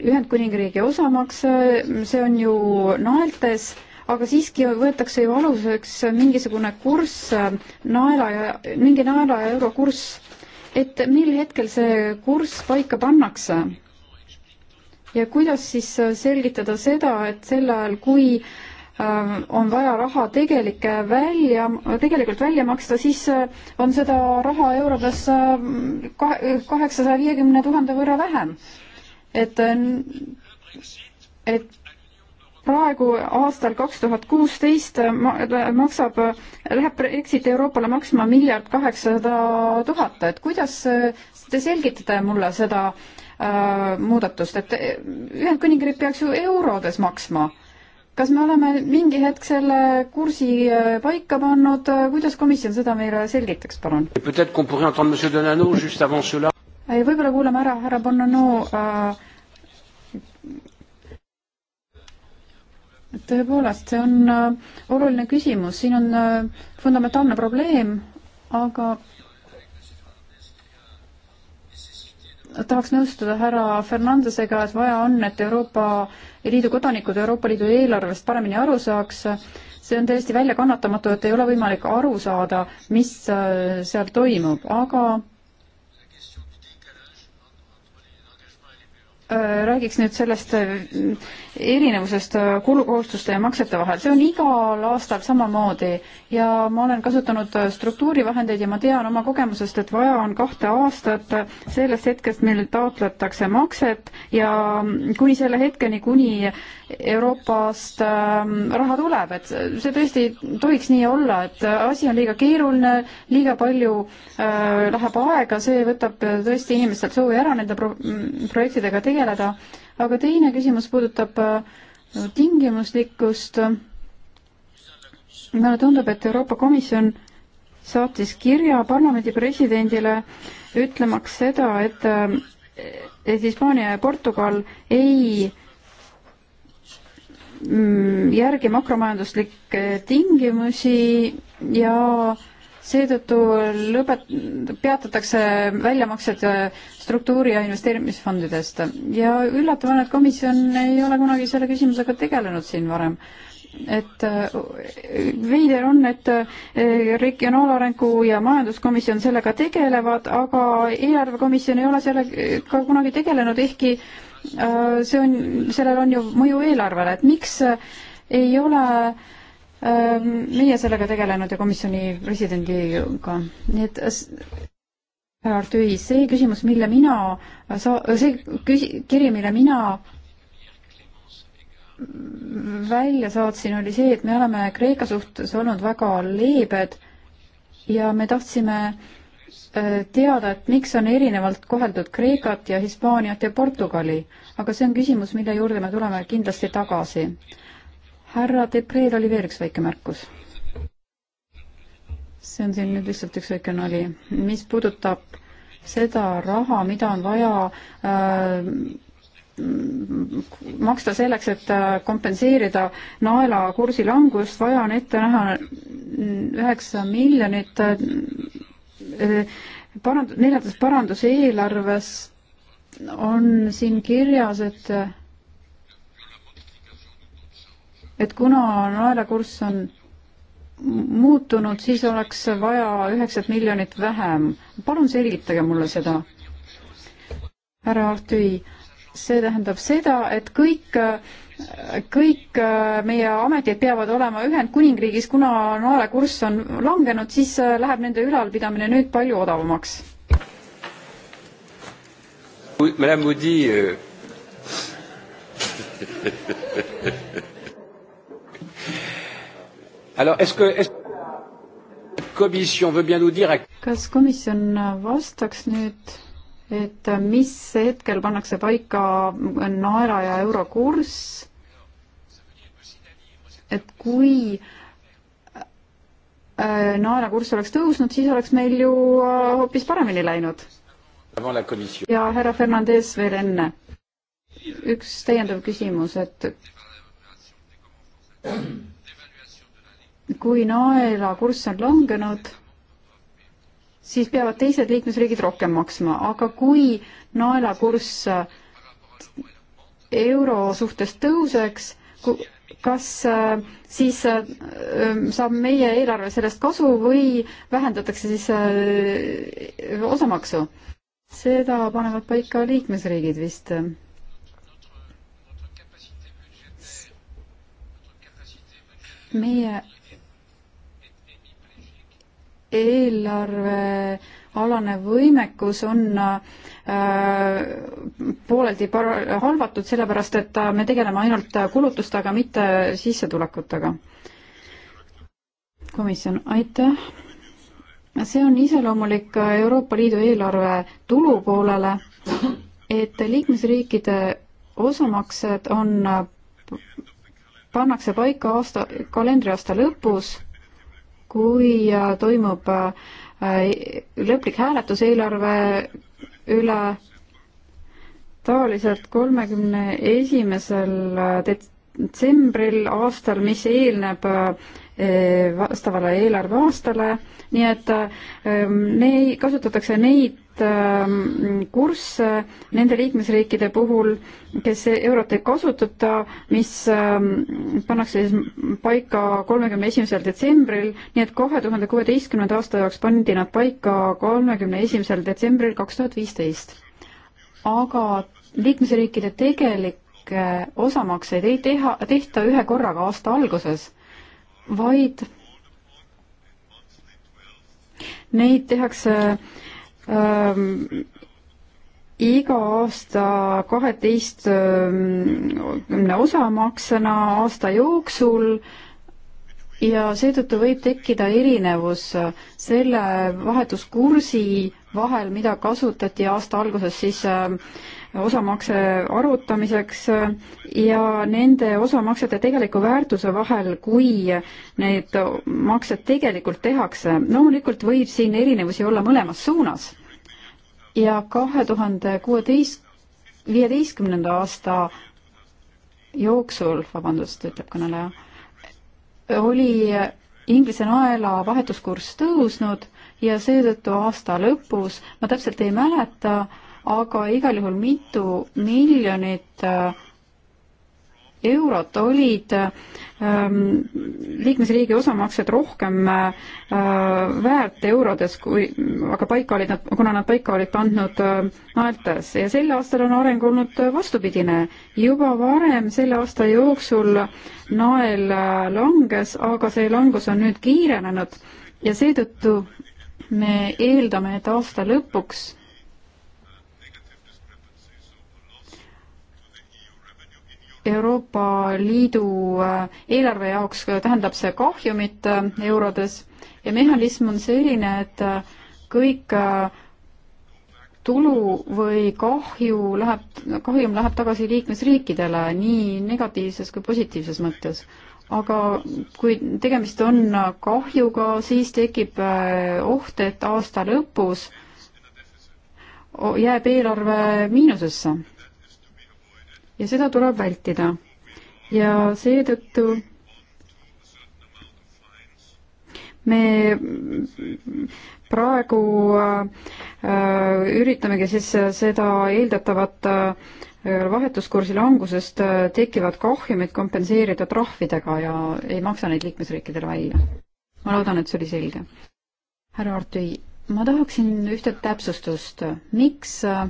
[SPEAKER 1] Ühendkuningriigi osamaks, see on ju naeltes, aga siiski võetakse ju aluseks mingisugune kurss, naela ja, mingi naela ja euro kurss. et mil hetkel see kurss paika pannakse ja kuidas siis äh, selgitada seda, et sel ajal, kui ähm, on vaja raha tegelikke välja, tegelikult välja maksta, siis äh, on seda raha eurodes äh, kahe, kaheksasaja viiekümne tuhande võrra vähem. et, et praegu aastal kaks tuhat kuusteist maksab, läheb Brexit Euroopale maksma miljard kaheksasada tuhat, et kuidas te selgitate mulle seda äh, Äh, muudatust, et Ühendkuningriik peaks ju eurodes maksma. kas me oleme mingi hetk selle kursi äh, paika pannud, kuidas komisjon seda meile selgitaks, palun? võib-olla kuulame ära härra Bonanno äh, tõepoolest, see on äh, oluline küsimus, siin on fundamentaalne probleem, aga tahaks nõustuda härra Fernandesega, et vaja on, et Euroopa Liidu kodanikud Euroopa Liidu eelarvest paremini aru saaks. see on täiesti väljakannatamatu, et ei ole võimalik aru saada, mis äh, seal toimub, aga Äh, räägiks nüüd sellest äh, erinevusest äh, kulukohustuste ja maksete vahel. see on igal aastal samamoodi ja ma olen kasutanud struktuurivahendeid ja ma tean oma kogemusest, et vaja on kahte aastat sellest hetkest, mil taotletakse makset ja mm, kuni selle hetkeni, kuni Euroopast ähm, raha tuleb, et see tõesti tohiks nii olla, et asi on liiga keeruline, liiga palju äh, läheb aega, see võtab tõesti inimestelt soovi ära nende pro mm, projektidega tegeleda. aga teine küsimus puudutab äh, tingimuslikkust. mulle tundub, et Euroopa Komisjon saatis kirja parlamendi presidendile ütlemaks seda, et äh, et Hispaania ja Portugal ei äh, Mm, järgi makromajanduslikke tingimusi ja seetõttu lõpet-, peatatakse väljamaksed äh, struktuuri- ja investeerimisfondidest ja üllatav on, et komisjon ei ole kunagi selle küsimusega tegelenud siin varem. et äh, veider on, et äh, regionaalarengu ja majanduskomisjon sellega tegelevad, aga eelarvekomisjon ei ole sellega kunagi tegelenud, ehkki äh, Äh, see on, sellel on ju mõju eelarvele, et miks äh, ei ole ähm, meie sellega tegelenud ja komisjoni presidendiga, nii et äh, Artüi, see küsimus, mille mina, see küsi-, kiri, mille mina välja saatsin, oli see, et me oleme Kreeka suhtes olnud väga leebed ja me tahtsime äh, Äh, teada, et miks on erinevalt koheldud Kreekat ja Hispaaniat ja Portugali, aga see on küsimus, mille juurde me tuleme kindlasti tagasi. härra Depreel oli veel üks väike märkus. see on siin nüüd lihtsalt üks väike nali, mis puudutab seda raha, mida on vaja äh, maksta selleks, et äh, kompenseerida naela kursi langust, vaja on ette näha üheksa miljonit äh, Äh, parand-, neljandas paranduseelarves on siin kirjas, et et kuna naelakurss on muutunud, siis oleks vaja üheksat miljonit vähem. palun selgitage mulle seda. härra Artüi, see tähendab seda, et kõik äh, kõik äh, meie ametid peavad olema Ühendkuningriigis, kuna naela kurss on langenud, siis äh, läheb nende ülalpidamine nüüd palju odavamaks. Madame Moody euh... Alors, est-ce que, est-ce que la commission veut bien nous dire à... kas komisjon vastaks nüüd et mis hetkel pannakse paika naera ja euro kurss, et kui äh, naera kurss oleks tõusnud, siis oleks meil ju äh, hoopis paremini läinud. ja härra Fernandes veel enne. üks täiendav küsimus, et kui naela kurss on langenud siis peavad teised liikmesriigid rohkem maksma, aga kui naelakurss euro suhtes tõuseks, kas äh, siis äh, ähm, saab meie eelarve sellest kasu või vähendatakse siis äh, osamaksu? seda panevad paika liikmesriigid vist meie eelarvealane võimekus on äh, pooleldi par-, halvatud, sellepärast et äh, me tegeleme ainult kulutustega, mitte sissetulekutega. komisjon, aitäh! see on iseloomulik Euroopa Liidu eelarve tulupoolele, et liikmesriikide osamaksed on, pannakse paika aasta, kalendriaasta lõpus kui äh, toimub äh, lõplik hääletus eelarve üle tavaliselt kolmekümne esimesel äh, detsembril aastal, mis eelneb äh, Eh, vastavale eelarveaastale, nii et eh, nei-, kasutatakse neid ähm, kursse nende liikmesriikide puhul, kes eurot ei kasutata, mis ähm, pannakse siis paika kolmekümne esimesel detsembril, nii et kahe tuhande kuueteistkümnenda aasta jaoks pandi nad paika kolmekümne esimesel detsembril kaks tuhat viisteist. aga liikmesriikide tegelik äh, osamakseid ei teha, tehta ühe korraga aasta alguses vaid neid tehakse ähm, iga aasta kaheteistkümne osamaksena aasta jooksul ja seetõttu võib tekkida erinevus selle vahetuskursi vahel, mida kasutati aasta alguses siis äh, osamakse arvutamiseks ja nende osamaksete tegeliku väärtuse vahel, kui need maksed tegelikult tehakse. loomulikult võib siin erinevusi olla mõlemas suunas ja kahe tuhande kuueteist, viieteistkümnenda aasta jooksul, vabandust, ütleb kõneleja, oli Inglise naela vahetuskurss tõusnud ja seetõttu aasta lõpus, ma täpselt ei mäleta, aga igal juhul mitu miljonit äh, eurot olid ähm, liikmesriigi osamaksed rohkem äh, väärt eurodes, kui aga paika olid nad, kuna nad paika olid pandud äh, naeltes ja sel aastal on areng olnud vastupidine. juba varem selle aasta jooksul nael äh, langes, aga see langus on nüüd kiirenenud ja seetõttu me eeldame, et aasta lõpuks Euroopa Liidu äh, eelarve jaoks tähendab see kahjumit äh, eurodes ja mehhanism on selline, et äh, kõik tulu või kahju läheb, kahjum läheb tagasi liikmesriikidele nii negatiivses kui positiivses mõttes aga kui tegemist on kahjuga, siis tekib oht, et aasta lõpus jääb eelarve miinusesse ja seda tuleb vältida. ja seetõttu me praegu äh, üritamegi siis seda eeldatavat äh, vahetuskursi langusest äh, tekkivat kahjumit kompenseerida trahvidega ja ei maksa neid liikmesriikidele välja. ma loodan, et see oli selge. härra Artüi, ma tahaksin ühte täpsustust, miks äh,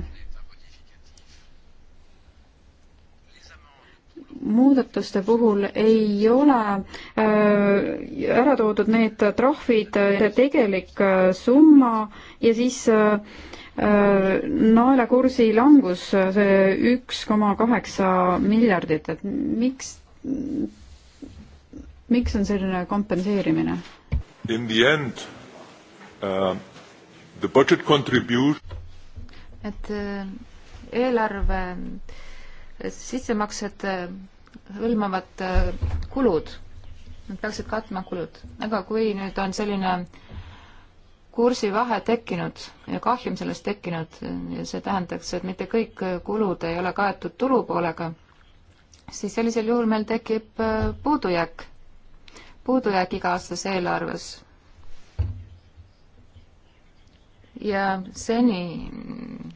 [SPEAKER 1] muudatuste puhul ei ole äh, ära toodud need trahvid, tegelik äh, summa ja siis äh, naelakursi langus, see üks koma kaheksa miljardit, et miks, miks on selline kompenseerimine?
[SPEAKER 2] In the end uh, the budget contribute
[SPEAKER 3] et eelarve uh, sissemaksed äh, hõlmavad äh, kulud, nad peaksid katma kulud, aga kui nüüd on selline kursivahe tekkinud ja kahjum sellest tekkinud ja see tähendaks, et mitte kõik kulud ei ole kaetud tulupoolega, siis sellisel juhul meil tekib äh, puudujääk, puudujääk iga-aastas eelarves ja seni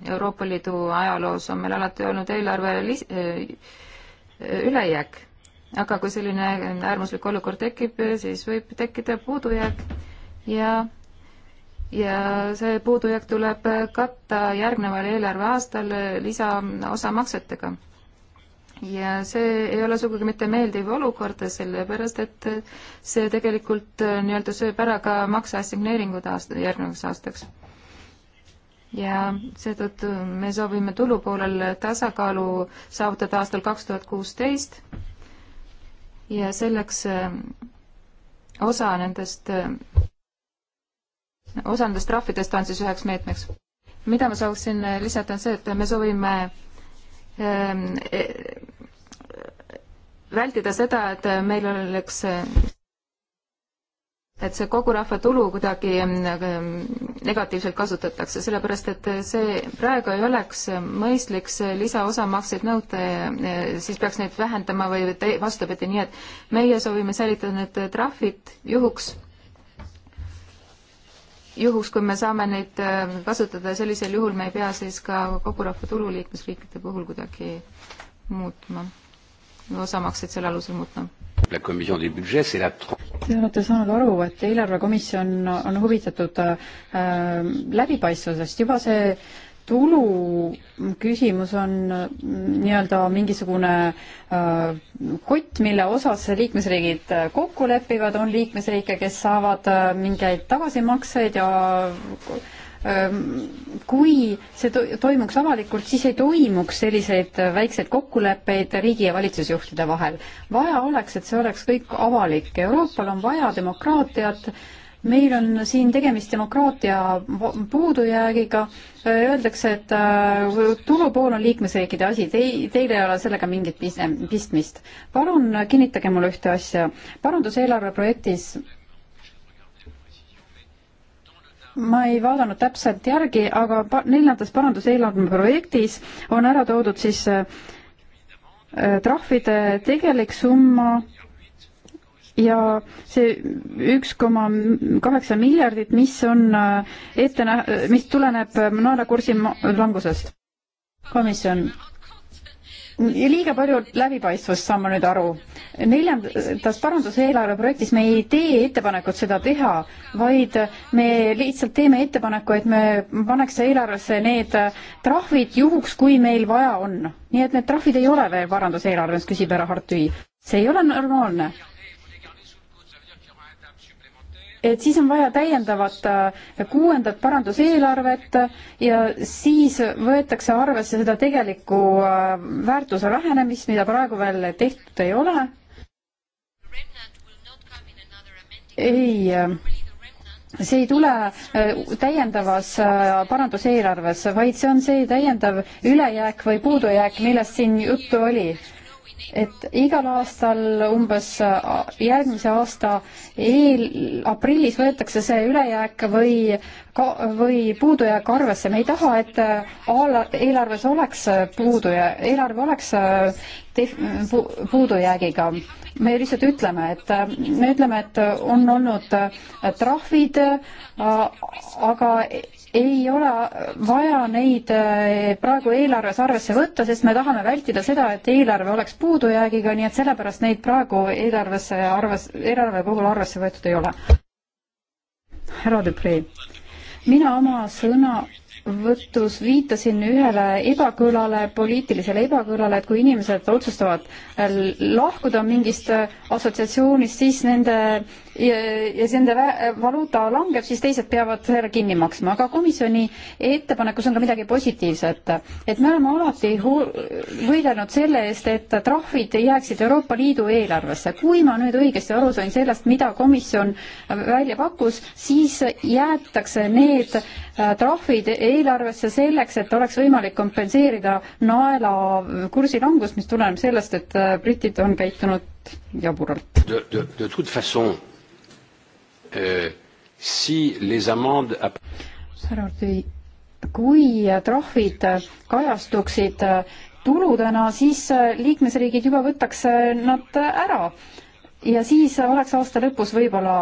[SPEAKER 3] Euroopa Liidu ajaloos on meil alati olnud eelarve lis-, äh, ülejääk. aga kui selline äärmuslik olukord tekib, siis võib tekkida puudujääk ja ja see puudujääk tuleb katta järgneval eelarveaastal lisaosamaksetega. ja see ei ole sugugi mitte meeldiv olukord, sellepärast et see tegelikult äh, nii-öelda sööb ära ka makseassigneeringud aasta, järgnevaks aastaks ja seetõttu me soovime tulu poolel tasakaalu saavutada aastal kaks tuhat kuusteist ja selleks äh, osa nendest, äh, osa nendest trahvidest on siis üheks meetmeks. mida ma sooviksin äh, lisada, on see, et me soovime ähm, äh, vältida seda, et meil oleks et see kogu rahva tulu kuidagi mm, mm, negatiivselt kasutatakse, sellepärast et see praegu ei oleks mõistlik see lisaosamakseid nõuda, siis peaks neid vähendama või vastupidi, nii et meie soovime säilitada need trahvid juhuks, juhuks, kui me saame neid äh, kasutada, sellisel juhul me ei pea siis ka kogu rahva tulu liikmesriikide puhul kuidagi muutma, osamakseid selle alusel muutma Te olete saanud aru, et
[SPEAKER 1] eelarvekomisjon on huvitatud äh, läbipaistvusest, juba see tulu küsimus on mm, nii-öelda mingisugune äh, kott, mille osas liikmesriigid kokku lepivad, on liikmesriike, kes saavad äh, mingeid tagasimakseid ja äh, Ehm, kui see to toimuks avalikult, siis ei toimuks selliseid äh, väikseid kokkuleppeid riigi ja valitsusjuhtide vahel. vaja oleks, et see oleks kõik avalik, Euroopal on vaja demokraatiat, meil on siin tegemist demokraatia puudujäägiga, äh, öeldakse, et äh, tulupool on liikmesriikide asi, tei-, teil ei ole sellega mingit pistmist. palun kinnitage mulle ühte asja, paranduseelarve projektis ma ei vaadanud täpselt järgi, aga neljandas paranduseelarve projektis on ära toodud siis äh, äh, trahvide tegelik summa ja see üks koma kaheksa miljardit, mis on äh, ette nä-, mis tuleneb naerakursi langusest. komisjon. liiga palju läbipaistvust, saan ma nüüd aru neljandas paranduseelarve projektis me ei tee ettepanekut seda teha, vaid me lihtsalt teeme ettepaneku, et me paneks eelarvesse need trahvid juhuks, kui meil vaja on. nii et need trahvid ei ole veel paranduseelarves, küsib härra Hartüi. see ei ole normaalne et siis on vaja täiendavat äh, kuuendat paranduseelarvet ja siis võetakse arvesse seda tegelikku äh, väärtuse vähenemist, mida praegu veel tehtud ei ole. ei, äh, see ei tule täiendavas paranduseelarves, vaid see on see täiendav ülejääk või puudujääk, millest siin juttu oli et igal aastal umbes äh, järgmise aasta eel, aprillis võetakse see ülejääk või ka, või puudujääk arvesse, me ei taha, et äh, aala, eelarves oleks äh, puudujääk, eelarve oleks def, pu, puudujäägiga me lihtsalt ütleme, et me ütleme, et on olnud trahvid, aga ei ole vaja neid praegu eelarves arvesse võtta, sest me tahame vältida seda, et eelarve oleks puudujäägiga, nii et sellepärast neid praegu eelarvesse arves, eelarve puhul arvesse võetud ei ole. härra Dupree mina oma sõna võtus viitasin ühele ebakõlale, poliitilisele ebakõlale, et kui inimesed otsustavad äh, lahkuda mingist äh, assotsiatsioonist, siis nende ja, ja siis nende valuuta langeb, siis teised peavad selle kinni maksma, aga komisjoni ettepanekus on ka midagi positiivset. et me oleme alati võidelnud selle eest, et trahvid jääksid Euroopa Liidu eelarvesse. kui ma nüüd õigesti aru sain sellest, mida komisjon välja pakkus, siis jäetakse need need äh, trahvid eelarvesse selleks, et oleks võimalik kompenseerida naela kursilangust, mis tuleneb sellest, et äh, britid on käitunud jaburalt. De, de, de toute façon euh,, si les amende härra Artüi, kui äh, trahvid kajastuksid tuludena, siis liikmesriigid juba võtaks nad ära ja siis oleks aasta lõpus võib-olla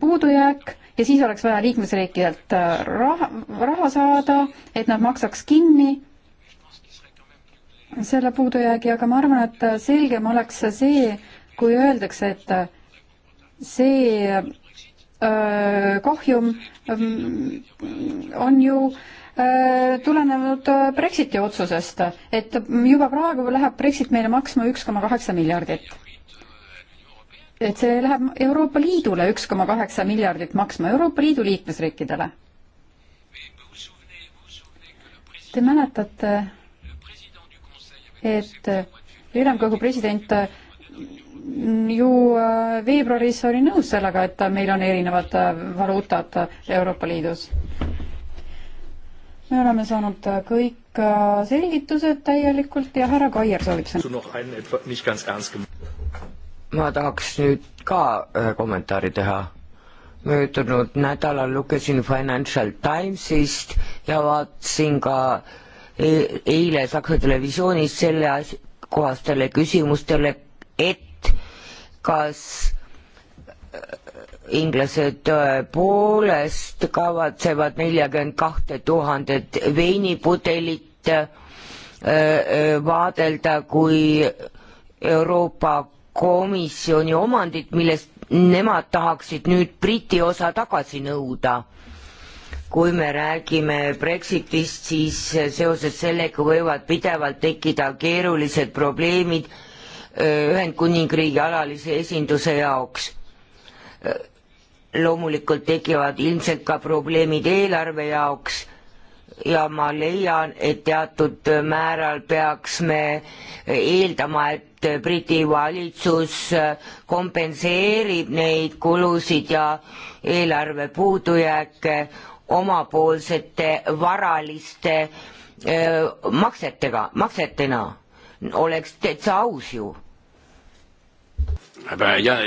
[SPEAKER 1] puudujääk ja siis oleks vaja liikmesriikidelt äh, raha, raha saada, et nad maksaks kinni selle puudujäägi, aga ma arvan, et selgem oleks see, kui öeldakse, et see öö, äh, kahjum öö, ähm, on ju öö, äh, tulenenud Brexiti otsusest, et juba praegu läheb Brexit meile maksma üks koma kaheksa miljardit et see läheb Euroopa Liidule üks koma kaheksa miljardit maksma, Euroopa Liidu liikmesriikidele. Te mäletate, et ülemkogu president ju äh, veebruaris oli nõus sellega, et meil on erinevad äh, valuutad Euroopa Liidus. me oleme saanud kõik äh, selgitused täielikult ja härra Kaier soovib sõna
[SPEAKER 2] ma tahaks nüüd ka ühe äh, kommentaari teha. möödunud nädalal lugesin Financial Timesist ja vaatasin ka e eile Saksa televisioonis selle kohastele küsimustele, et kas äh, inglased tõepoolest kavatsevad neljakümmend kahte tuhandet veinipudelit äh, vaadelda kui Euroopa komisjoni omandit, millest nemad tahaksid nüüd Briti osa tagasi nõuda. kui me räägime Brexitist, siis seoses sellega võivad pidevalt tekkida keerulised probleemid Ühendkuningriigi alalise esinduse jaoks. loomulikult tekivad ilmselt ka probleemid eelarve jaoks ja ma leian, et teatud määral peaks me eeldama, et Briti valitsus kompenseerib neid kulusid ja eelarve puudujääke omapoolsete varaliste öö, maksetega, maksetena. oleks täitsa aus ju.
[SPEAKER 1] aga jah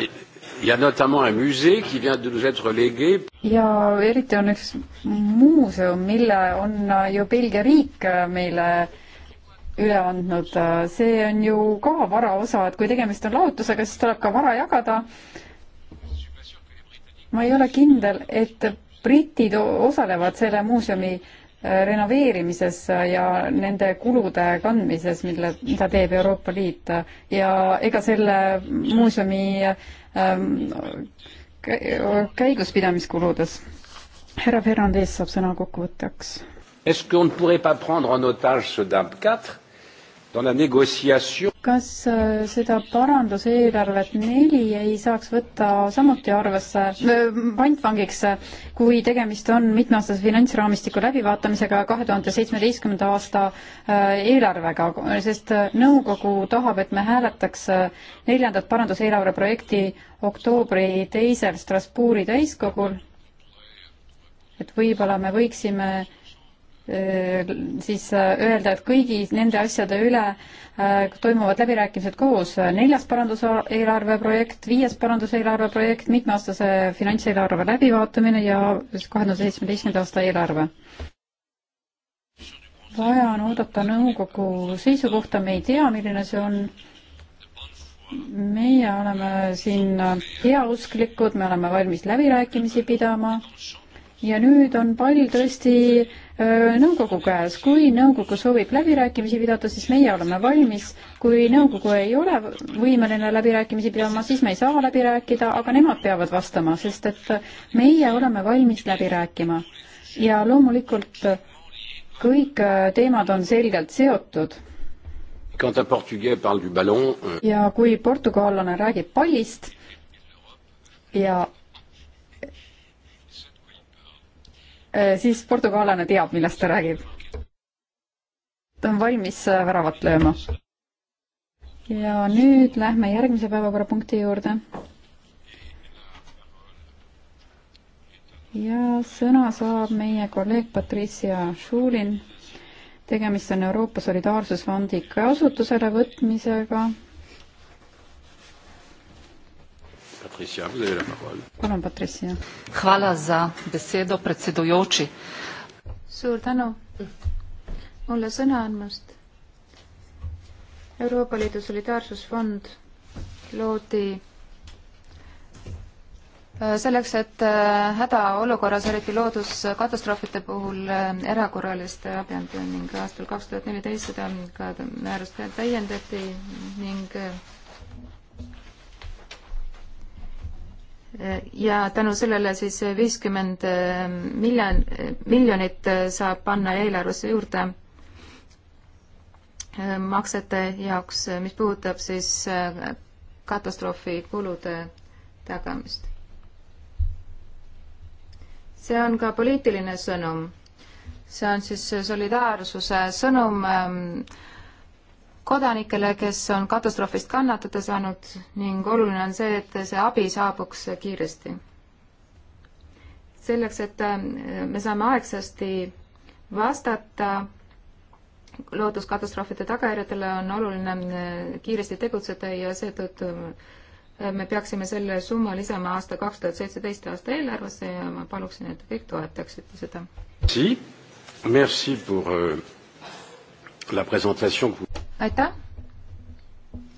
[SPEAKER 1] ja eriti on üks muuseum, mille on ju Belgia riik äh, meile üle andnud, äh, see on ju ka vara osa, et kui tegemist on lahutusega, siis tuleb ka vara jagada. ma ei ole kindel, et britid osalevad selle muuseumi äh, renoveerimises ja nende kulude kandmises, mille, mida teeb Euroopa Liit ja ega selle muuseumi Ähm, käiguspidamiskuludes. härra Fernandes saab sõna kokkuvõtteks. Est-ce qu'on ne pourrait pas prendre en otage ce DAB quatre kas äh, seda paranduseelarvet neli ei saaks võtta samuti arvesse, äh, pantvangiks, äh, kui tegemist on mitmeaastase finantsraamistiku läbivaatamisega kahe tuhande seitsmeteistkümnenda aasta eelarvega, sest nõukogu tahab, et me hääletaks neljandat paranduseelarve projekti oktoobri teisel Strasbourgi täiskogul, et võib-olla me võiksime Äh, siis äh, öelda, et kõigi nende asjade üle äh, toimuvad läbirääkimised koos. neljas paranduseelarve projekt, viies paranduseelarve projekt, mitmeaastase finantseelarve läbivaatamine ja kahe tuhande seitsmeteistkümnenda aasta eelarve vaja on oodata nõukogu seisukohta, me ei tea, milline see on. meie oleme siin heausklikud, me oleme valmis läbirääkimisi pidama ja nüüd on pall tõesti nõukogu käes. kui nõukogu soovib läbirääkimisi pidada, siis meie oleme valmis. kui nõukogu ei ole võimeline läbirääkimisi pidama, siis me ei saa läbi rääkida, aga nemad peavad vastama, sest et meie oleme valmis läbi rääkima. ja loomulikult kõik teemad on selgelt seotud. Euh, ja kui portugallane räägib pallist ja Eh, siis portugaallane teab, millest ta räägib. ta on valmis eh, väravat lööma. ja nüüd lähme järgmise päevakorrapunkti juurde. ja sõna saab meie kolleeg Patricia Šulin. tegemist on Euroopa Solidaarsusfondi kasutusele võtmisega Patricia, teile on parol.
[SPEAKER 3] palun, Patricia. Hvala za besedo, predsedujoči. suur tänu mulle sõna andmast. Euroopa Liidu Solidaarsusfond loodi äh, selleks, et äh, hädaolukorras, eriti looduskatastroofide puhul, äh, erakorralist abi anda ning aastal kaks tuhat neliteist seda ka määrust täiendati ning ja tänu sellele siis viiskümmend eh, miljon, eh, miljonit eh, saab panna eelarvesse juurde maksete jaoks, mis puudutab siis katastroofikulude tagamist. see on ka poliitiline sõnum. see on siis solidaarsuse sõnum ähm, kodanikele, kes on katastroofist kannatada saanud ning oluline on see, et see abi saabuks kiiresti. selleks, et äh, me saame aegsasti vastata looduskatastroofide tagajärjedele, on oluline äh, kiiresti tegutseda ja seetõttu äh, me peaksime selle summa lisama aasta kaks tuhat seitseteist aasta eelarvesse ja ma paluksin, et kõik toetaksite seda. Merci pour euh, la présentation aitäh,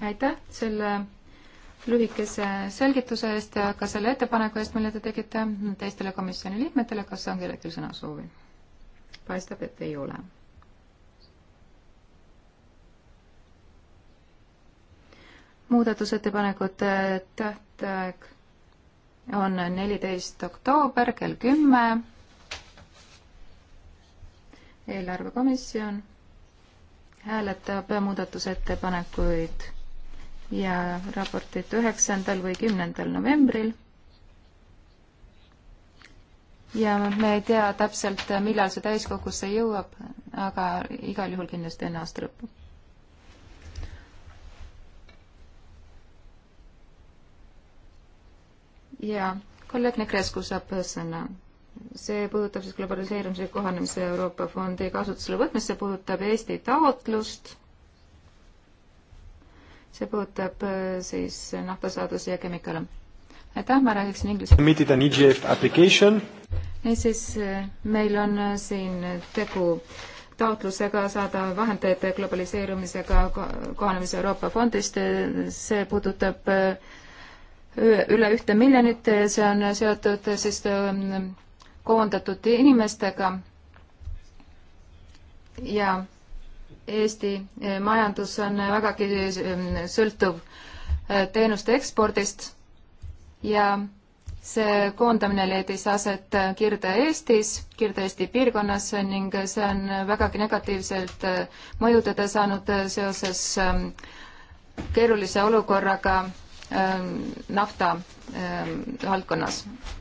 [SPEAKER 3] aitäh selle lühikese selgituse eest ja ka selle ettepaneku eest, mille te tegite teistele komisjoni liikmetele, kas on kellelgi sõnasoovi? paistab, et ei ole. muudatusettepanekute tähtaeg on neliteist oktoober kell kümme. eelarvekomisjon hääletab muudatusettepanekuid ja raportit üheksandal või kümnendal novembril. ja me ei tea täpselt, millal see täiskogusse jõuab, aga igal juhul kindlasti enne aasta lõppu. ja kolleeg Negrescu saab sõna see puudutab siis globaliseerumise kohanemise Euroopa Fondi kasutusele võtmist, see puudutab Eesti taotlust, see puudutab äh, siis naftasaadusi ja kemikaale. aitäh, ma räägiksin inglise
[SPEAKER 2] keeles.
[SPEAKER 3] E niisiis, äh, meil on äh, siin tegu taotlusega saada vahendeid globaliseerumisega kohanemise Euroopa Fondist, see puudutab üle ühte miljonit, see on seotud siis koondatud inimestega ja Eesti eh, majandus on vägagi eh, sõltuv eh, teenuste ekspordist ja see koondamine leidis aset Kirde-Eestis, Kirde-Eesti piirkonnas ning see on vägagi negatiivselt mõjutada saanud seoses keerulise olukorraga nafta valdkonnas äh,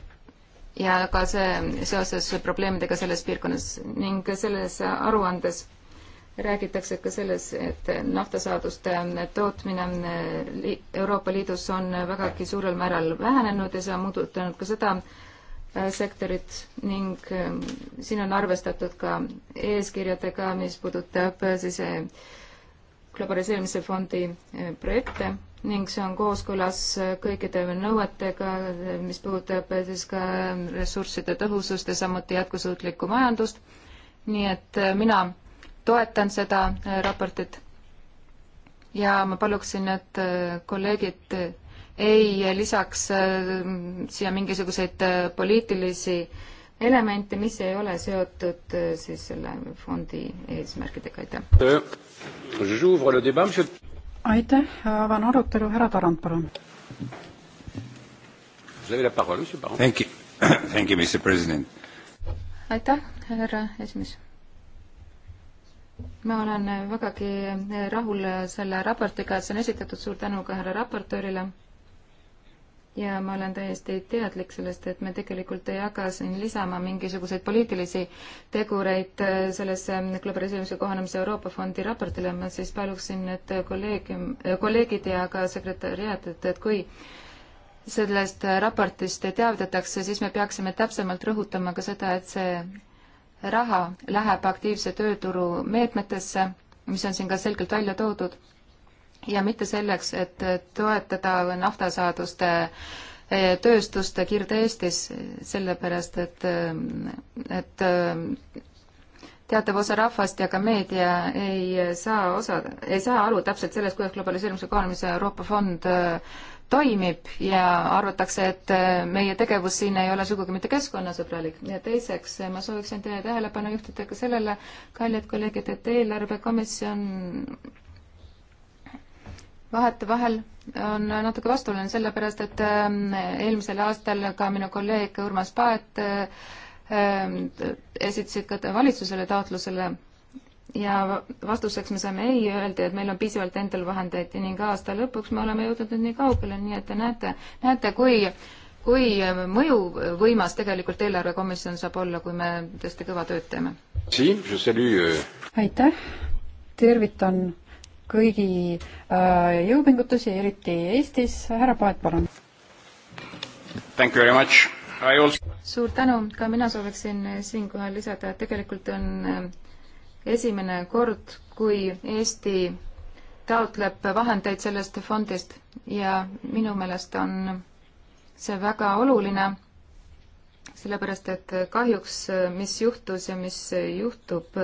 [SPEAKER 3] ja ka see seoses probleemidega selles piirkonnas ning selles aruandes räägitakse ka selles, et naftasaaduste tootmine Euroopa Liidus on vägagi suurel määral vähenenud ja see on muudutanud ka seda äh, sektorit ning äh, siin on arvestatud ka eeskirjadega, mis puudutab äh, siis globaliseerimise fondi projekte ning see on kooskõlas kõikide nõuetega, mis puudutab siis ka ressursside tõhusust ja samuti jätkusuutlikku majandust. nii et äh, mina toetan seda äh, raportit ja ma paluksin, et äh, kolleegid ei lisaks siia mingisuguseid poliitilisi elemente, mis ei ole seotud siis selle fondi eesmärkidega, aitäh. Euh, aitäh, avan arutelu, härra
[SPEAKER 1] Tarand, palun.
[SPEAKER 3] aitäh, härra esimees ma olen vägagi rahul selle raportiga, et see on esitatud, suur tänu ka härra raportöörile ja ma olen täiesti teadlik sellest, et me tegelikult ei hakka siin lisama mingisuguseid poliitilisi tegureid äh, sellesse äh, globaliseerimise kohanemise Euroopa Fondi raportile, ma siis paluksin, et kolleegium, äh, kolleegid ja ka sekretäriaat, et, et kui sellest raportist teavitatakse, siis me peaksime täpsemalt rõhutama ka seda, et see raha läheb aktiivse tööturu meetmetesse, mis on siin ka selgelt välja toodud ja mitte selleks, et toetada naftasaaduste eh, tööstust Kirde-Eestis, sellepärast et, eh, et eh, teatav osa rahvast ja ka meedia ei saa osa, ei saa aru täpselt sellest, kuidas globaliseerimise kohanemise Euroopa fond toimib ja arvatakse, et meie tegevus siin ei ole sugugi mitte keskkonnasõbralik. ja teiseks, ma sooviksin teie tähelepanu juhtida ka sellele, kallid kolleegid, et eelarvekomisjon vahetevahel on natuke vastuoluline, sellepärast et ähm, eelmisel aastal ka minu kolleeg Urmas Paet ähm, esitasid ka valitsusele taotlusele ja vastuseks me saime ei, öeldi, et meil on piisavalt endal vahendeid ning aasta lõpuks me oleme jõudnud nüüd nii kaugele, nii et te näete, näete, kui kui mõjuvõimas tegelikult eelarvekomisjon saab olla, kui me tõesti kõva tööd teeme.
[SPEAKER 2] Euh,
[SPEAKER 3] aitäh, tervitan kõigi äh, jõupingutusi, eriti Eestis. härra Paet, palun.
[SPEAKER 1] Thank you very much. I also
[SPEAKER 3] suur tänu, ka mina sooviksin äh, siinkohal lisada, et tegelikult on äh, esimene kord, kui Eesti taotleb vahendeid sellest fondist ja minu meelest on see väga oluline, sellepärast et kahjuks, mis juhtus ja mis juhtub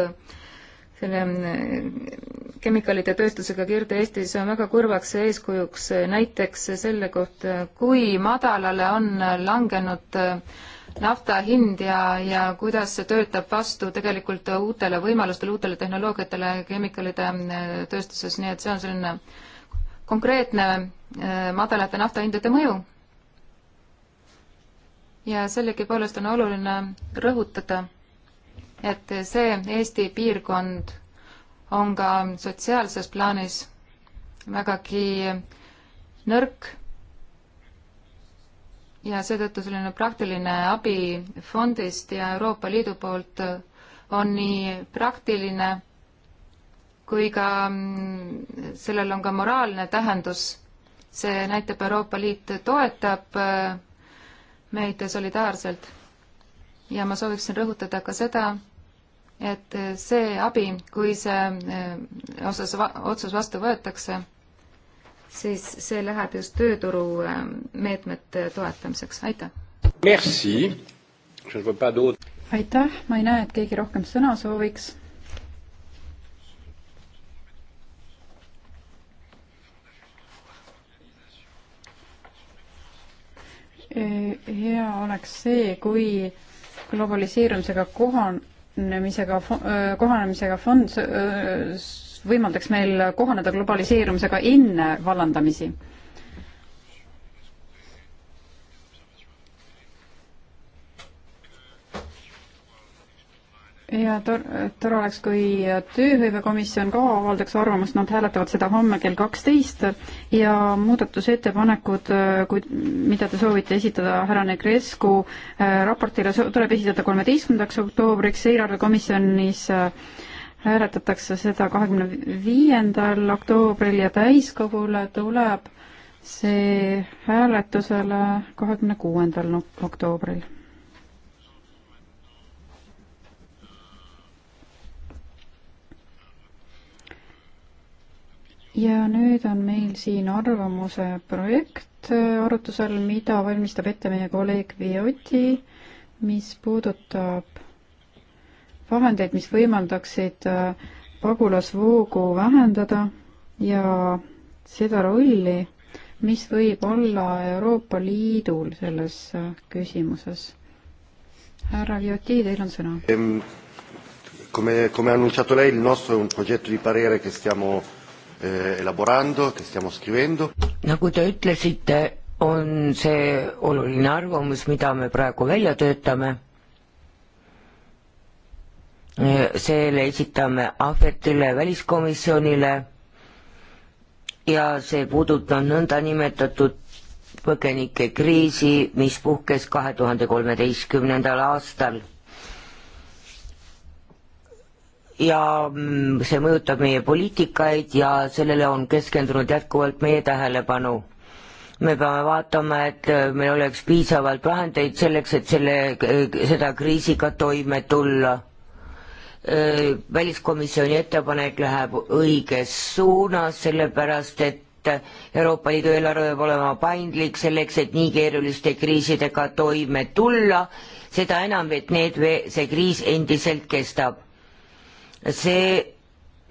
[SPEAKER 3] selle mm, kemikaalide tööstusega Kirde-Eestis on väga kurvaks eeskujuks eh, näiteks selle kohta, kui madalale on langenud eh, nafta hind ja, ja kuidas see töötab vastu tegelikult uutele võimalustele, uutele tehnoloogiatele kemikaalide mm, tööstuses, nii et see on selline konkreetne eh, madalate naftahindade mõju. ja sellegipoolest on oluline rõhutada et see Eesti piirkond on ka sotsiaalses plaanis vägagi nõrk ja seetõttu selline praktiline abi fondist ja Euroopa Liidu poolt on nii praktiline kui ka mm, sellel on ka moraalne tähendus. see näitab, Euroopa Liit toetab äh, meid solidaarselt. ja ma sooviksin rõhutada ka seda, et äh, see abi, kui see äh, osas, otsus vastu võetakse, siis see läheb just tööturu äh, meetmete toetamiseks, aitäh.
[SPEAKER 1] aitäh, ma ei näe, et keegi rohkem sõna sooviks. hea oleks see, kui globaliseerumisega kohan-, kohanemisega, äh, kohanemisega fond äh, võimaldaks meil kohaneda globaliseerumisega enne vallandamisi ja tor-, tore oleks, kui Tööhõivekomisjon ka avaldaks arvamust, nad hääletavad seda homme kell kaksteist ja muudatusettepanekud, kui, mida te soovite esitada härra Negrescu äh, raportile, tuleb esitada kolmeteistkümnendaks oktoobriks, eelarvekomisjonis äh, hääletatakse seda kahekümne viiendal oktoobril ja täiskogule tuleb see hääletusele kahekümne kuuendal oktoobril ja nüüd on meil siin arvamuse projekt äh, arutusel, mida valmistab ette meie kolleeg Vioti, mis puudutab vahendeid, mis võimaldaksid äh, pagulasvoogu vähendada ja seda rolli, mis võib olla Euroopa Liidul selles äh, küsimuses. härra Vioti, teil on sõna.
[SPEAKER 2] Come, come annunciato lei, il nostro è un progetto di parere che stiamo Eh, elaborando, che stiamo scrivendo. nagu te ütlesite, on see oluline arvamus, mida me praegu välja töötame. Eh, selle esitame Ahvetile, väliskomisjonile ja see puudutab nõndanimetatud põgenikekriisi, mis puhkes kahe tuhande kolmeteistkümnendal aastal ja mm, see mõjutab meie poliitikaid ja sellele on keskendunud jätkuvalt meie tähelepanu. me peame vaatama, et äh, meil oleks piisavalt vahendeid selleks, et selle, äh, seda kriisiga toime tulla. Äh, väliskomisjoni ettepanek läheb õiges suunas, sellepärast et Euroopa Liidu eelarve peab olema paindlik selleks, et nii keeruliste kriisidega toime tulla, seda enam, et need, see kriis endiselt kestab see,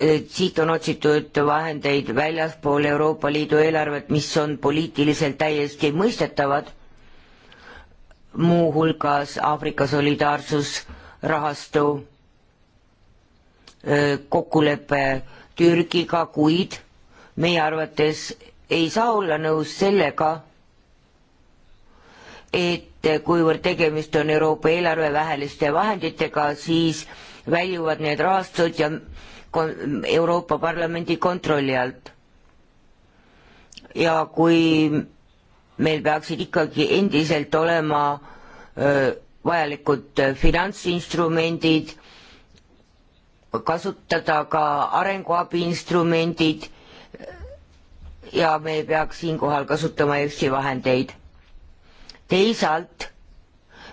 [SPEAKER 2] eh, siit on otsitud vahendeid väljaspool Euroopa Liidu eelarvet, mis on poliitiliselt täiesti mõistetavad, muuhulgas Aafrika solidaarsusrahastu eh, kokkulepe Türgiga, kuid meie arvates ei saa olla nõus sellega, et kuivõrd tegemist on Euroopa eelarve väheliste vahenditega, siis väljuvad need rahastud ja Euroopa Parlamendi kontrolli alt. ja kui meil peaksid ikkagi endiselt olema öö, vajalikud finantsinstrumendid, kasutada ka arenguabi instrumendid ja me ei peaks siinkohal kasutama EFSI vahendeid. teisalt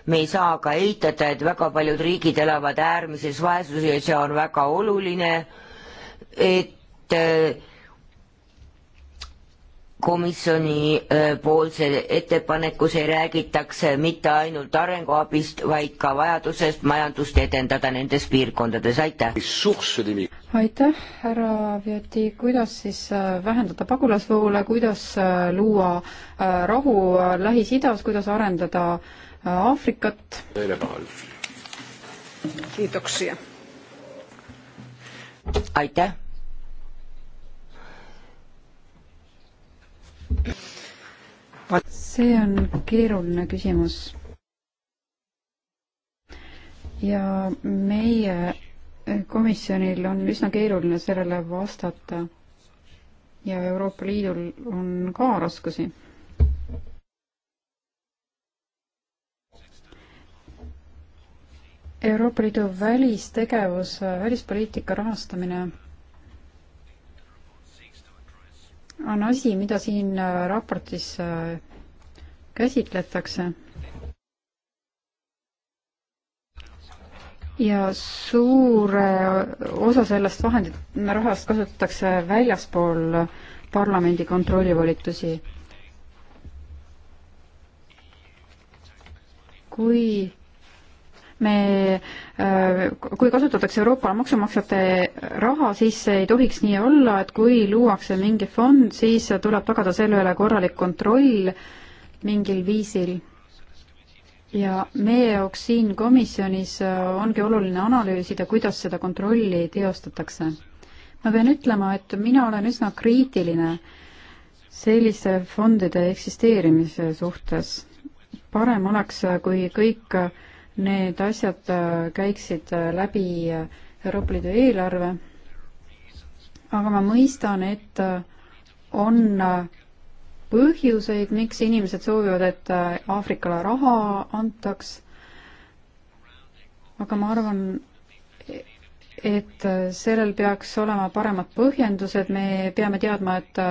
[SPEAKER 2] me ei saa ka eitada, et väga paljud riigid elavad äärmises vaesuses ja on väga oluline, et äh, komisjoni äh, poolse ettepanekus ei räägitakse mitte ainult arenguabist, vaid ka vajadusest majandust edendada nendes piirkondades, aitäh!
[SPEAKER 1] aitäh, härra Vjoti, kuidas siis äh, vähendada pagulasvoole, kuidas luua rahu Lähis-Idas, kuidas arendada äh, Aafrikat. kiitoksia. aitäh. see on keeruline küsimus. ja meie komisjonil on üsna keeruline sellele vastata. ja Euroopa Liidul on ka raskusi Euroopa Liidu välistegevus, välispoliitika rahastamine on asi, mida siin raportis äh, käsitletakse. ja suur osa sellest vahendit, rahast kasutatakse väljaspool parlamendi kontrollivolitusi. kui me, äh, kui kasutatakse Euroopa maksumaksjate raha, siis see ei tohiks nii olla, et kui luuakse mingi fond, siis tuleb tagada selle üle korralik kontroll mingil viisil. ja meie jaoks siin komisjonis äh, ongi oluline analüüsida, kuidas seda kontrolli teostatakse. ma pean ütlema, et mina olen üsna kriitiline selliste fondide eksisteerimise suhtes. parem oleks, äh, kui kõik need asjad äh, käiksid äh, läbi äh, Euroopa Liidu eelarve. aga ma mõistan, et on põhjuseid, miks inimesed soovivad, et Aafrikale raha antaks. aga ma arvan, et sellel peaks olema paremad põhjendused, me peame teadma, et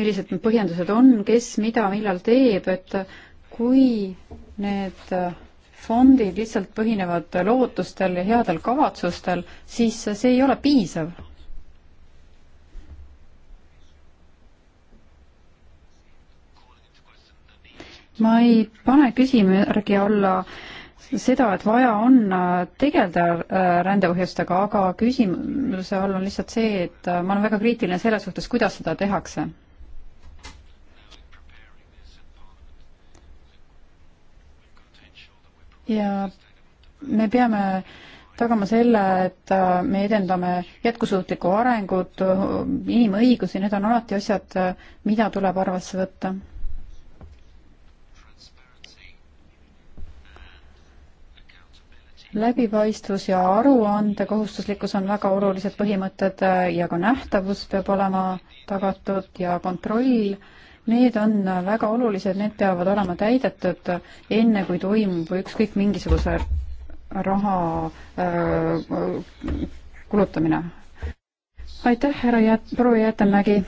[SPEAKER 1] millised need põhjendused on, kes mida millal teeb, et kui need fondid lihtsalt põhinevad lootustel ja headel kavatsustel, siis see ei ole piisav. ma ei pane küsimärgi alla seda, et vaja on tegeleda äh, rändepõhjustega, aga küsimuse all on lihtsalt see, et äh, ma olen väga kriitiline selle suhtes, kuidas seda tehakse ja me peame tagama selle, et äh, me edendame jätkusuutlikku arengut, äh, inimõigusi, need on alati asjad, äh, mida tuleb arvesse võtta. läbipaistvus ja aruande kohustuslikkus on väga olulised põhimõtted ja ka nähtavus peab olema tagatud ja kontroll äh, Need on väga olulised, need peavad olema täidetud enne, kui toimub ükskõik mingisuguse raha äh, kulutamine. aitäh, härra Jät-, proua Jäätemägi.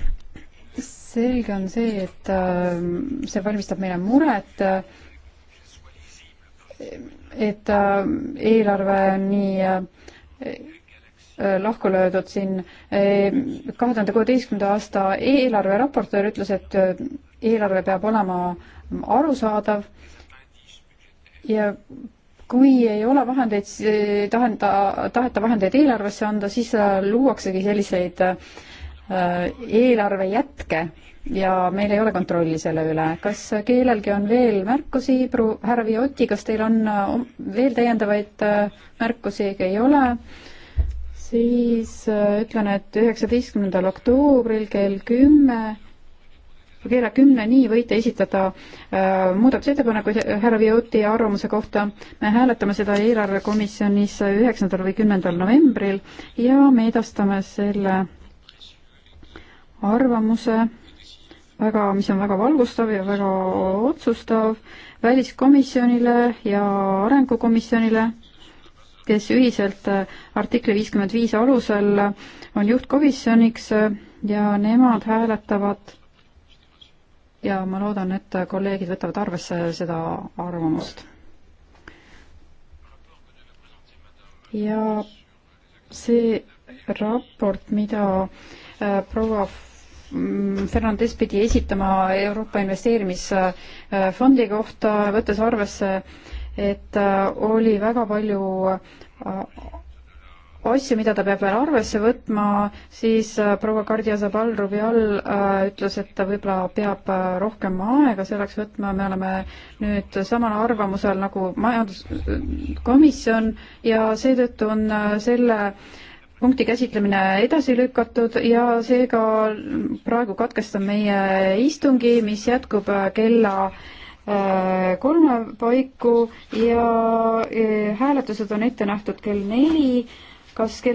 [SPEAKER 1] selge on see, et äh, see valmistab meile muret et äh, eelarve nii Äh, lahku löödud siin. Ehm, kahe tuhande kuueteistkümnenda aasta eelarve raportöör ütles, et äh, eelarve peab olema mm, arusaadav ja kui ei ole vahendeid, äh, tahenda, taheta vahendeid eelarvesse anda, siis luuaksegi selliseid eelarve jätke ja meil ei ole kontrolli selle üle. kas kellelgi on veel märkusi, härra Viotti, kas teil on veel täiendavaid märkusi, ei ole? siis äh, ütlen, et üheksateistkümnendal oktoobril kell kümme kella kümneni võite esitada äh, muudatusettepanekuid äh, härra Vioti arvamuse kohta. me hääletame seda eelarvekomisjonis äh, üheksandal või kümnendal novembril ja me edastame selle arvamuse väga, mis on väga valgustav ja väga otsustav väliskomisjonile ja arengukomisjonile kes ühiselt äh, artikli viiskümmend viis alusel äh, on juhtkomisjoniks äh, ja nemad hääletavad ja ma loodan, et kolleegid võtavad arvesse seda arvamust. ja see raport, mida proua mm, Fernandes pidi esitama Euroopa Investeerimisfondi kohta, võttes arvesse et äh, oli väga palju äh, asju, mida ta peab veel arvesse võtma, siis äh, proua Kardia Zabal Rubial ütles, et ta võib-olla peab rohkem aega selleks võtma, me oleme nüüd samal arvamusel nagu majanduskomisjon ja seetõttu on selle punkti käsitlemine edasi lükatud ja seega praegu katkestan meie istungi, mis jätkub kella Äh, kolme paiku ja äh, hääletused on ette nähtud kell neli. kas kell